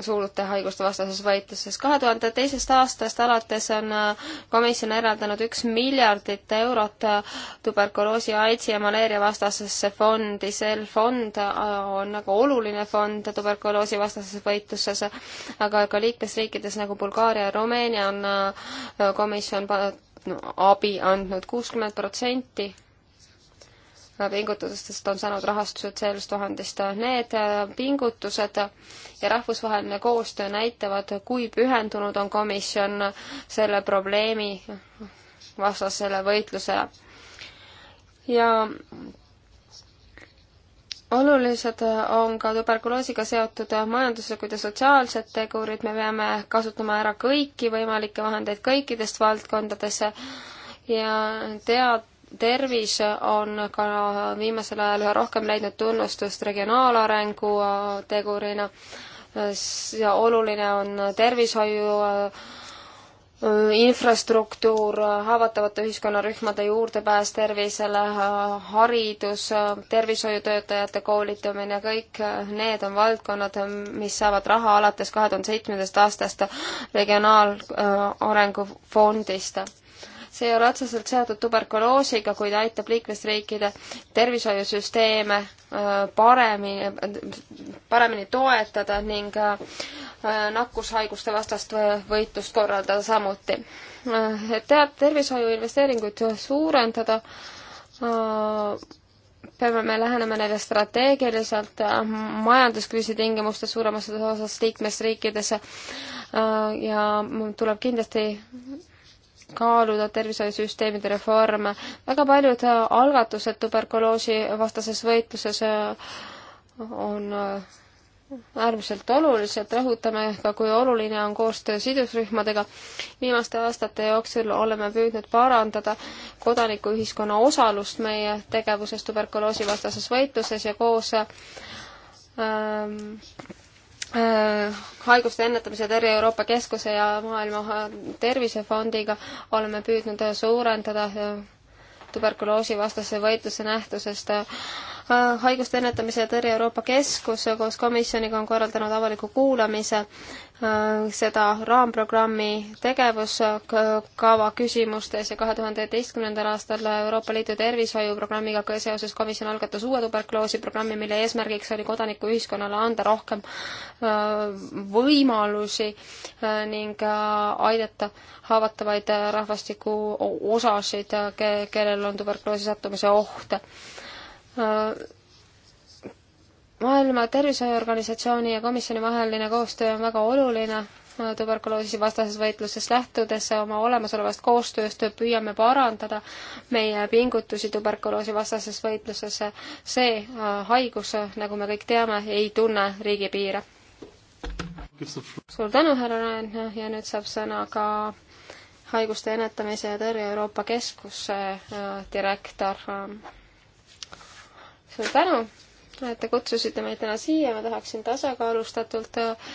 suurte haiguste vastases võitluses. kahe tuhande teisest aastast alates on äh, komisjon eraldanud üks miljardit eurot äh, tuberkuloosi, AIDSi ja maleeria vastasesse fondi. see fond äh, on nagu oluline fond tuberkuloosi vastases võitluses, aga ka liikmesriikides nagu Bulgaaria ja Rumeenia on komisjon abi andnud kuuskümmend protsenti pingutustest on saanud rahastused sellest vahendist. Need äh, pingutused ja rahvusvaheline koostöö näitavad, kui pühendunud on komisjon selle probleemi vastasele võitlusele. ja olulised on ka tuberkuloosiga seotud majanduslikud ja sotsiaalsed tegurid, me peame kasutama ära kõiki võimalikke vahendeid kõikidest valdkondadesse ja tead-, tervis on ka viimasel ajal üha rohkem leidnud tunnustust regionaalarengu äh, tegurina ja oluline on tervishoiu äh, infrastruktuur, haavatavate ühiskonnarühmade juurdepääs tervisele, äh, haridus, tervishoiutöötajate koolitamine, kõik need on valdkonnad, mis saavad raha alates kahe tuhande seitsmendast aastast Regionaalarengu Fondist see ei ole otseselt seotud tuberkuloosiga, kuid aitab liikmesriikide tervishoiusüsteeme äh, paremini, paremini toetada ning äh, nakkushaiguste vastast võitlust korraldada samuti. Äh, et teab tervishoiu investeeringuid suurendada, peame me lähenema neile strateegiliselt majanduskriisi tingimustes suuremas osas liikmesriikides ja tuleb kindlasti kaaluda tervishoiusüsteemide reforme. väga paljud äh, algatused tuberkuloosi vastases võitluses äh, on äh, äärmiselt olulised, rõhutame ka, kui oluline on koostöö sidusrühmadega. viimaste aastate jooksul oleme püüdnud parandada kodanikuühiskonna osalust meie tegevuses tuberkuloosi vastases võitluses ja koos ähm, Äh, haiguste ennetamise tõrje Euroopa Keskuse ja Maailma Tervisefondiga oleme püüdnud äh, suurendada äh, tuberkuloosivastase võitluse nähtusest. haiguste ennetamise ja tõrje Euroopa Keskus koos komisjoniga on korraldanud avaliku kuulamise Äh, seda raamprogrammi tegevuskava küsimustes ja kahe tuhande üheteistkümnendal aastal Euroopa Liidu tervishoiuprogrammiga seoses komisjon algatas uue tuberkuloosi programmi, mille eesmärgiks oli kodanikuühiskonnale anda rohkem äh, võimalusi äh, ning aidata haavatavaid rahvastiku osasid, kellel on tuberkuloosi sattumise oht maailma Tervishoiuorganisatsiooni ja komisjoni vaheline koostöö on väga oluline tuberkuloosi vastases võitluses lähtudes oma olemasolevast koostööst püüame parandada meie pingutusi tuberkuloosi vastases võitluses. see äh, haigus, nagu me kõik teame, ei tunne riigipiire. suur tänu, härra Raen ja nüüd saab sõna ka haiguste ennetamise ja tõrje Euroopa Keskuse äh, direktor. suur tänu et te kutsusite meid täna siia, ma tahaksin tasakaalustatult äh,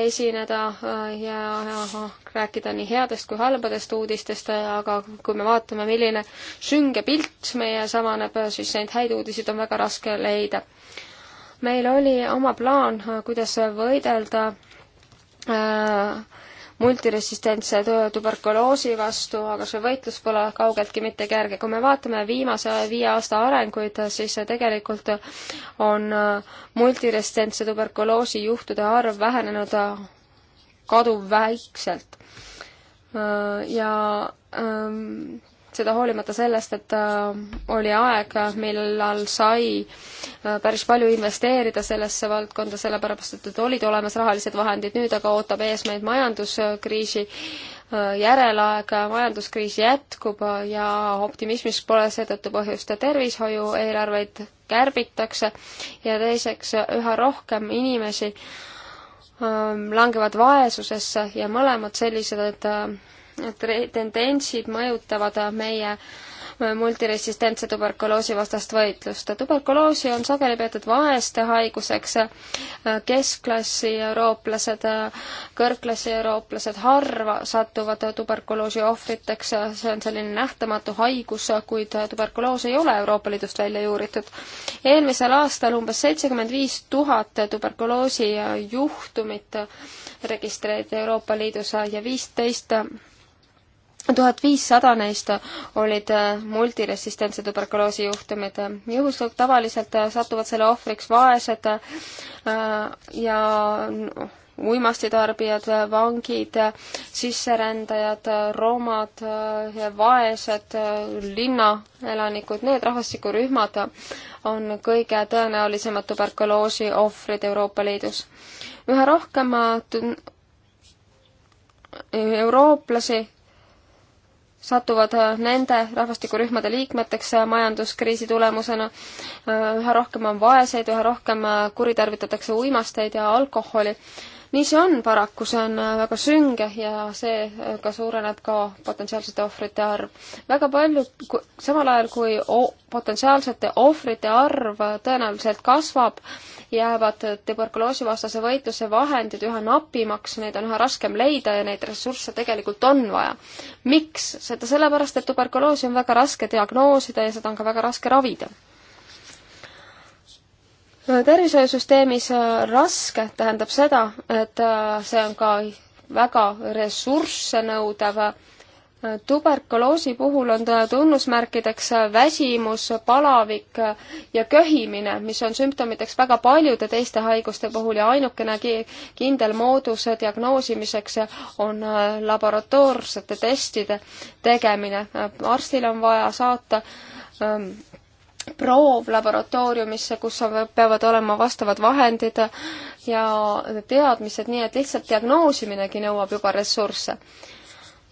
esineda äh, ja, ja äh, rääkida nii headest kui halbadest uudistest, aga kui me vaatame, milline sünge pilt meie samaneb, siis neid häid uudiseid on väga raske leida. meil oli oma plaan, kuidas võidelda äh, multiresistentse tuberkuloosi vastu, aga see võitlus pole kaugeltki mitte kerge. kui me vaatame viimase viie aasta arenguid, siis tegelikult on äh, multiresistentse tuberkuloosi juhtude arv vähenenud äh, kaduvväikselt. Äh, ja ähm, seda hoolimata sellest, et äh, oli aeg, millal sai äh, päris palju investeerida sellesse valdkonda, sellepärast et olid olemas rahalised vahendid, nüüd aga ootab ees meid majanduskriisi äh, järelaeg, majanduskriis jätkub ja optimismiks pole seetõttu põhjust, tervishoiu eelarveid kärbitakse ja teiseks üha rohkem inimesi langevad vaesusesse ja mõlemad sellised tendentsid mõjutavad meie multiresistentse tuberkuloosi vastast võitlust. tuberkuloosi on sageli peetud vaeste haiguseks, keskklassi eurooplased, kõrgklassi eurooplased harva satuvad tuberkuloosi ohvriteks, see on selline nähtamatu haigus, kuid tuberkuloos ei ole Euroopa Liidust välja juuritud. eelmisel aastal umbes seitsekümmend viis tuhat tuberkuloosi juhtumit registreeriti Euroopa Liidus ja viisteist 15 tuhat viissada neist olid äh, multiresistentse tuberkuloosi juhtumid. juhuslik tavaliselt äh, satuvad selle ohvriks vaesed äh, ja uimastitarbijad, vangid, sisserändajad, roomad, vaesed, linnaelanikud, need rahvastikurühmad on kõige tõenäolisemad tuberkuloosi ohvrid Euroopa Liidus. üha rohkem eurooplasi satuvad äh, nende rahvastikurühmade liikmeteks äh, majanduskriisi tulemusena. Äh, üha rohkem on vaeseid, üha rohkem kuritarvitatakse uimasteid ja alkoholi nii see on paraku, see on äh, väga sünge ja seega äh, suureneb ka potentsiaalsete ohvrite arv. väga palju, samal ajal kui potentsiaalsete ohvrite arv äh, tõenäoliselt kasvab, jäävad tuberkuloosivastase võitluse vahendid üha napimaks, neid on üha raskem leida ja neid ressursse tegelikult on vaja. miks? seda sellepärast, et tuberkuloosi on väga raske diagnoosida ja seda on ka väga raske ravida Äh, tervishoiusüsteemis äh, raske tähendab seda, et äh, see on ka väga ressursse nõudav. tuberkuloosi puhul on tunnusmärkideks väsimus, palavik ja köhimine, mis on sümptomiteks väga paljude teiste haiguste puhul ja ainukene kindel moodus diagnoosimiseks on laboratoorsete testide tegemine. arstil on vaja saata ähm, proovlaboratooriumisse, kus on, peavad olema vastavad vahendid ja teadmised, nii et lihtsalt diagnoosiminegi nõuab juba ressursse.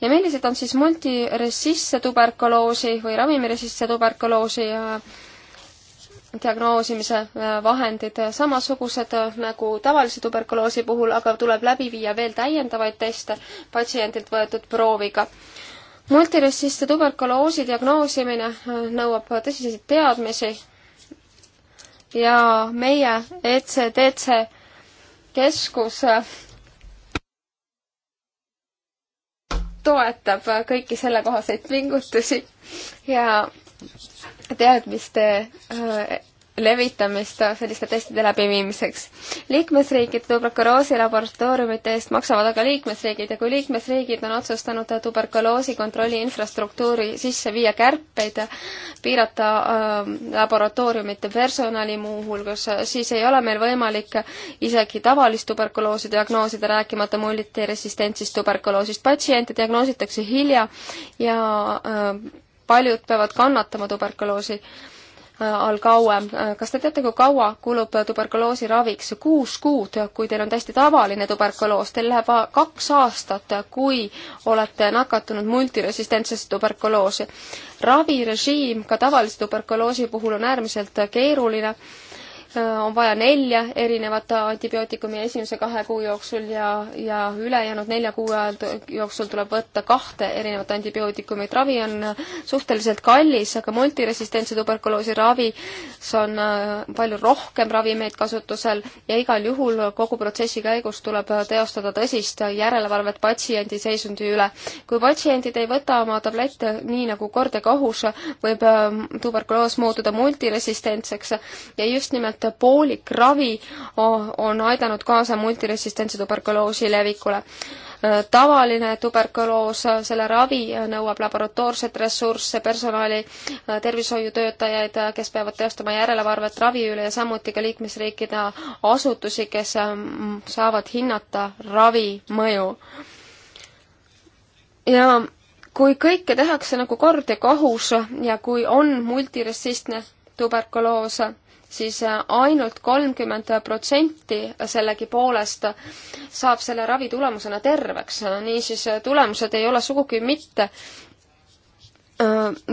ja millised on siis multiresistse tuberkuloosi või ravimiresistse tuberkuloosi äh, diagnoosimise äh, vahendid samasugused äh, nagu tavalise tuberkuloosi puhul, aga tuleb läbi viia veel täiendavaid teste patsiendilt võetud prooviga multirassiste tuberkuloosi diagnoosimine äh, nõuab tõsiseid teadmisi ja meie ECDC keskus äh, toetab äh, kõiki sellekohaseid pingutusi ja teadmiste levitamist selliste testide läbiviimiseks. liikmesriigid tuberkuloosi laboratooriumite eest maksavad aga liikmesriigid ja kui liikmesriigid on otsustanud tuberkuloosi kontrolli infrastruktuuri sisse viia kärpeid, piirata äh, laboratooriumite personali muuhulgas, siis ei ole meil võimalik isegi tavalist tuberkuloosi diagnoosida, rääkimata multiresistentsist tuberkuloosist. patsiente diagnoositakse hilja ja äh, paljud peavad kannatama tuberkuloosi äh, all kauem. kas te teate, kui kaua kulub tuberkuloosi raviks? kuus kuud, kui teil on täiesti tavaline tuberkuloos, teil läheb kaks aastat, kui olete nakatunud multiresistentsesse tuberkuloosi. ravirežiim ka tavalise tuberkuloosi puhul on äärmiselt keeruline on vaja nelja erinevat antibiootikumi esimese kahe kuu jooksul ja, ja ülejäänud nelja kuu ajal jooksul tuleb võtta kahte erinevat antibiootikumit. ravi on suhteliselt kallis, aga multiresistentse tuberkuloosi ravis on äh, palju rohkem ravimeid kasutusel ja igal juhul kogu protsessi käigus tuleb teostada tõsist järelevalvet patsiendi seisundi üle. kui patsiendid ei võta oma tablette nii nagu kord ja kohus, võib ähm, tuberkuloos muutuda multiresistentseks ja just nimelt et poolik ravi on aidanud kaasa multiresistentse tuberkuloosi levikule. tavaline tuberkuloos, selle ravi nõuab laboratoorset ressursse, personali, tervishoiutöötajaid, kes peavad teostama järelevalvet ravi üle ja samuti ka liikmesriikide asutusi, kes saavad hinnata ravi mõju. ja kui kõike tehakse nagu kord ja kohus ja kui on multiressistne tuberkuloos, siis äh, ainult kolmkümmend protsenti sellegipoolest saab selle ravi tulemusena terveks. niisiis, äh, tulemused ei ole sugugi mitte äh,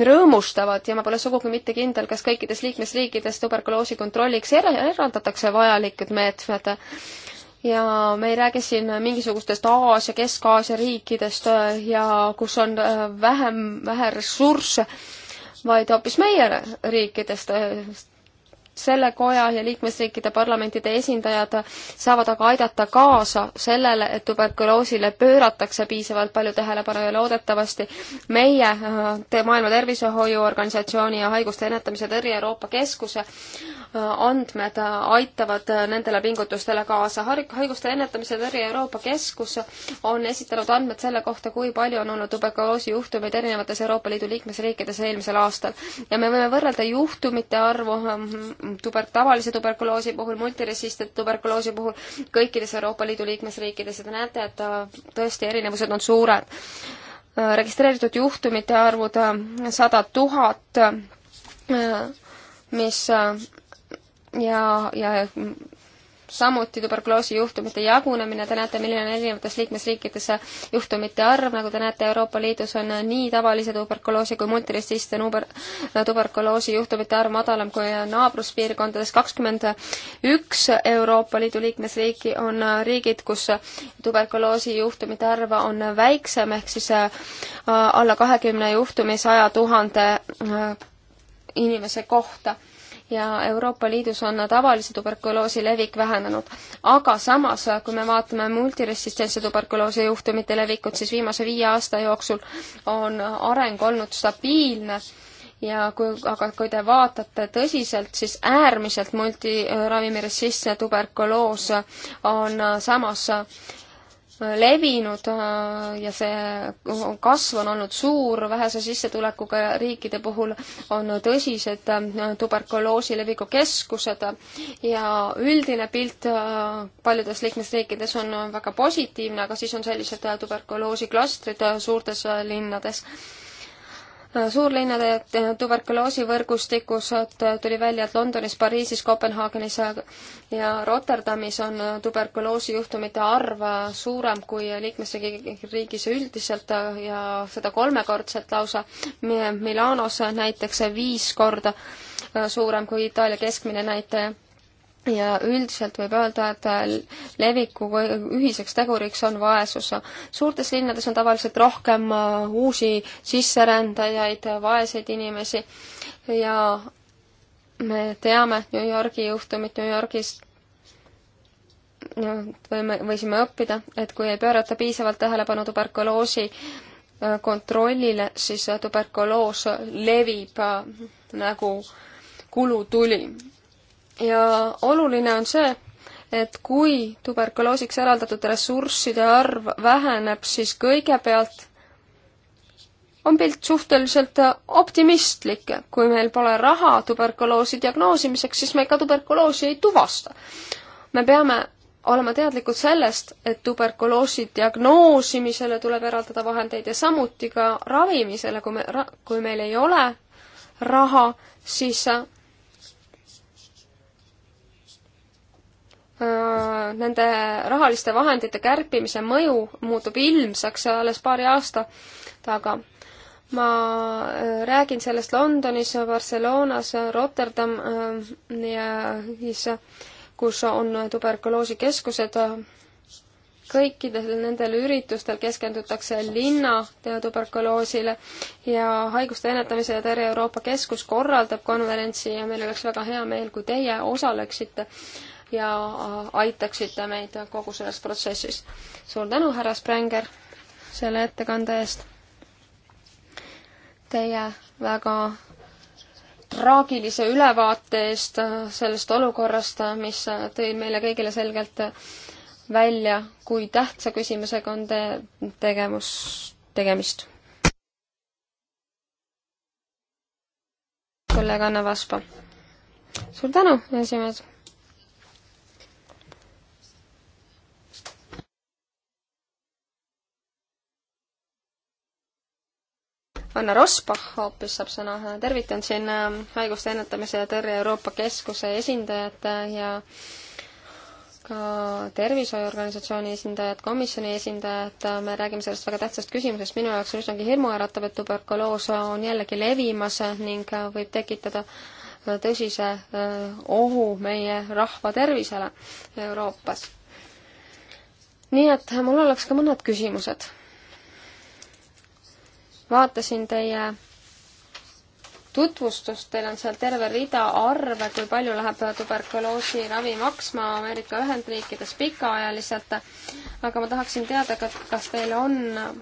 rõõmustavad ja ma pole sugugi mitte kindel, kas kõikides liikmesriikides tuberkuloosi kontrolliks er eraldatakse vajalikud meetmed ja me ei räägi siin mingisugustest Aasia, Kesk-Aasia riikidest ja kus on vähem, vähe ressursse, vaid hoopis meie riikidest, selle koja ja liikmesriikide parlamentide esindajad saavad aga aidata kaasa sellele, et tuberkuloosile pööratakse piisavalt palju tähelepanu ja loodetavasti meie te äh, Maailma Tervisehoiuorganisatsiooni ja Haiguste Ennetamise Tõrje Euroopa Keskuse äh, andmed äh, aitavad nendele pingutustele kaasa. haiguste ennetamise tõrje Euroopa Keskus on esitanud andmed selle kohta, kui palju on olnud tuberkuloosi juhtumeid erinevates Euroopa Liidu liikmesriikides eelmisel aastal. ja me võime võrrelda juhtumite arvu ähm, tuber-, tavalise tuberkuloosi puhul, multiresistente tuberkuloosi puhul, kõikides Euroopa Liidu liikmesriikides ja te näete, et äh, tõesti erinevused on suured. Äh, registreeritud juhtumite arvud äh, sada tuhat, mis ja, ja samuti tuberkuloosijuhtumite jagunemine, te näete, milline on erinevates liikmesriikides juhtumite arv, nagu te näete, Euroopa Liidus on nii tavalise tuberkuloosi kui multiresistentse nuber-, tuberkuloosi juhtumite arv madalam kui naabruspiirkondades, kakskümmend üks Euroopa Liidu liikmesriiki on riigid, kus tuberkuloosi juhtumite arv on väiksem, ehk siis äh, alla kahekümne juhtumi saja tuhande äh, inimese kohta ja Euroopa Liidus on tavalise tuberkuloosi levik vähenenud. aga samas, kui me vaatame multiresistentse tuberkuloosi juhtumite levikut, siis viimase viie aasta jooksul on areng olnud stabiilne ja kui, aga kui te vaatate tõsiselt, siis äärmiselt multiravimiressistne tuberkuloos on samas levinud äh, ja see kasv on olnud suur vähese sissetulekuga riikide puhul, on tõsised äh, tuberkuloosi leviku keskused ja üldine pilt äh, paljudes liikmesriikides on väga positiivne, aga siis on sellised tuberkuloosi klastrid suurtes linnades Äh, suurlinnade äh, tuberkuloosivõrgustikus äh, tuli välja, et Londonis, Pariisis, Kopenhaagenis ja Rotterdamis on tuberkuloosijuhtumite arv suurem kui liikmesriigis üldiselt ja seda kolmekordselt lausa. Milanos näiteks viis korda suurem kui Itaalia keskmine näitaja ja üldiselt võib öelda, et äh, leviku ühiseks teguriks on vaesus. suurtes linnades on tavaliselt rohkem äh, uusi sisserändajaid, äh, vaeseid inimesi ja me teame New Yorgi juhtumit New Yorgis võime, võisime õppida, et kui ei pöörata piisavalt tähelepanu tuberkuloosi kontrollile, siis tuberkuloos levib nagu kulutuli ja oluline on see, et kui tuberkuloosiks eraldatud ressursside arv väheneb, siis kõigepealt on pilt suhteliselt optimistlik. kui meil pole raha tuberkuloosi diagnoosimiseks, siis me ka tuberkuloosi ei tuvasta. me peame olema teadlikud sellest, et tuberkuloosi diagnoosimisele tuleb eraldada vahendeid ja samuti ka ravimisele, kui me ra,, kui meil ei ole raha, siis nende rahaliste vahendite kärpimise mõju muutub ilmsaks alles paari aasta taga. ma räägin sellest Londonis, Barcelonas, Rotterdam ja siis, kus on tuberkuloosikeskused. kõikidel nendel üritustel keskendutakse linna tuberkuloosile ja Haiguste Ennetamise ja Tõrje Euroopa Keskus korraldab konverentsi ja meil oleks väga hea meel, kui teie osaleksite äh, ja äh, aitaksite meid kogu selles protsessis. suur tänu, härra Sprenger, selle ettekande eest. Teie väga traagilise ülevaate eest äh, sellest olukorrast, äh, mis tõi meile kõigile selgelt välja, kui tähtsa küsimusega on te tegevus, tegemist. kolleeg Anna Vaspa. suur tänu, esimees Anna Rosbach hoopis saab sõna. tervitan siin ähm, Haiguste Ennetamise ja Tõrje Euroopa Keskuse esindajat äh, ja ka tervishoiuorganisatsiooni esindajad, komisjoni esindajad, äh, me räägime sellest väga tähtsast küsimusest, minu jaoks on üsnagi hirmuäratav, et tuberkuloos on jällegi levimas ning äh, võib tekitada tõsise ohu meie rahva tervisele Euroopas. nii et mul oleks ka mõned küsimused vaatasin teie tutvustust, teil on seal terve rida arve, kui palju läheb tuberkuloosi ravi maksma Ameerika Ühendriikides pikaajaliselt. aga ma tahaksin teada, kas teil on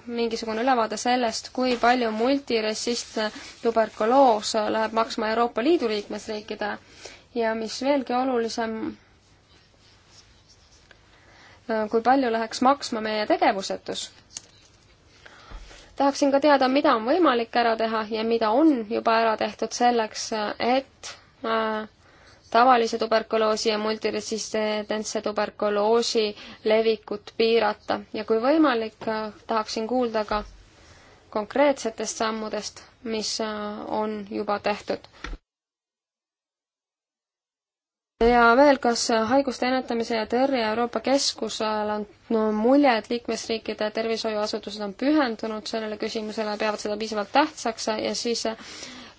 mingisugune ülevaade sellest, kui palju multiresistne tuberkuloos läheb maksma Euroopa Liidu liikmesriikide ja mis veelgi olulisem, kui palju läheks maksma meie tegevusetus tahaksin ka teada, mida on võimalik ära teha ja mida on juba ära tehtud selleks, et äh, tavalise tuberkuloosi ja multiresistentse tuberkuloosi levikut piirata ja kui võimalik, äh, tahaksin kuulda ka konkreetsetest sammudest, mis äh, on juba tehtud ja veel, kas haiguste ennetamise ja tõrje Euroopa Keskusel on no, mulje, et liikmesriikide tervishoiuasutused on pühendunud sellele küsimusele, peavad seda piisavalt tähtsaks ja siis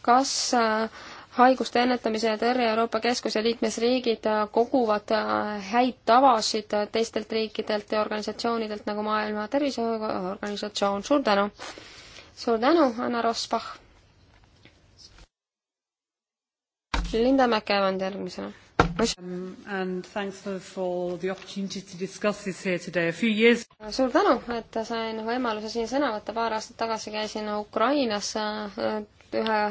kas äh, haiguste ennetamise ja tõrje Euroopa Keskus ja liikmesriigid äh, koguvad äh, häid tavasid teistelt riikidelt ja organisatsioonidelt nagu Maailma Terviseorganisatsioon, suur tänu! suur tänu, Anna Rosbach! Linda Mäkke on järgmisena Um, years... suur tänu, et sain võimaluse siin sõna võtta, paar aastat tagasi käisin Ukrainas äh, ühe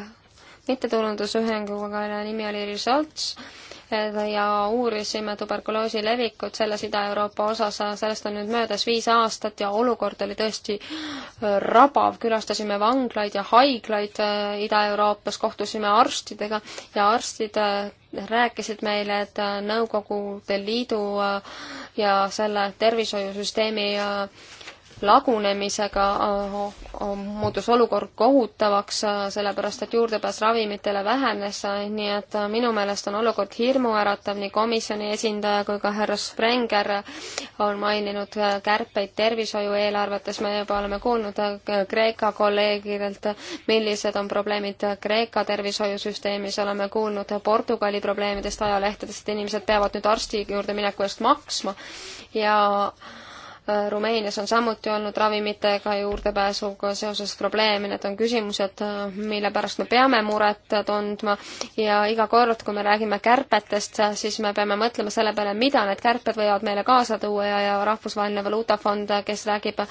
mittetulundusühinguga, nimi oli Results ja uurisime tuberkuloosi levikut selles Ida-Euroopa osas, sellest on nüüd möödas viis aastat ja olukord oli tõesti äh, rabav, külastasime vanglaid ja haiglaid äh, Ida-Euroopas, kohtusime arstidega ja arstid äh, rääkisid meile, et Nõukogude Liidu ja selle tervishoiusüsteemi lagunemisega muutus olukord kohutavaks, sellepärast et juurdepääs ravimitele vähenes, nii et minu meelest on olukord hirmuäratav, nii komisjoni esindaja kui ka härra Sprenger on maininud kärpeid tervishoiueelarvetes, me juba oleme kuulnud Kreeka kolleegidelt, millised on probleemid Kreeka tervishoiusüsteemis, oleme kuulnud Portugali probleemidest ajalehtedest, et inimesed peavad nüüd arsti juurde mineku eest maksma ja Rumeenias on samuti olnud ravimitega juurdepääsuga seoses probleeme, need on küsimused, mille pärast me peame muret tundma ja iga kord, kui me räägime kärbetest, siis me peame mõtlema selle peale, mida need kärped võivad meile kaasa tuua ja, ja Rahvusvaheline Valuutafond, kes räägib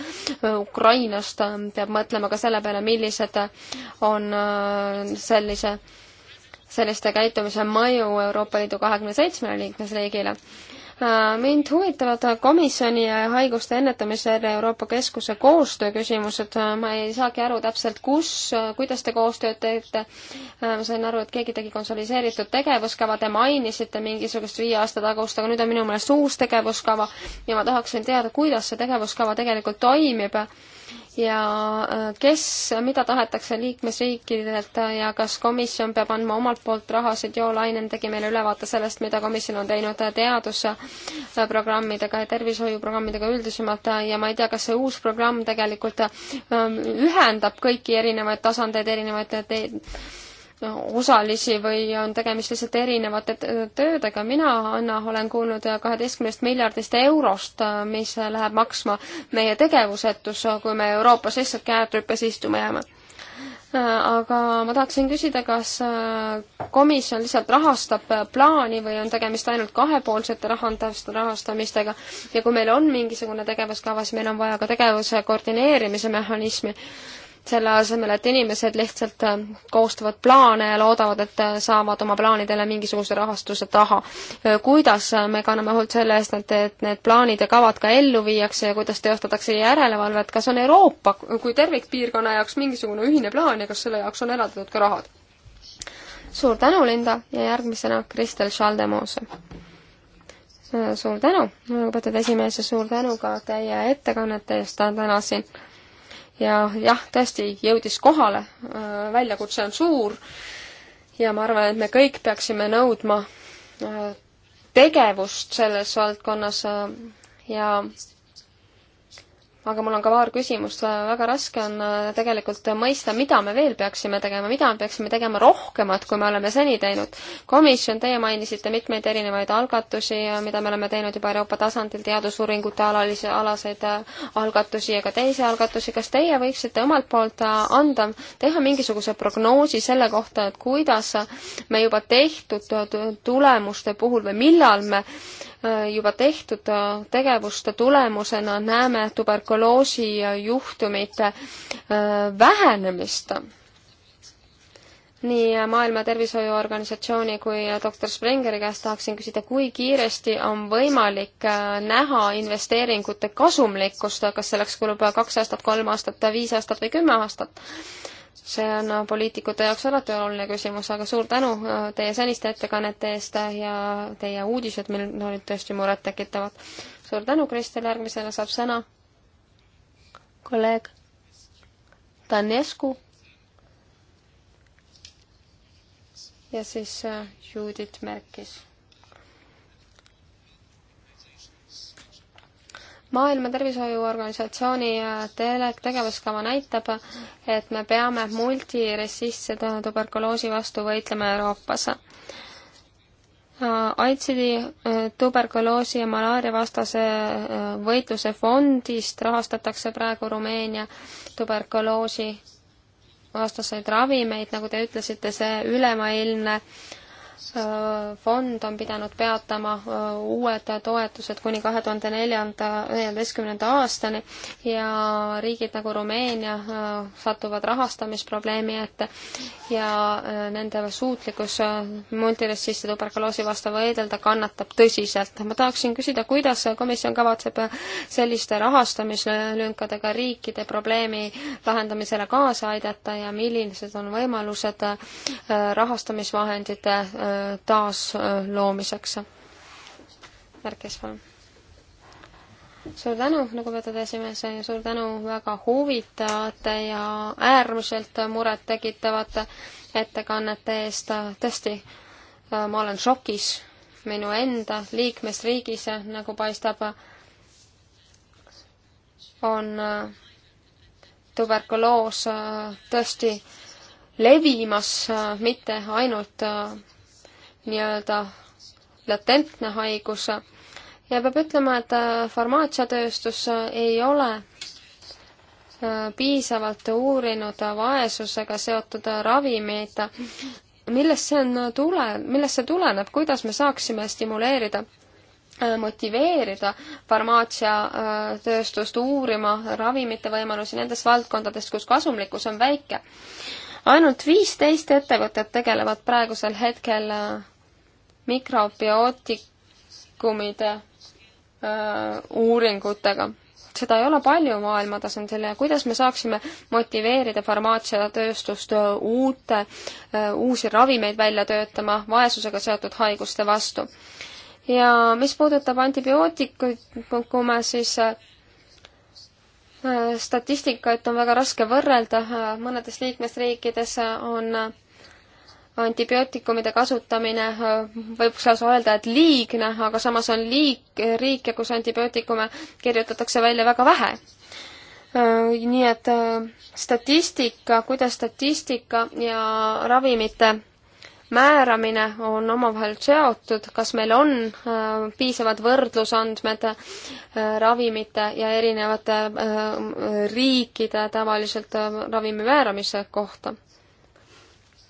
Ukrainast, peab mõtlema ka selle peale, millised on äh, sellise selliste käitumise mõju Euroopa Liidu kahekümne seitsmele liikmesriigile Äh, mind huvitavad äh, komisjoni ja äh, haiguste ennetamisel Euroopa Keskuse koostöö küsimused. ma ei saagi aru täpselt, kus, kuidas te koostööd teete. ma sain aru, et keegi tegi konsoliseeritud tegevuskava, te mainisite mingisugust viie aasta tagust, aga nüüd on minu meelest uus tegevuskava ja ma tahaksin teada, kuidas see tegevuskava tegelikult toimib ja äh, kes, mida tahetakse liikmesriikidelt ja kas komisjon peab andma omalt poolt rahasid, Jo Lainen tegi meile ülevaate sellest, mida komisjon on teinud teadusprogrammidega ja tervishoiuprogrammidega üldisemalt ja ma ei tea, kas see uus programm tegelikult ähm, ühendab kõiki erinevaid tasandeid, erinevaid te-, osalisi või on tegemist lihtsalt erinevate töödega. mina, Anna, olen kuulnud kaheteistkümnest miljardist eurost, mis läheb maksma meie tegevusetus, kui me Euroopas lihtsalt käed rüppes istuma jääme. aga ma tahaksin küsida, kas komisjon lihtsalt rahastab plaani või on tegemist ainult kahepoolsete rahandamist, rahastamistega ja kui meil on mingisugune tegevuskava, siis meil on vaja ka tegevuse koordineerimise mehhanismi selle asemel, et inimesed lihtsalt äh, koostavad plaane ja loodavad, et äh, saavad oma plaanidele mingisuguse rahastuse taha. Äh, kuidas me kanname hoolt selle eest, et, et need plaanid ja kavad ka ellu viiakse ja kuidas teostatakse järelevalvet, kas on Euroopa kui tervikpiirkonna jaoks mingisugune ühine plaan ja kas selle jaoks on eraldatud ka rahad? suur tänu, Linda, ja järgmisena Kristel Schaldemose. suur tänu, lugupeetud esimees, ja suur tänu ka teie ettekannete eest täna siin ja jah, tõesti jõudis kohale, äh, väljakutse on suur ja ma arvan, et me kõik peaksime nõudma äh, tegevust selles valdkonnas äh, ja aga mul on ka paar küsimust. väga raske on äh, tegelikult mõista, mida me veel peaksime tegema, mida me peaksime tegema rohkemat, kui me oleme seni teinud. komisjon, teie mainisite mitmeid erinevaid algatusi, äh, mida me oleme teinud juba Euroopa tasandil, teadusuuringute alalisi, alaseid äh, algatusi ja ka teisi algatusi. kas teie võiksite omalt poolt anda, teha mingisuguse prognoosi selle kohta, et kuidas me juba tehtud tulemuste puhul või millal me äh, Äh, juba tehtud äh, tegevuste tulemusena näeme tuberkuloosi äh, juhtumite vähenemist nii Maailma Tervishoiuorganisatsiooni kui doktor Sprengeri käest tahaksin küsida, kui kiiresti on võimalik näha investeeringute kasumlikkust, kas selleks kulub kaks aastat, kolm aastat, viis aastat või kümme aastat? see on äh, poliitikute jaoks alati oluline küsimus, aga suur tänu äh, teie seniste ettekannete eest äh, ja teie uudised meil olid tõesti murettekitavad. suur tänu, Kristel, järgmisena saab sõna kolleeg Tanescu ja siis Judith märkis maailma Tervishoiuorganisatsiooni äh, tele-, tegevuskava näitab, et me peame multiresistse tuberkuloosi vastu võitlema Euroopas. Äh, AIDSidi äh, tuberkuloosi ja malaaria vastase võitluse fondist rahastatakse praegu Rumeenia tuberkuloosi vastaseid ravimeid, nagu te ütlesite, see ülemaailmne äh, Äh, fond on pidanud peatama äh, uued toetused kuni kahe tuhande neljanda, neljateistkümnenda aastani ja riigid nagu Rumeenia äh, satuvad rahastamisprobleemi ette ja nende suutlikkus multiresistse tuberkuloosi vastu võidelda kannatab tõsiselt. ma tahaksin küsida, kuidas komisjon kavatseb selliste rahastamislünkadega riikide probleemi lahendamisele kaasa aidata ja millised on võimalused rahastamisvahendite taasloomiseks. Märkis, palun. suur tänu, lugupeetud esimees, ja suur tänu väga huvitavate ja äärmiselt murettekitavate ettekannete eest. tõesti, ma olen šokis minu enda liikmesriigis, nagu paistab, on äh, tuberkuloos äh, tõesti levimas äh, mitte ainult nii-öelda latentne haigus ja peab ütlema, et äh, farmaatsiatööstus äh, ei ole äh, piisavalt uurinud vaesusega seotud ravimeid. millest see on tule, millest see tuleneb, kuidas me saaksime stimuleerida, motiveerida farmaatsiatööstust uurima ravimite võimalusi nendes valdkondades, kus kasumlikkus on väike? ainult viisteist ettevõtet tegelevad praegusel hetkel äh, mikrobiootikummide äh, uuringutega. seda ei ole palju maailma tasandil ja kuidas me saaksime motiveerida farmaatsiatööstust äh, uute, uusi ravimeid välja töötama vaesusega seotud haiguste vastu. ja mis puudutab antibiootikume, siis Äh, statistikat on väga raske võrrelda, äh, mõnedes liikmesriikides on äh, antibiootikumide kasutamine, võib lausa öelda, et liigne, aga samas on liik, riike, kus antibiootikume kirjutatakse välja väga vähe. Nii et statistika, kuidas statistika ja ravimite määramine on omavahel seotud, kas meil on äh, piisavad võrdlusandmed äh, ravimite ja erinevate äh, riikide tavaliselt ravimi määramise kohta?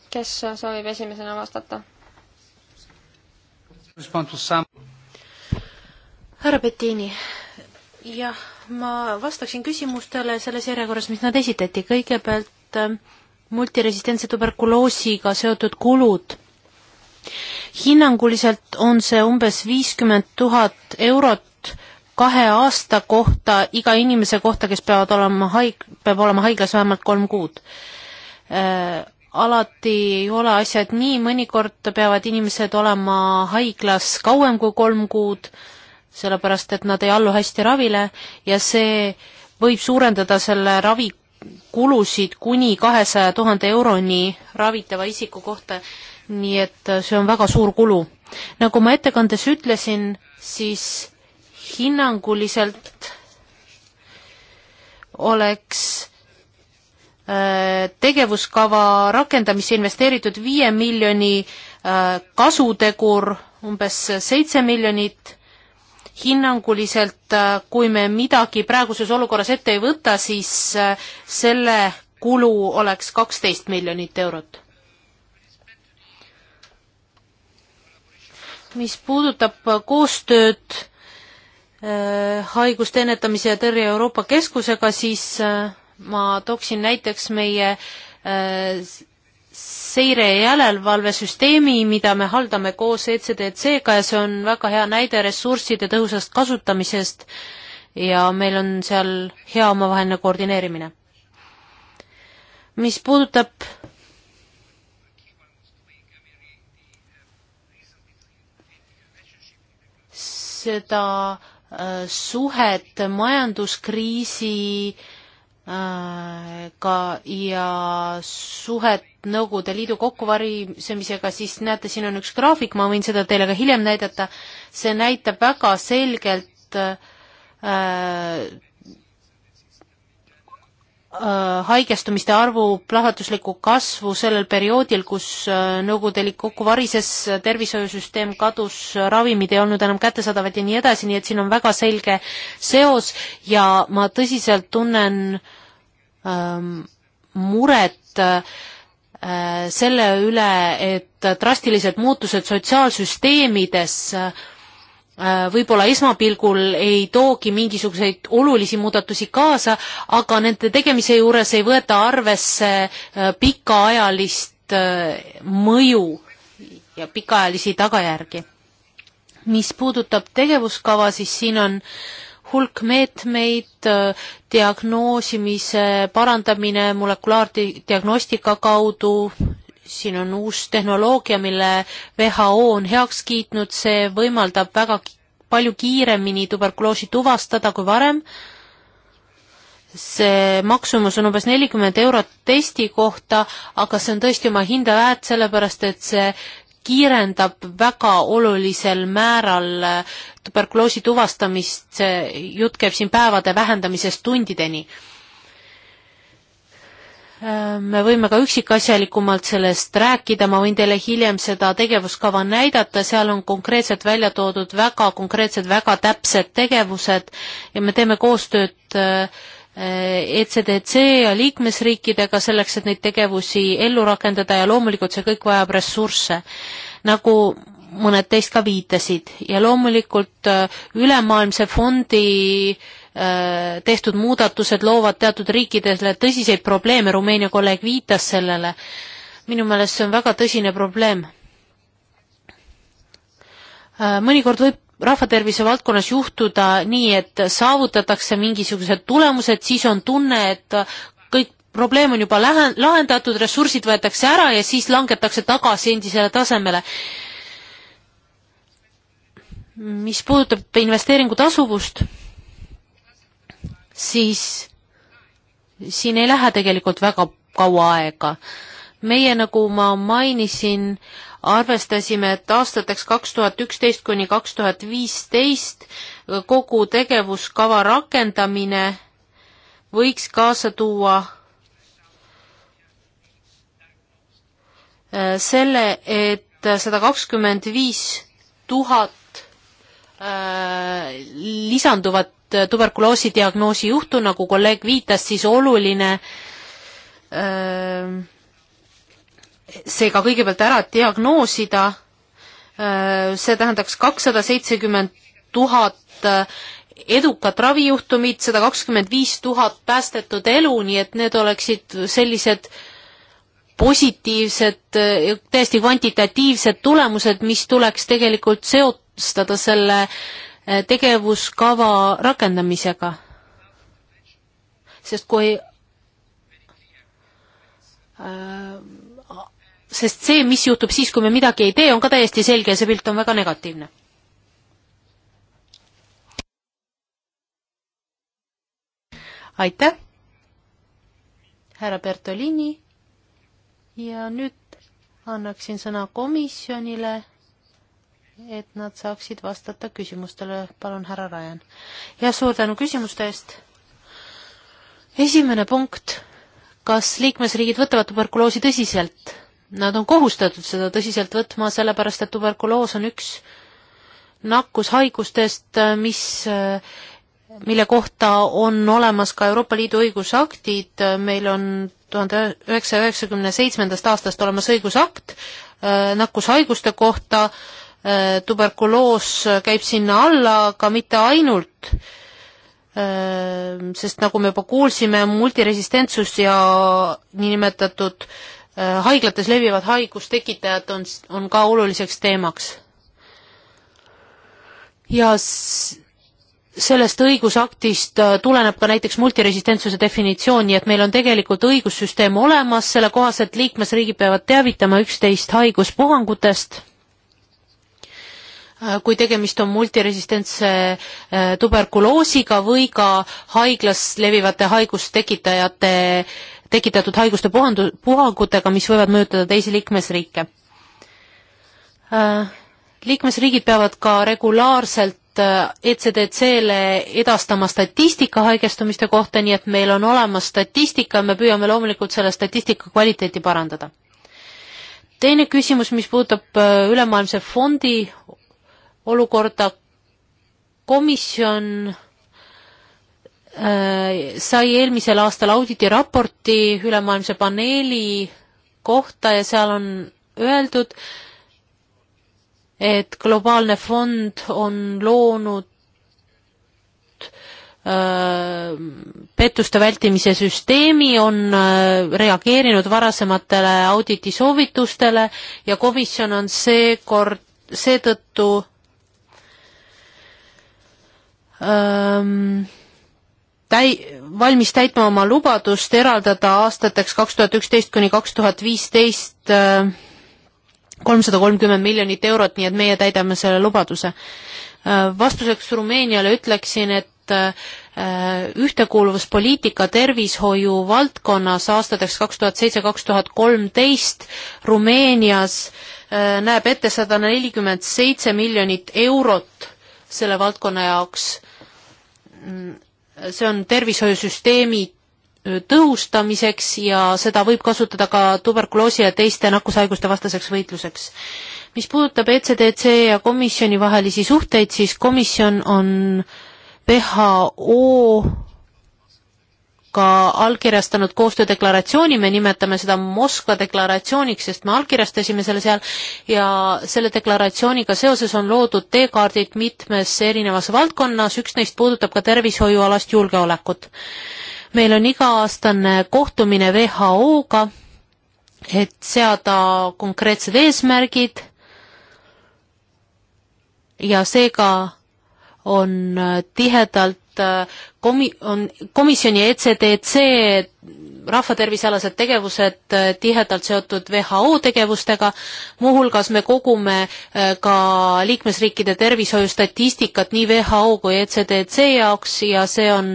kes soovib esimesena vastata? härra Bettini, jah, ma vastaksin küsimustele selles järjekorras, mis nad esitati. kõigepealt äh, multiresistentse tuberkuloosiga seotud kulud. hinnanguliselt on see umbes viiskümmend tuhat eurot kahe aasta kohta iga inimese kohta, kes peavad olema haig-, peab olema haiglas vähemalt kolm kuud äh,. alati ei ole asjad nii, mõnikord peavad inimesed olema haiglas kauem kui kolm kuud, sellepärast et nad ei allu hästi ravile ja see võib suurendada selle ravi kulusid kuni kahesaja tuhande euroni ravitava isiku kohta, nii et äh, see on väga suur kulu. nagu ma ettekandes ütlesin, siis hinnanguliselt oleks äh, tegevuskava rakendamisse investeeritud viie miljoni äh, kasutegur, umbes seitse miljonit hinnanguliselt, äh, kui me midagi praeguses olukorras ette ei võta, siis äh, selle kulu oleks kaksteist miljonit eurot. mis puudutab koostööd äh, haiguste ennetamise ja tõrje Euroopa Keskusega, siis ma tooksin näiteks meie seire ja järelevalvesüsteemi, mida me haldame koos ECDC-ga ja see on väga hea näide ressursside tõhusast kasutamisest ja meil on seal hea omavaheline koordineerimine. mis puudutab seda äh, suhet majanduskriisi äh, Äh, ka ja suhet Nõukogude Liidu kokkuvarisemisega, siis näete, siin on üks graafik, ma võin seda teile ka hiljem näidata, see näitab väga selgelt äh, äh, haigestumiste arvu plahvatuslikku kasvu sellel perioodil, kus äh, Nõukogude Liit kokku varises, äh, tervishoiusüsteem kadus, ravimid ei olnud enam kättesaadavad ja nii edasi, nii et siin on väga selge seos ja ma tõsiselt tunnen äh, Ähm, muret äh, selle üle, et drastilised muutused sotsiaalsüsteemides äh, võib-olla esmapilgul ei toogi mingisuguseid olulisi muudatusi kaasa, aga nende tegemise juures ei võeta arvesse äh, pikaajalist mõju ja pikaajalisi tagajärgi. mis puudutab tegevuskava, siis siin on äh, hulk meetmeid, diagnoosimise parandamine molekulaardiagnostika kaudu, siin on uus tehnoloogia, mille WHO on heaks kiitnud, see võimaldab väga palju kiiremini tuberkuloosi tuvastada kui varem. see maksumus on umbes nelikümmend eurot testi kohta, aga see on tõesti oma hinda väärt, sellepärast et see kiirendab väga olulisel määral äh, tuberkuloosi tuvastamist, jutt käib siin päevade vähendamisest tundideni. Äh, me võime ka üksikasjalikumalt sellest rääkida, ma võin teile hiljem seda tegevuskava näidata, seal on konkreetselt välja toodud väga konkreetsed, väga täpsed tegevused ja me teeme koostööd äh, ECDC ja liikmesriikidega selleks, et neid tegevusi ellu rakendada ja loomulikult see kõik vajab ressursse. nagu mõned teist ka viitasid ja loomulikult äh, ülemaailmse fondi äh, tehtud muudatused loovad teatud riikidele tõsiseid probleeme, Rumeenia kolleeg viitas sellele. minu meelest see on väga tõsine probleem. Äh, mõnikord võib rahvatervise valdkonnas juhtuda nii, et saavutatakse mingisugused tulemused, siis on tunne, et kõik probleem on juba lähe-, lahendatud, ressursid võetakse ära ja siis langetakse tagasi endisele tasemele. mis puudutab investeeringu tasuvust, siis siin ei lähe tegelikult väga kaua aega meie, nagu ma mainisin, arvestasime, et aastateks kaks tuhat üksteist kuni kaks tuhat viisteist kogu tegevuskava rakendamine võiks kaasa tuua äh, selle, et sada kakskümmend viis tuhat äh, lisanduvat tuberkuloosi diagnoosi juhtu, nagu kolleeg viitas, siis oluline öö, äh, seega kõigepealt ära diagnoosida, äh, see tähendaks kakssada seitsekümmend tuhat äh, edukat ravijuhtumit, sada kakskümmend viis tuhat päästetud elu, nii et need oleksid sellised positiivsed, äh, täiesti kvantitatiivsed tulemused, mis tuleks tegelikult seostada selle tegevuskava rakendamisega. sest kui äh, sest see, mis juhtub siis, kui me midagi ei tee, on ka täiesti selge ja see pilt on väga negatiivne. aitäh, härra Bertolini. ja nüüd annaksin sõna komisjonile, et nad saaksid vastata küsimustele. palun, härra Rajan. ja suur tänu küsimuste eest. esimene punkt, kas liikmesriigid võtavad tuberkuloosi tõsiselt? Nad on kohustatud seda tõsiselt võtma, sellepärast et tuberkuloos on üks nakkushaigustest, äh, mis, äh, mille kohta on olemas ka Euroopa Liidu õigusaktid, meil on tuhande üheksasaja üheksakümne seitsmendast aastast olemas õigusakt äh, nakkushaiguste kohta, tuberkuloos käib sinna alla, aga mitte ainult sest nagu me juba kuulsime, multiresistentsus ja niinimetatud Äh, haiglates levivad haigustekitajad on, on ka oluliseks teemaks. ja sellest õigusaktist äh, tuleneb ka näiteks multiresistentsuse definitsioon, nii et meil on tegelikult õigussüsteem olemas, selle kohaselt liikmesriigid peavad teavitama üksteist haiguspuhangutest, äh, kui tegemist on multiresistentse tuberkuloosiga või ka haiglas levivate haigustekitajate tekitatud haiguste puhandu-, puhangutega, mis võivad mõjutada teisi liikmesriike. Äh, liikmesriigid peavad ka regulaarselt äh, ECDC-le edastama statistika haigestumiste kohta, nii et meil on olemas statistika, me püüame loomulikult selle statistika kvaliteeti parandada. teine küsimus, mis puudutab äh, ülemaailmse fondi olukorda, komisjon Äh, sai eelmisel aastal auditiraporti ülemaailmse paneeli kohta ja seal on öeldud, et globaalne fond on loonud äh, pettuste vältimise süsteemi, on äh, reageerinud varasematele auditi soovitustele ja komisjon on seekord, seetõttu ähm, täi-, valmis täitma oma lubadust eraldada aastateks kaks tuhat üksteist kuni kaks tuhat viisteist äh, kolmsada kolmkümmend miljonit eurot, nii et meie täidame selle lubaduse. Äh, vastuseks Rumeeniale ütleksin, et äh, ühtekuuluvuspoliitika tervishoiu valdkonnas aastateks kaks tuhat seitse, kaks tuhat kolmteist Rumeenias näeb ette sada nelikümmend seitse miljonit eurot selle valdkonna jaoks mm, see on tervishoiusüsteemi tõhustamiseks ja seda võib kasutada ka tuberkuloosi ja teiste nakkushaiguste vastaseks võitluseks. mis puudutab ECDC ja komisjoni vahelisi suhteid, siis komisjon on WHO ka allkirjastanud koostöödeklaratsiooni, me nimetame seda Moskva deklaratsiooniks, sest me allkirjastasime selle seal ja selle deklaratsiooniga seoses on loodud teekaardid mitmes erinevas valdkonnas, üks neist puudutab ka tervishoiualast julgeolekut. meil on iga-aastane kohtumine WHO-ga, et seada konkreetsed eesmärgid ja seega on tihedalt et äh, komi-, on komisjoni ECDC rahvatervisealased tegevused äh, tihedalt seotud WHO tegevustega, muuhulgas me kogume äh, ka liikmesriikide tervishoiustatistikat nii WHO kui ECDC jaoks ja see on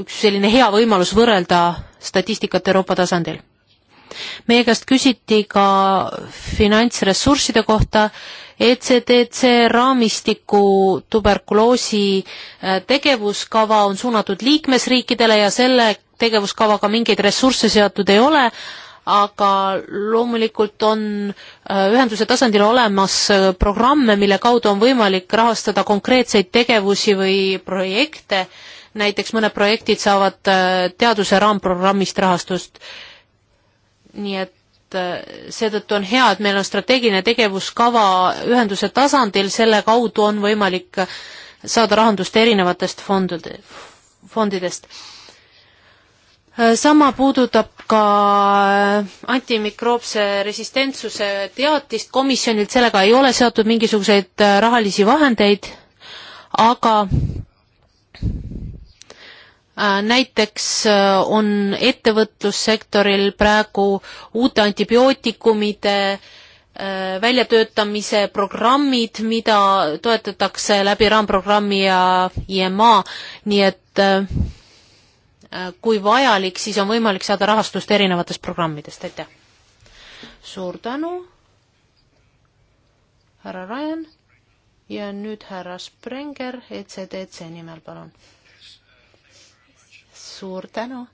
üks selline hea võimalus võrrelda statistikat Euroopa tasandil meie käest küsiti ka finantsressursside kohta, ECDC raamistiku tuberkuloosi äh, tegevuskava on suunatud liikmesriikidele ja selle tegevuskavaga mingeid ressursse seotud ei ole, aga loomulikult on äh, ühenduse tasandil olemas äh, programme, mille kaudu on võimalik rahastada konkreetseid tegevusi või projekte, näiteks mõned projektid saavad teaduse raamprogrammist rahastust nii et äh, seetõttu on hea, et meil on strateegiline tegevuskava ühenduse tasandil, selle kaudu on võimalik saada rahandust erinevatest fondude, fondidest. Äh, sama puudutab ka äh, antimikroopse resistentsuse teatist komisjonilt, sellega ei ole seotud mingisuguseid rahalisi vahendeid, aga Äh, näiteks äh, on ettevõtlussektoril praegu uute antibiootikumide äh, väljatöötamise programmid, mida toetatakse läbi raamprogrammi ja IMA, nii et kui vajalik, siis on võimalik saada rahastust erinevatest programmidest, aitäh. suur tänu, härra Ryan ja nüüd härra Sprenger ECDC nimel, palun suur tänu.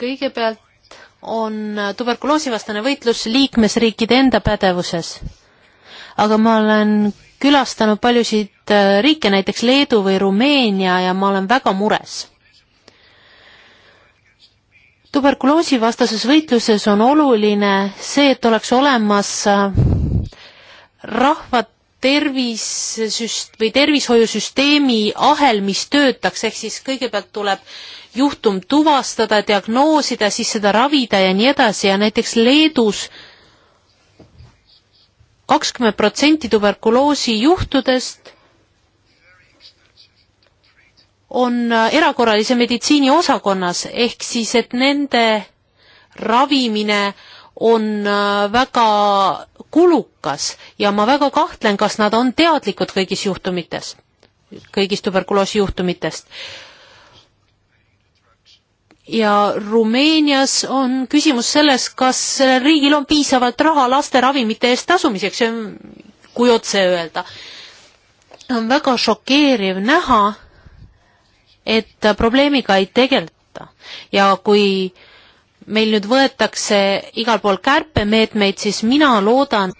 kõigepealt on tuberkuloosivastane võitlus liikmesriikide enda pädevuses. aga ma olen külastanud paljusid äh, riike, näiteks Leedu või Rumeenia ja ma olen väga mures tuberkuloosivastases võitluses on oluline see, et oleks olemas äh, rahvad, tervisesüst- või tervishoiusüsteemi ahel, mis töötaks, ehk siis kõigepealt tuleb juhtum tuvastada, diagnoosida, siis seda ravida ja nii edasi ja näiteks Leedus kakskümmend protsenti tuberkuloosi juhtudest on äh, erakorralise meditsiini osakonnas, ehk siis, et nende ravimine äh, on äh, väga kulukas ja ma väga kahtlen, kas nad on teadlikud kõigis juhtumites, kõigist tuberkuloosi juhtumitest. ja Rumeenias on küsimus selles, kas sellel riigil on piisavalt raha laste ravimite eest tasumiseks, kui otse öelda. on väga šokeeriv näha, et probleemiga ei tegeleta ja kui äh, meil nüüd võetakse igal pool kärpemeetmeid, siis mina loodan,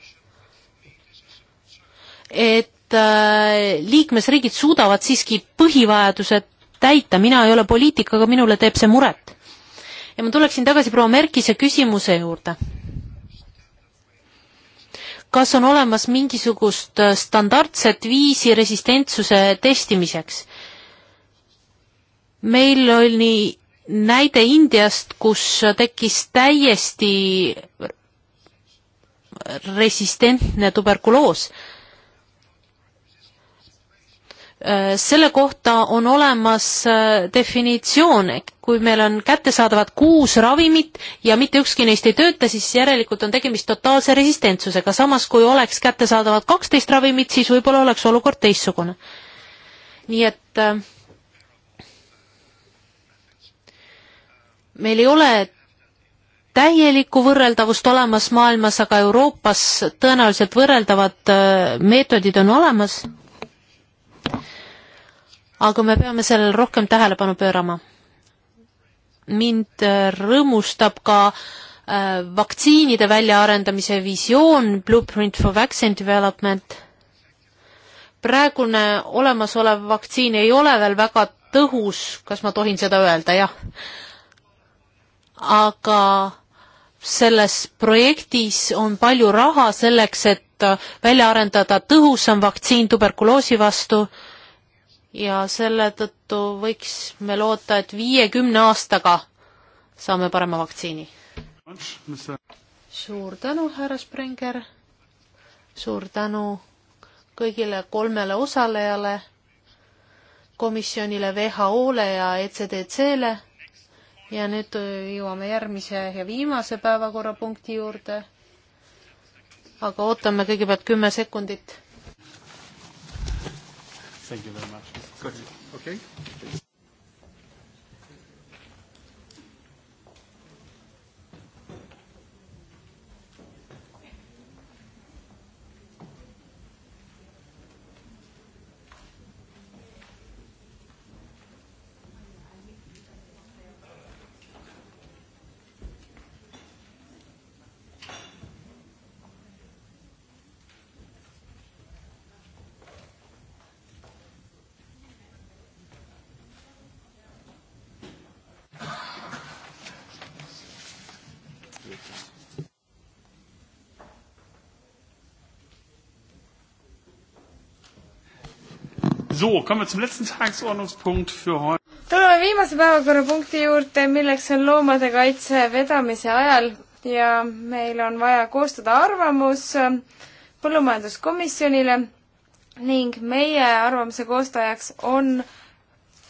et äh, liikmesriigid suudavad siiski põhivajadused täita, mina ei ole poliitik, aga minule teeb see muret. ja ma tuleksin tagasi proua Merkise küsimuse juurde. kas on olemas mingisugust äh, standardset viisi resistentsuse testimiseks? meil oli näide Indiast, kus tekkis täiesti resistentne tuberkuloos. selle kohta on olemas äh, definitsioon, kui meil on kättesaadavad kuus ravimit ja mitte ükski neist ei tööta, siis järelikult on tegemist totaalse resistentsusega, samas kui oleks kättesaadavad kaksteist ravimit, siis võib-olla oleks olukord teistsugune. nii et äh, meil ei ole täielikku võrreldavust olemas maailmas, aga Euroopas tõenäoliselt võrreldavad äh, meetodid on olemas. aga me peame sellele rohkem tähelepanu pöörama. mind äh, rõõmustab ka äh, vaktsiinide väljaarendamise visioon, Blueprint for Vaccine Development. praegune olemasolev vaktsiin ei ole veel väga tõhus, kas ma tohin seda öelda, jah aga selles projektis on palju raha selleks, et äh, välja arendada tõhusam vaktsiin tuberkuloosi vastu ja selle tõttu võiks me loota, et viiekümne aastaga saame parema vaktsiini. suur tänu, härra Sprenger, suur tänu kõigile kolmele osalejale, komisjonile, WHO-le ja ECDC-le ja nüüd äh, jõuame järgmise ja viimase päevakorrapunkti juurde. aga ootame kõigepealt kümme sekundit. Thank you very much. Good. So, kommen wir zum letzten Tagesordnungspunkt für heute. tuleme viimase päevakorrapunkti juurde, milleks on loomade kaitse vedamise ajal ja meil on vaja koostada arvamus põllumajanduskomisjonile ning meie arvamuse koostajaks on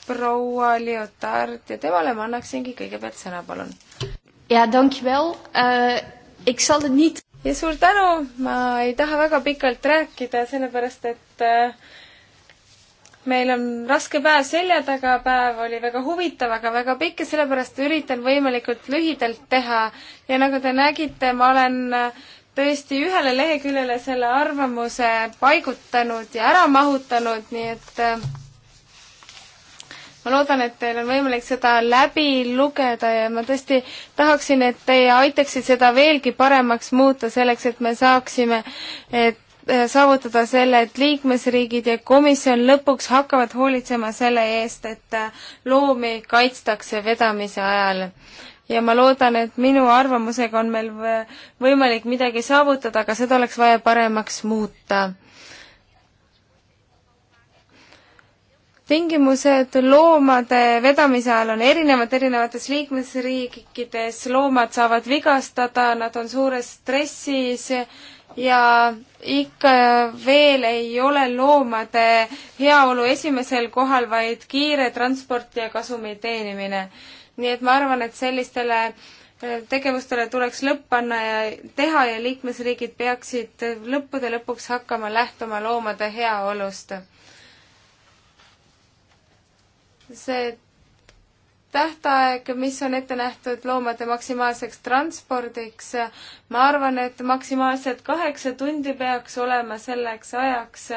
proua Liotard ja temale ma annaksingi kõigepealt sõna, palun. ja dankjewel uh,, eh, ik zal het niet. ja suur tänu, ma ei taha väga pikalt rääkida, sellepärast et uh, meil on raske päev selja taga, päev oli väga huvitav, aga väga pikk ja sellepärast üritan võimalikult lühidalt teha. ja nagu te nägite, ma olen äh, tõesti ühele leheküljele selle arvamuse paigutanud ja ära mahutanud, nii et äh, ma loodan, et teil on võimalik seda läbi lugeda ja ma tõesti tahaksin, et teie aitaksite seda veelgi paremaks muuta, selleks et me saaksime, et Äh, saavutada selle, et liikmesriigid ja komisjon lõpuks hakkavad hoolitsema selle eest, et äh, loomi kaitstakse vedamise ajal. ja ma loodan, et minu arvamusega on meil võimalik midagi saavutada, aga seda oleks vaja paremaks muuta. tingimused loomade vedamise ajal on erinevad erinevates liikmesriikides, loomad saavad vigastada, nad on suures stressis ja ikka veel ei ole loomade heaolu esimesel kohal, vaid kiire transport ja kasumi teenimine. nii et ma arvan, et sellistele äh, tegevustele tuleks lõpp panna ja teha ja liikmesriigid peaksid lõppude lõpuks hakkama lähtuma loomade heaolust. see tähtaeg, mis on ette nähtud loomade maksimaalseks transpordiks. ma arvan, et maksimaalselt kaheksa tundi peaks olema selleks ajaks.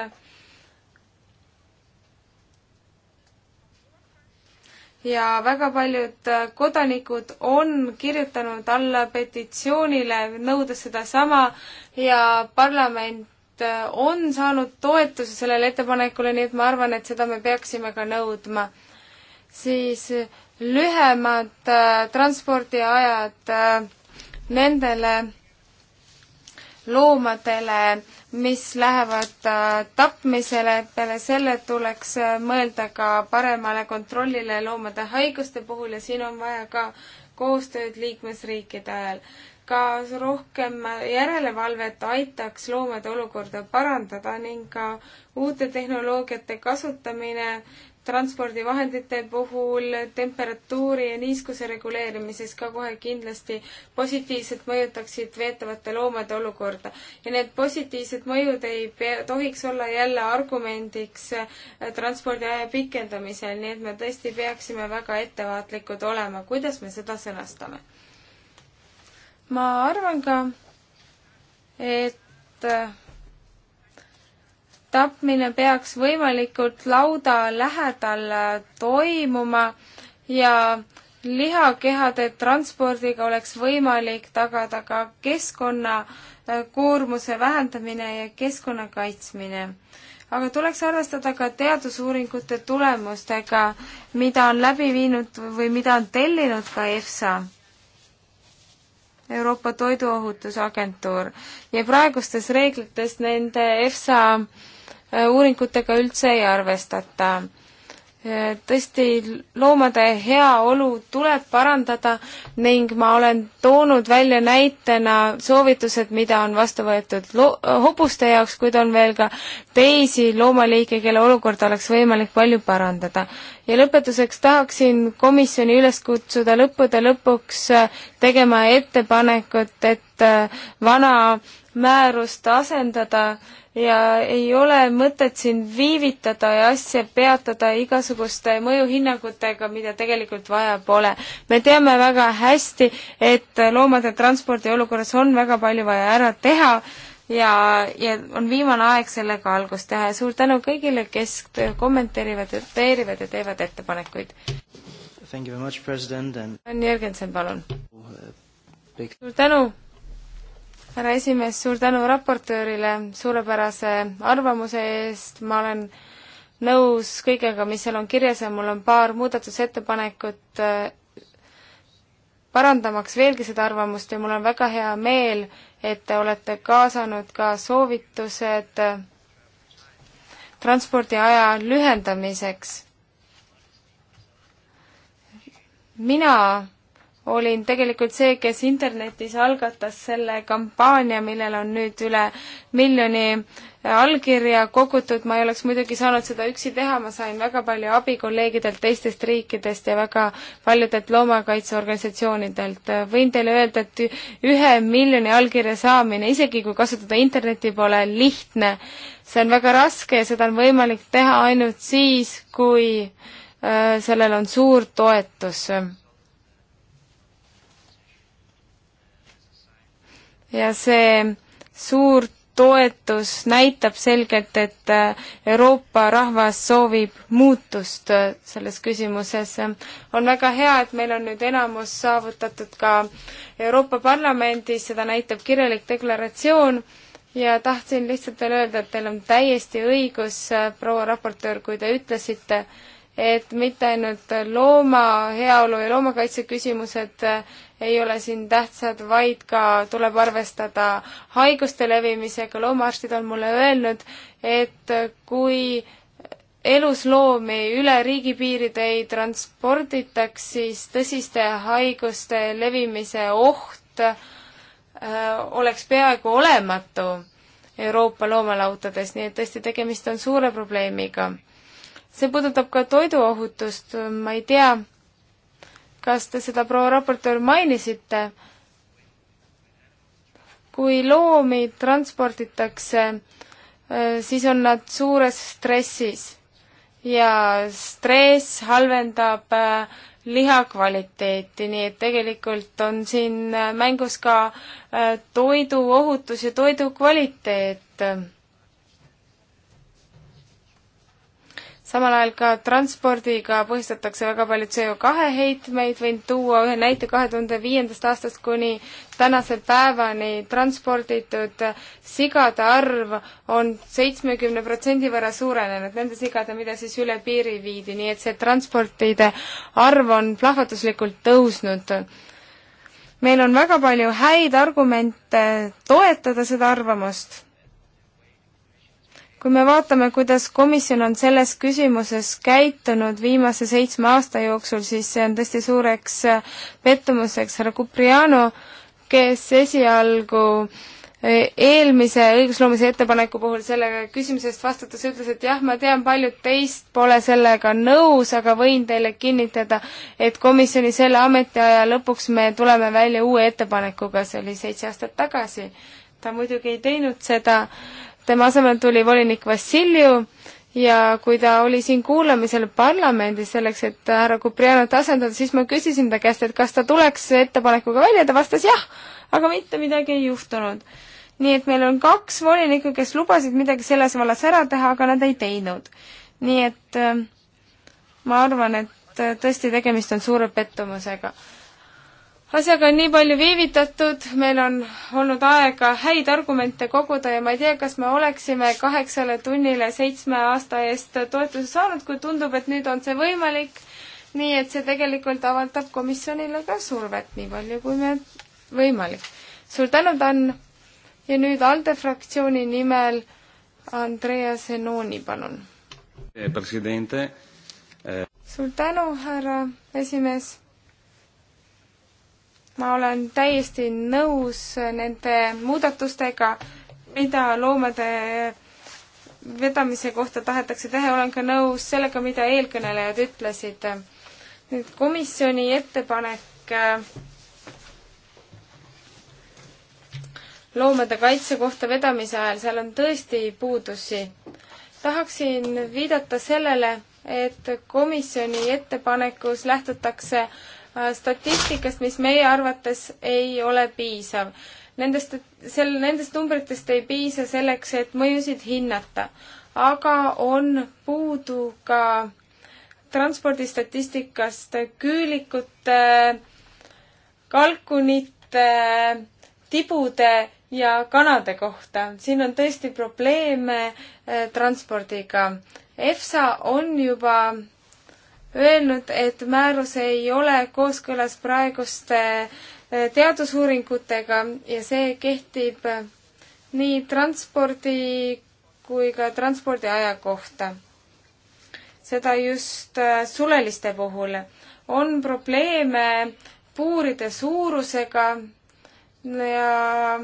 ja väga paljud kodanikud on kirjutanud alla petitsioonile, nõudes sedasama ja parlament on saanud toetuse sellele ettepanekule, nii et ma arvan, et seda me peaksime ka nõudma. siis lühemad äh, transpordiajad äh, nendele loomadele, mis lähevad äh, tapmisele, peale selle tuleks äh, mõelda ka paremale kontrollile loomade haiguste puhul ja siin on vaja ka koostööd liikmesriikide ajal. ka rohkem järelevalvet aitaks loomade olukorda parandada ning ka uute tehnoloogiate kasutamine äh, transpordivahendite puhul temperatuuri ja niiskuse reguleerimises ka kohe kindlasti positiivselt mõjutaksid veetavate loomade olukorda. ja need positiivsed mõjud ei pea, tohiks olla jälle argumendiks äh, transpordiaja pikendamisel, nii et me tõesti peaksime väga ettevaatlikud olema, kuidas me seda sõnastame. ma arvan ka, et äh, tapmine peaks võimalikult lauda lähedal toimuma ja lihakehade transpordiga oleks võimalik tagada ka keskkonnakoormuse vähendamine ja keskkonna kaitsmine. aga tuleks arvestada ka teadusuuringute tulemustega, mida on läbi viinud või mida on tellinud ka EFSA Euroopa Toiduohutusagentuur ja praegustest reeglitest nende EFSA Äh, uuringutega üldse ei arvestata. Äh, tõesti, loomade heaolu tuleb parandada ning ma olen toonud välja näitena soovitused, mida on vastu võetud lo-, hobuste jaoks, kuid on veel ka teisi loomaliike, kelle olukorda oleks võimalik palju parandada. ja lõpetuseks tahaksin komisjoni üles kutsuda lõppude lõpuks äh, tegema ettepanekut, et vana määrust asendada äh, ja ei ole mõtet siin viivitada ja asja peatada igasuguste mõjuhinnangutega, mida tegelikult vaja pole. me teame väga hästi, et loomade transpordi olukorras on väga palju vaja ära teha ja, ja on viimane aeg sellega algust teha ja suur tänu kõigile, kes kommenteerivad, teerivad ja teevad ettepanekuid. Thank you very much, president and Jürgensen, palun. Uh, suur tänu, härra esimees, suur tänu raportöörile suurepärase arvamuse eest, ma olen nõus kõigega, mis seal on kirjas ja mul on paar muudatusettepanekut äh, parandamaks veelgi seda arvamust ja mul on väga hea meel, et te olete kaasanud ka soovitused transpordiaja lühendamiseks. mina olin tegelikult see, kes internetis algatas selle kampaania, millel on nüüd üle miljoni allkirja kogutud, ma ei oleks muidugi saanud seda üksi teha, ma sain väga palju abi kolleegidelt teistest riikidest ja väga paljudelt loomakaitseorganisatsioonidelt. võin teile öelda, et ühe miljoni allkirja saamine, isegi kui kasutada internetti, pole lihtne. see on väga raske ja seda on võimalik teha ainult siis, kui äh, sellel on suur toetus ja see suur toetus näitab selgelt, et äh, Euroopa rahvas soovib muutust äh, selles küsimuses. on väga hea, et meil on nüüd enamus saavutatud ka Euroopa Parlamendis, seda näitab kirjalik deklaratsioon ja tahtsin lihtsalt veel öelda, et teil on täiesti õigus, äh, proua raportöör, kui te ütlesite, et mitte ainult looma heaolu ja loomakaitse küsimused ei ole siin tähtsad, vaid ka tuleb arvestada haiguste levimisega, loomaarstid on mulle öelnud, et kui elusloomi üle riigipiiride ei transporditaks, siis tõsiste haiguste levimise oht äh, oleks peaaegu olematu Euroopa loomalautades, nii et tõesti tegemist on suure probleemiga. see puudutab ka toiduohutust, ma ei tea, kas te seda, proua raportöör, mainisite? kui loomi transporditakse, äh, siis on nad suures stressis ja stress halvendab äh, liha kvaliteeti, nii et tegelikult on siin äh, mängus ka toiduohutus ja toidu kvaliteet samal ajal ka transpordiga põhjustatakse väga palju CO2 heitmeid, võin tuua ühe näite kahe tuhande viiendast aastast kuni tänase päevani transporditud sigade arv on seitsmekümne protsendi võrra suurenenud, nende sigade, mida siis üle piiri viidi, nii et see transportide arv on plahvatuslikult tõusnud. meil on väga palju häid argumente toetada seda arvamust kui me vaatame, kuidas komisjon on selles küsimuses käitunud viimase seitsme aasta jooksul, siis see on tõesti suureks äh, pettumuseks härra Cupriano, kes esialgu äh, eelmise õigusloomise ettepaneku puhul selle küsimuse eest vastates ütles, et jah, ma tean, paljud teist pole sellega nõus, aga võin teile kinnitada, et komisjoni selle ametiaja lõpuks me tuleme välja uue ettepanekuga, see oli seitse aastat tagasi. ta muidugi ei teinud seda tema asemel tuli volinik Vassiljev ja kui ta oli siin kuulamisel parlamendis selleks, et härra Kuprianot asendada, siis ma küsisin ta käest, et kas ta tuleks ettepanekuga välja, ta vastas jah, aga mitte midagi ei juhtunud. nii et meil on kaks volinikku, kes lubasid midagi selles vallas ära teha, aga nad ei teinud. nii et äh, ma arvan, et äh, tõesti tegemist on suure pettumusega asjaga on nii palju viivitatud, meil on olnud aega häid argumente koguda ja ma ei tea, kas me oleksime kaheksale tunnile seitsme aasta eest toetuse saanud, kui tundub, et nüüd on see võimalik. nii et see tegelikult avaldab komisjonile ka survet nii palju, kui me võimalik. suur tänu, Dan. ja nüüd ALDE fraktsiooni nimel Andrea Senoni, palun. Eh, eh. suur tänu, härra esimees ma olen täiesti nõus nende muudatustega, mida loomade vedamise kohta tahetakse teha, olen ka nõus sellega, mida eelkõnelejad ütlesid. nüüd komisjoni ettepanek äh, loomade kaitse kohta vedamise ajal, seal on tõesti puudusi. tahaksin viidata sellele, et komisjoni ettepanekus lähtutakse Äh, statistikast, mis meie arvates ei ole piisav. Nendest, sel, nendest numbritest ei piisa selleks, et mõjusid hinnata, aga on puudu ka transpordistatistikast küülikute, kalkunite, tibude ja kanade kohta. siin on tõesti probleeme äh, transpordiga. EFSA on juba öelnud, et määrus ei ole kooskõlas praeguste eh, teadusuuringutega ja see kehtib eh, nii transpordi kui ka transpordiaja kohta. seda just eh, suleliste puhul. on probleeme puuride suurusega ja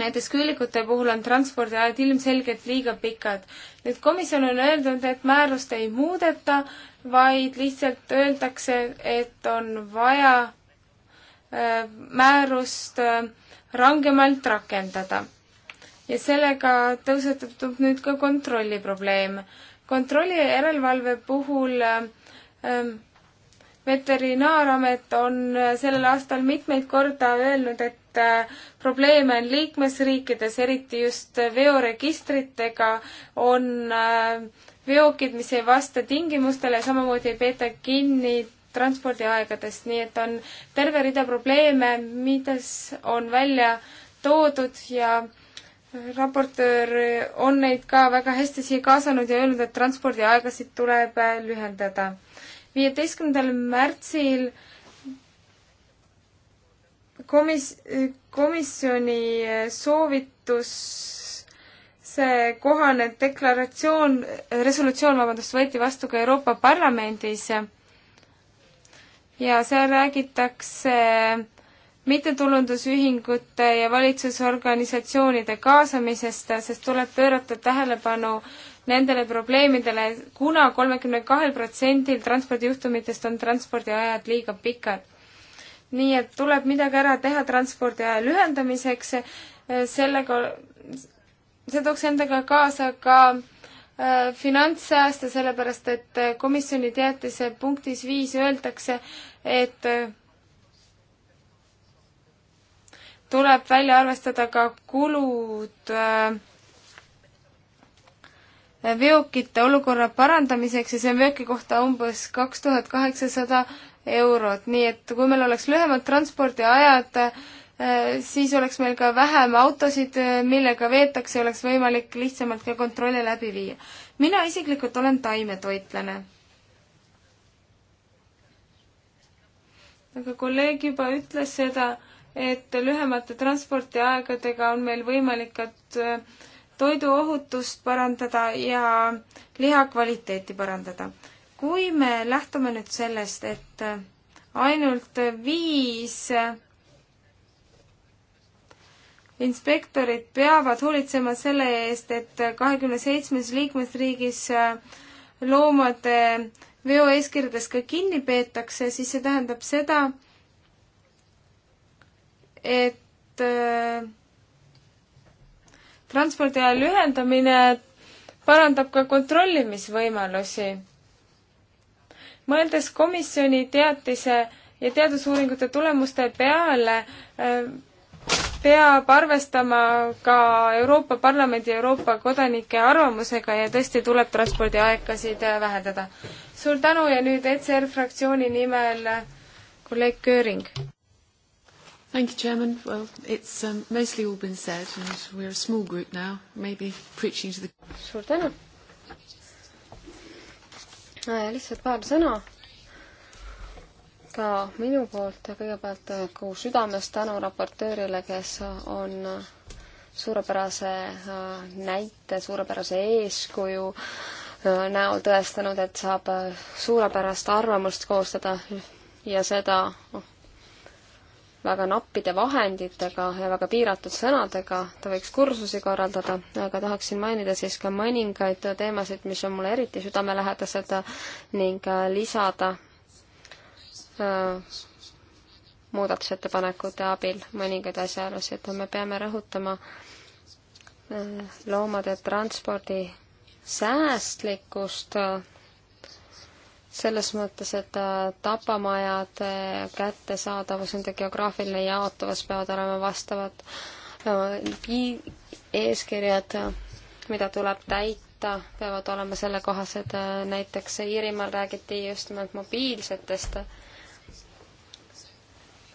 näiteks küülikute puhul on transpordiajad ilmselgelt liiga pikad. nüüd komisjon on öeldud, et määrust ei muudeta, vaid lihtsalt öeldakse, et on vaja äh, määrust äh, rangemalt rakendada. ja sellega tõusetub nüüd ka kontrolli probleem. kontrolli ja järelevalve puhul äh, ähm, veterinaaramet on sellel aastal mitmeid korda öelnud, et et äh, probleeme on liikmesriikides, eriti just veoregistritega, on äh, veokid, mis ei vasta tingimustele, samamoodi ei peeta kinni transpordiaegadest, nii et on terve rida probleeme, mis on välja toodud ja raportöör on neid ka väga hästi siia kaasanud ja öelnud, et transpordiaegasid tuleb äh, lühendada. viieteistkümnendal märtsil äh, komis-, komisjoni soovitus see kohane deklaratsioon, resolutsioon, vabandust, võeti vastu ka Euroopa Parlamendis ja seal räägitakse mittetulundusühingute ja valitsusorganisatsioonide kaasamisest, sest tuleb pöörata tähelepanu nendele probleemidele kuna, kuna kolmekümne kahel protsendil transpordijuhtumitest on transpordiajad liiga pikad nii et tuleb midagi ära teha transpordi aja lühendamiseks, äh, sellega, see tooks endaga kaasa ka äh, finantssääste, sellepärast et äh, komisjoni teatise punktis viis öeldakse, et tuleb välja arvestada ka kulud veokite olukorra parandamiseks ja see on veoki kohta umbes kaks tuhat kaheksasada eurot, nii et kui meil oleks lühemad transpordiajad, eh, siis oleks meil ka vähem autosid, eh, millega veetakse, oleks võimalik lihtsamalt ka kontrolle läbi viia. mina isiklikult olen taimetoitlane. aga kolleeg juba ütles seda, et lühemate transpordiaegadega on meil võimalik ka eh, toiduohutust parandada ja liha kvaliteeti parandada kui me lähtume nüüd sellest, et ainult viis inspektorid peavad hoolitsema selle eest, et kahekümne seitsmes liikmesriigis loomade veoeeskirjadest ka kinni peetakse, siis see tähendab seda, et äh, transpordiaja lühendamine parandab ka kontrollimisvõimalusi mõeldes komisjoni teatise ja teadusuuringute tulemuste peale, äh, peab arvestama ka Euroopa Parlamendi ja Euroopa kodanike arvamusega ja tõesti tuleb transpordiaegasid äh, vähendada. suur tänu ja nüüd ECR fraktsiooni nimel äh, kolleeg Kööring. Thank you, Chairman. Well, it's um, mostly all been said, and we're a small group now, maybe preaching to the... Suur tänu! Äh, lihtsalt paar sõna ka minu poolt kõigepealt äh, kogu südamest tänu raportöörile, kes on äh, suurepärase näite, suurepärase eeskuju näol tõestanud, et saab suurepärast arvamust koostada ja seda väga nappide vahenditega ja väga piiratud sõnadega, ta võiks kursusi korraldada, aga tahaksin mainida siis ka mõningaid teemasid, mis on mulle eriti südamelähedased ning äh, lisada äh, muudatusettepanekute abil mõningaid asjaolusid. me peame rõhutama äh, loomade transpordi säästlikkust äh, selles mõttes, et äh, tapamajade kättesaadavus, nende geograafiline jaotuvus peavad olema vastavad äh, eeskirjad, mida tuleb täita, peavad olema sellekohased, äh, näiteks Iirimaal räägiti just nimelt mobiilsetest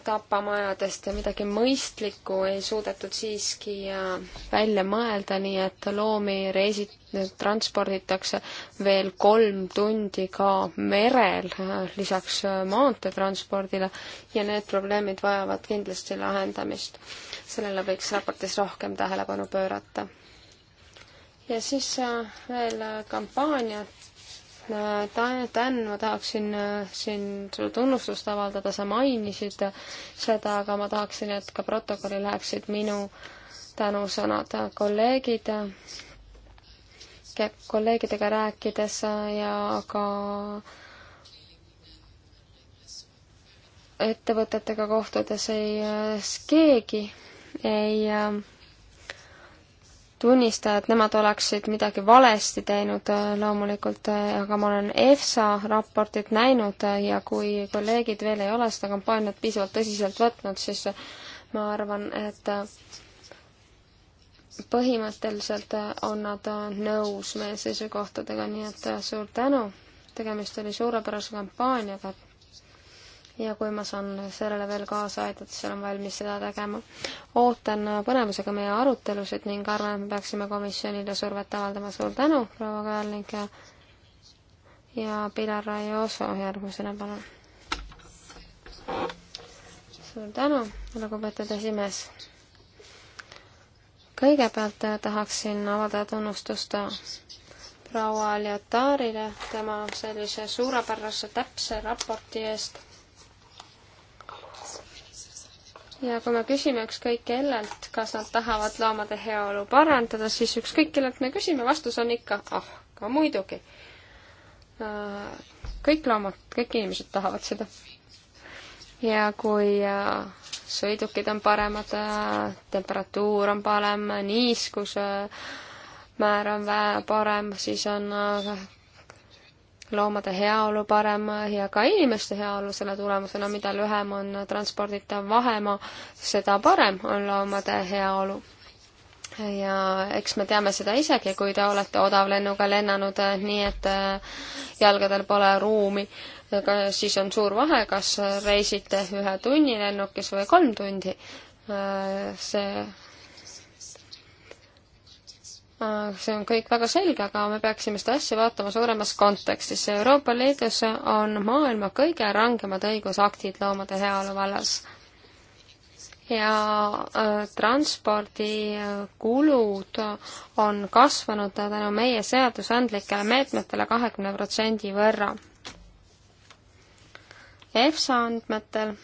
tapamajadest ja midagi mõistlikku ei suudetud siiski äh, välja mõelda, nii et loomi reisi-, transporditakse veel kolm tundi ka merel äh, lisaks äh, maanteetranspordile ja need probleemid vajavad kindlasti lahendamist. sellele võiks raportis rohkem tähelepanu pöörata. ja siis veel kampaaniat Dan, ma tahaksin äh, siin sulle tunnustust avaldada, sa mainisid seda, aga ma tahaksin, et ka protokolli läheksid minu tänusõnad. kolleegid, kolleegidega rääkides ja ka ettevõtetega kohtudes ei, äh, keegi ei äh, tunnistada, et nemad oleksid midagi valesti teinud äh, loomulikult, äh, aga ma olen EFSA raportit näinud äh, ja kui kolleegid veel ei ole seda kampaaniat piisavalt tõsiselt võtnud, siis ma arvan, et põhimõtteliselt on nad nõus meie seisukohtadega, nii et suur tänu. tegemist oli suurepärase kampaaniaga ja kui ma saan sellele veel kaasa aidata, siis olen valmis seda tegema. ootan põnevusega meie arutelusid ning arvan, et me peaksime komisjonile survet avaldama. suur tänu, proua Kaelnik ja ja Pilar Raioso järgmisena, palun. suur tänu, lugupeetud esimees. kõigepealt tahaksin avaldada tunnustust proua Aljatarile tema sellise suurepärase täpse raporti eest ja kui me küsime ükskõik kellelt, kas nad tahavad loomade heaolu parandada, siis ükskõik kellelt me küsime, vastus on ikka ah oh,, ka muidugi. Äh, kõik loomad, kõik inimesed tahavad seda. ja kui äh, sõidukid on paremad, äh, temperatuur on parem, niiskus määr on parem, siis on loomade heaolu parem ja ka inimeste heaolu selle tulemusena, mida lühem on transporditav vahemaa, seda parem on loomade heaolu. ja eks me teame seda isegi, kui te olete odavlennuga lennanud, nii et äh, jalgadel pole ruumi, aga siis on suur vahe, kas reisite ühe tunni lennukis või kolm tundi. Äh, see Äh, see on kõik väga selge, aga me peaksime seda asja vaatama suuremas kontekstis. Euroopa Liidus on maailma kõige rangemad õigusaktid loomade heaolu vallas. ja äh, transpordikulud on kasvanud tänu meie seadusandlikele meetmetele kahekümne protsendi võrra. EFSA andmetel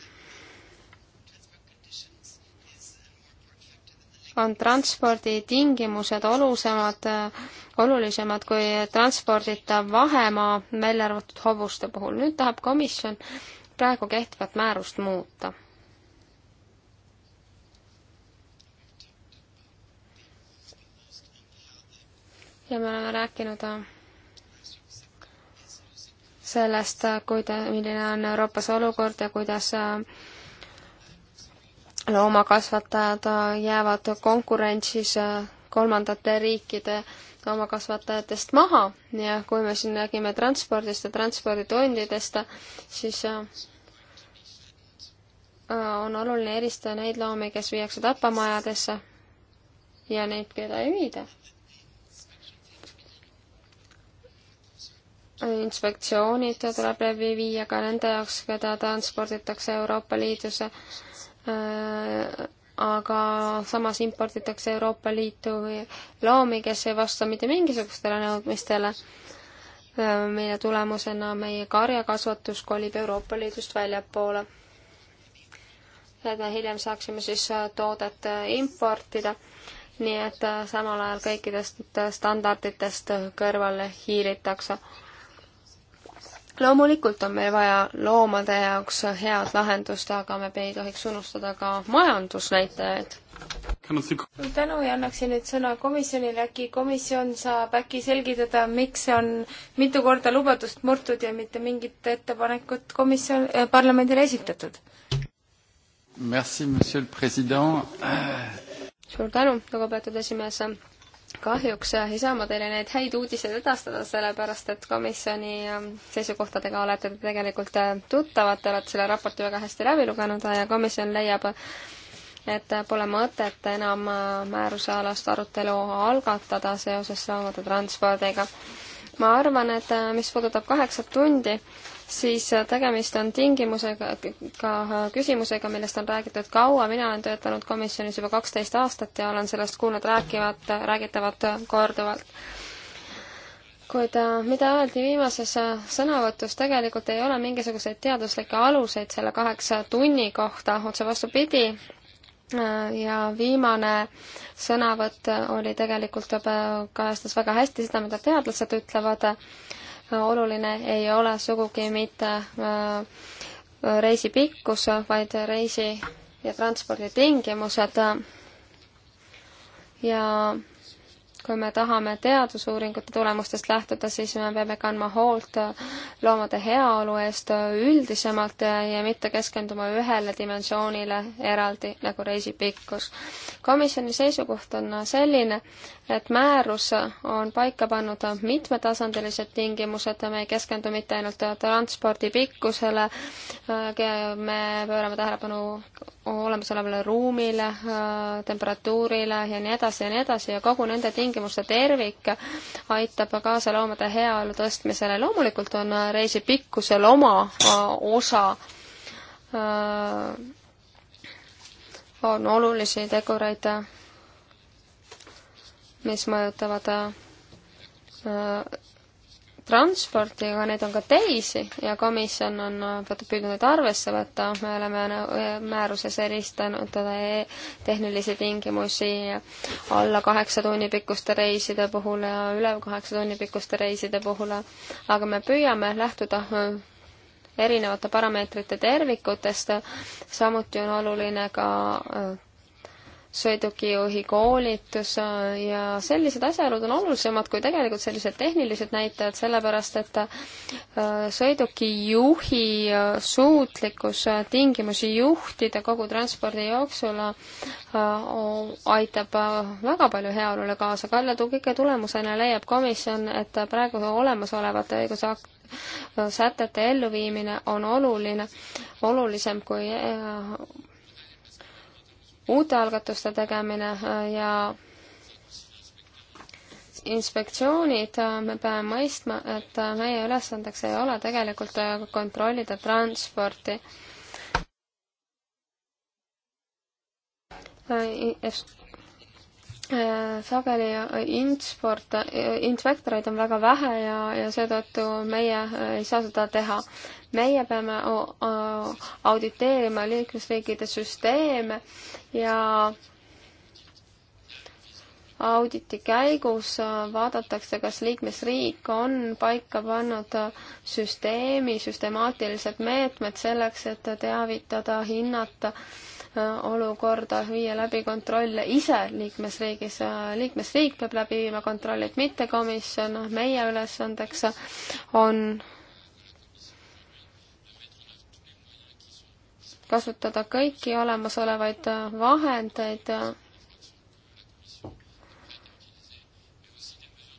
on transporditingimused olulisemad, olulisemad kui transporditav vahemaa, välja arvatud hobuste puhul. nüüd tahab komisjon praegu kehtivat määrust muuta. ja me oleme rääkinud äh, sellest, äh, kuida-, milline on Euroopas olukord ja kuidas äh, loomakasvatajad äh, jäävad konkurentsis äh, kolmandate riikide loomakasvatajatest maha ja kui me siin räägime transpordist ja transporditondidest, siis äh, on oluline eristada neid loomi, kes viiakse tapamajadesse ja neid, keda ei viida. inspektsioonid tuleb läbi viia ka nende jaoks, keda transporditakse Euroopa Liidus Äh, aga samas imporditakse Euroopa Liitu loomi, kes ei vasta mitte mingisugustele nõudmistele, äh, mille tulemusena meie karjakasvatus kolib Euroopa Liidust väljapoole. et me hiljem saaksime siis äh, toodet importida, nii et samal ajal kõikidest standarditest kõrvale hiilitakse loomulikult on meil vaja loomade jaoks head lahendust, aga me ei tohiks unustada ka majandusnäitajaid. suur tänu ja annaksin nüüd sõna komisjonile, äkki komisjon saab äkki selgitada, miks on mitu korda lubadust murtud ja mitte mingit ettepanekut komisjon äh,, parlamendile esitatud? Merci, monsieur le president. suur tänu, lugupeetud esimees kahjuks äh, ei saa ma teile neid häid uudiseid edastada, sellepärast et komisjoni ähm, seisukohtadega olete te tegelikult äh, tuttavad, te olete selle raporti väga hästi läbi lugenud ja komisjon leiab, et äh, pole mõtet enam määrusealast arutelu algatada seoses samamoodi transpordiga. ma arvan, et mis puudutab kaheksat tundi, siis äh, tegemist on tingimusega, ka äh, küsimusega, millest on räägitud kaua, mina olen töötanud komisjonis juba kaksteist aastat ja olen sellest kuulnud rääkivat, äh, räägitavat korduvalt kuid mida öeldi viimases sõnavõtus, tegelikult ei ole mingisuguseid teaduslikke aluseid selle kaheksa tunni kohta, otse vastupidi. ja viimane sõnavõtt oli tegelikult, kajastas väga hästi seda, mida teadlased ütlevad oluline ei ole sugugi mitte äh, reisi pikkus, vaid reisi ja transporditingimused. ja kui me tahame teadusuuringute tulemustest lähtuda, siis me peame kandma hoolt loomade heaolu eest üldisemalt ja, ja mitte keskenduma ühele dimensioonile eraldi nagu reisi pikkus. komisjoni seisukoht on selline, et määrus on paika pannud mitmetasandilised tingimused, me ei keskendu mitte ainult transpordi pikkusele, me pöörame tähelepanu olemasolevale ruumile, temperatuurile ja nii edasi ja nii edasi ja kogu nende tingimuste tervik aitab kaasa loomade heaolu tõstmisele. loomulikult on reisi pikkusel oma osa äh, on olulisi tegureid mis mõjutavad äh, äh, transporti, aga neid on ka teisi ja komisjon on äh, püüdnud neid arvesse võtta, me oleme määruses eristanud tehnilisi tingimusi alla kaheksa tunni pikkuste reiside puhul ja üle kaheksa tunni pikkuste reiside puhul, aga me püüame lähtuda erinevate parameetrite tervikutest, samuti on oluline ka sõidukijuhi koolitus äh, ja sellised asjaolud on olulisemad kui tegelikult sellised tehnilised näitajad, sellepärast et äh, sõidukijuhi äh, suutlikkus tingimusi juhtida kogu transpordi jooksul aitab väga palju heaolule kaasa. Kalle Tugike tulemusena leiab komisjon, et praegu olemasolevate õigusakt-, sätete elluviimine on oluline, olulisem kui uute algatuste tegemine äh, ja inspektsioonid, äh, me peame mõistma, et äh, meie ülesandeks ei ole tegelikult kontrollida transporti Äh, sageli äh, intsport, äh, inspektoreid on väga vähe ja, ja seetõttu meie ei saa seda teha. meie peame auditeerima liikmesriikide süsteeme ja auditi käigus vaadatakse, kas liikmesriik on paika pannud süsteemi, süstemaatilised meetmed selleks, et teavitada, hinnata äh, olukorda, viia läbi kontrolle ise liikmesriigis. liikmesriik peab läbi viima kontrollid, mitte komisjon. meie ülesandeks on kasutada kõiki olemasolevaid vahendeid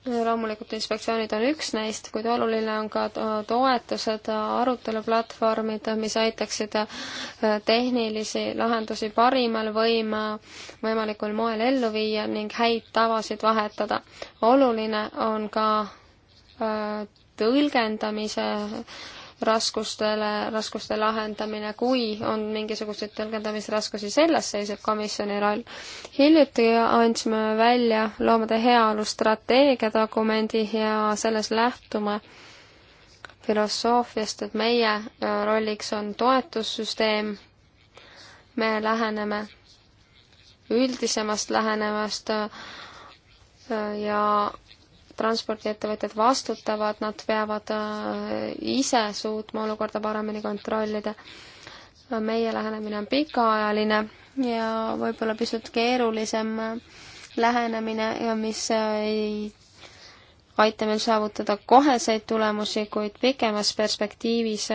loomulikult inspektsioonid on üks neist, kuid oluline on ka toetused, aruteluplatvormid, mis aitaksid äh, tehnilisi lahendusi parimal võima, võimalikul moel ellu viia ning häid tavasid vahetada. oluline on ka äh, tõlgendamise raskustele, raskuste lahendamine, kui on mingisuguseid tõlgendamisraskusi, selles seisneb komisjoni roll. hiljuti andsime välja loomade heaolu strateegia dokumendi ja selles lähtume filosoofiast, et meie äh, rolliks on toetussüsteem, me läheneme üldisemast lähenemast äh, ja transpordiettevõtjad vastutavad, nad peavad äh, ise suutma olukorda paremini kontrollida. meie lähenemine on pikaajaline ja võib-olla pisut keerulisem äh, lähenemine, mis äh, ei aita meil saavutada koheseid tulemusi, kuid pikemas perspektiivis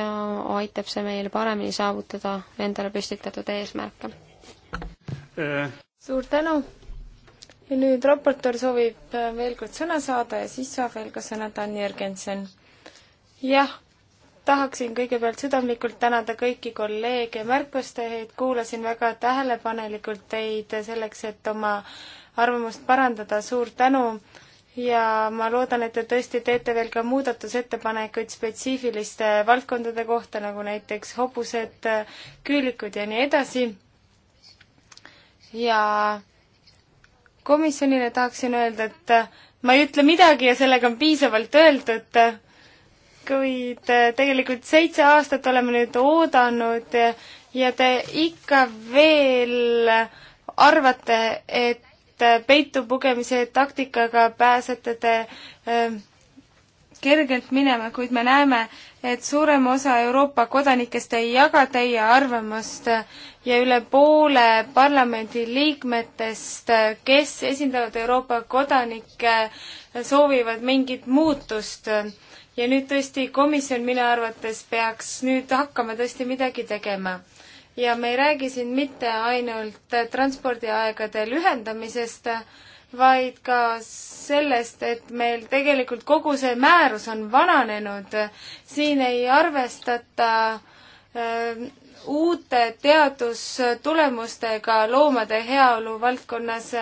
aitab see meil paremini saavutada endale püstitatud eesmärke. suur tänu! ja nüüd raportöör soovib äh, veel kord sõna saada ja siis saab veel ka sõna Dan Jürgensen. jah, tahaksin kõigepealt südamlikult tänada kõiki kolleege märkuste eest, kuulasin väga tähelepanelikult teid selleks, et oma arvamust parandada, suur tänu ja ma loodan, et te tõesti teete veel ka muudatusettepanekuid spetsiifiliste valdkondade kohta, nagu näiteks hobused, küülikud ja nii edasi. ja komisjonile tahaksin öelda, et äh, ma ei ütle midagi ja sellega on piisavalt öeldud, äh, kuid äh, tegelikult seitse aastat oleme nüüd oodanud ja, ja te ikka veel arvate, et peitupugemise taktikaga pääsete te äh, kergelt minema, kuid me näeme, et suurem osa Euroopa kodanikest ei jaga teie arvamust ja üle poole parlamendi liikmetest, kes esindavad Euroopa kodanikke, soovivad mingit muutust. ja nüüd tõesti komisjon minu arvates peaks nüüd hakkama tõesti midagi tegema ja me ei räägi siin mitte ainult transpordiaegade lühendamisest, vaid ka sellest, et meil tegelikult kogu see määrus on vananenud. siin ei arvestata öö, ähm, uute teadustulemustega loomade heaolu valdkonnas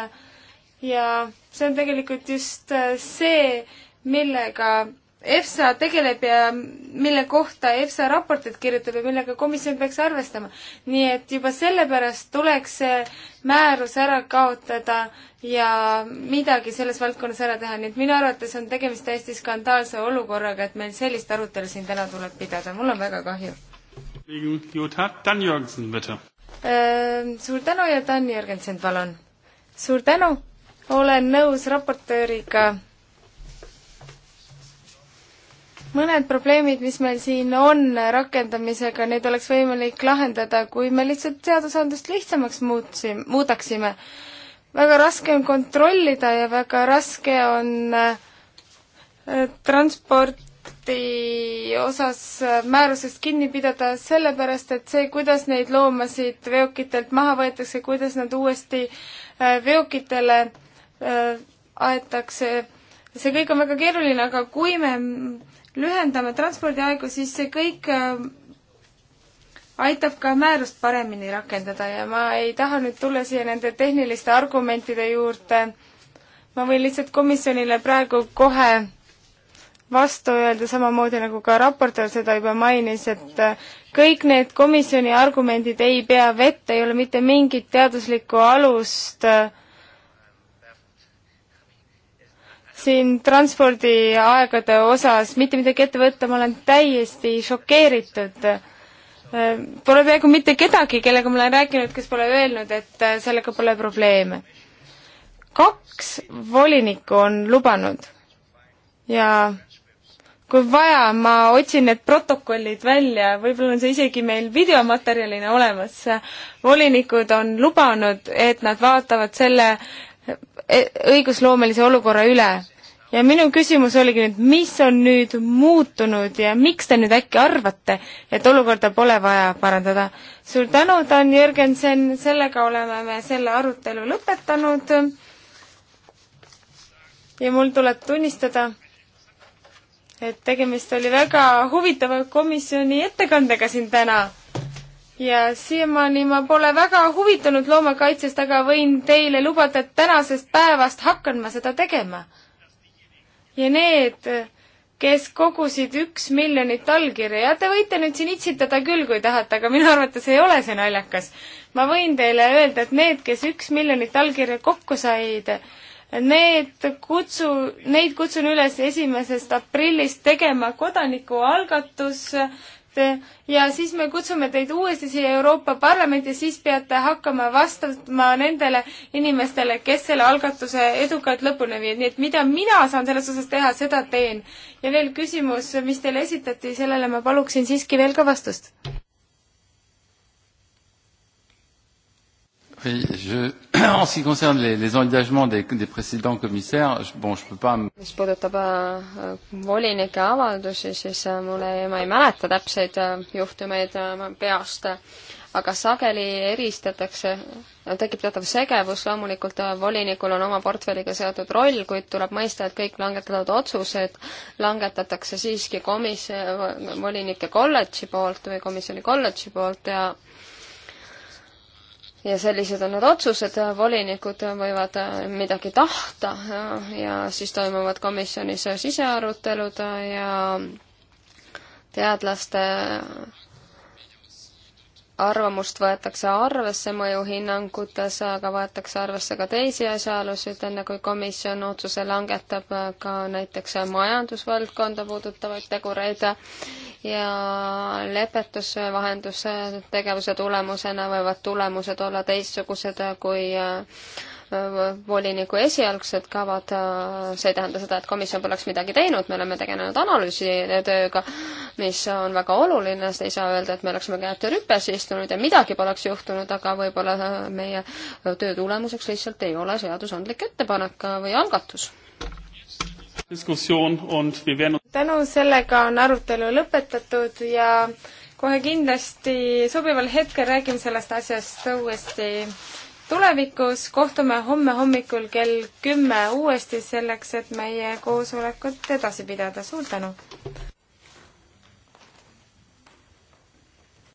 ja see on tegelikult just äh, see, millega EFSA tegeleb ja mille kohta EFSA raportit kirjutab ja millega komisjon peaks arvestama. nii et juba sellepärast tuleks see määrus ära kaotada ja midagi selles valdkonnas ära teha, nii et minu arvates on tegemist täiesti skandaalse olukorraga, et meil sellist arutelu siin täna tuleb pidada, mul on väga kahju. Suur tänu ja Dan Jürgensen, palun. suur tänu, olen nõus raportööriga mõned probleemid, mis meil siin on rakendamisega, neid oleks võimalik lahendada, kui me lihtsalt seadusandlust lihtsamaks muutsime, muudaksime. väga raske on kontrollida ja väga raske on äh, transporti osas äh, määrusest kinni pidada, sellepärast et see, kuidas neid loomasid veokitelt maha võetakse, kuidas nad uuesti äh, veokitele aetakse, see kõik on väga keeruline, aga kui me lühendame transpordiaegu, siis see kõik äh, aitab ka määrust paremini rakendada ja ma ei taha nüüd tulla siia nende tehniliste argumentide juurde. ma võin lihtsalt komisjonile praegu kohe vastu öelda, samamoodi nagu ka raportöör seda juba mainis, et äh, kõik need komisjoni argumendid ei pea vett, ei ole mitte mingit teaduslikku alust äh, siin transpordiaegade osas mitte midagi ette võtta, ma olen täiesti šokeeritud. Äh, pole peaaegu mitte kedagi, kellega ma olen rääkinud, kes pole öelnud, et äh, sellega pole probleeme. kaks volinikku on lubanud ja kui vaja, ma otsin need protokollid välja, võib-olla on see isegi meil videomaterjalina olemas. volinikud on lubanud, et nad vaatavad selle äh, õigusloomelise olukorra üle ja minu küsimus oligi nüüd, mis on nüüd muutunud ja miks te nüüd äkki arvate, et olukorda pole vaja parandada? suur tänu, Dan Jürgensen, sellega oleme me selle arutelu lõpetanud. ja mul tuleb tunnistada, et tegemist oli väga huvitava komisjoni ettekandega siin täna ja siiamaani ma pole väga huvitunud loomakaitsest, aga võin teile lubada, et tänasest päevast hakkan ma seda tegema ja need, kes kogusid üks miljonit allkirja ja te võite nüüd siin itsitada küll, kui tahate, aga minu arvates ei ole see naljakas. ma võin teile öelda, et need, kes üks miljonit allkirja kokku said, need kutsu, neid kutsun üles esimesest aprillist tegema kodanikualgatus ja siis me kutsume teid uuesti siia Euroopa Parlamenti, siis peate hakkama vastama nendele inimestele, kes selle algatuse edukalt lõpuni viib, nii et mida mina saan selles osas teha, seda teen. ja veel küsimus, mis teile esitati, sellele ma paluksin siiski veel ka vastust. Oui, je, en ce qui concerne les, les engagements des, des précédents commissaires, je, bon, je peux pas... mis puudutab äh, volinike avaldusi, siis äh, mul ei, ma ei mäleta täpseid äh, juhtumeid äh, peast, aga sageli eristatakse, äh, tekib teatav segevus, loomulikult äh, volinikul on oma portfelliga seotud roll, kuid tuleb mõista, et kõik langetatud otsused langetatakse siiski komis-, volinike kolledži poolt või komisjoni kolledži poolt ja äh, ja sellised on need otsused, volinikud võivad midagi tahta ja siis toimuvad komisjonis sisearutelud ja teadlaste arvamust võetakse arvesse mõjuhinnangutes, aga võetakse arvesse ka teisi asjaolusid, enne kui komisjon otsuse langetab ka näiteks majandusvaldkonda puudutavaid tegureid ja lepetusvahenduse tegevuse tulemusena võivad tulemused olla teistsugused kui äh, voliniku esialgsed kavad, see ei tähenda seda, et komisjon poleks midagi teinud, me oleme tegelenud analüüsitööga, mis on väga oluline, sest ei saa öelda, et me oleksime käed rüpes istunud ja midagi poleks juhtunud, aga võib-olla äh, meie töö tulemuseks lihtsalt ei ole seadusandlik ettepanek või algatus tänu, sellega on arutelu lõpetatud ja kohe kindlasti sobival hetkel räägime sellest asjast uuesti tulevikus. kohtume homme hommikul kell kümme uuesti selleks, et meie koosolekut edasi pidada. suur tänu!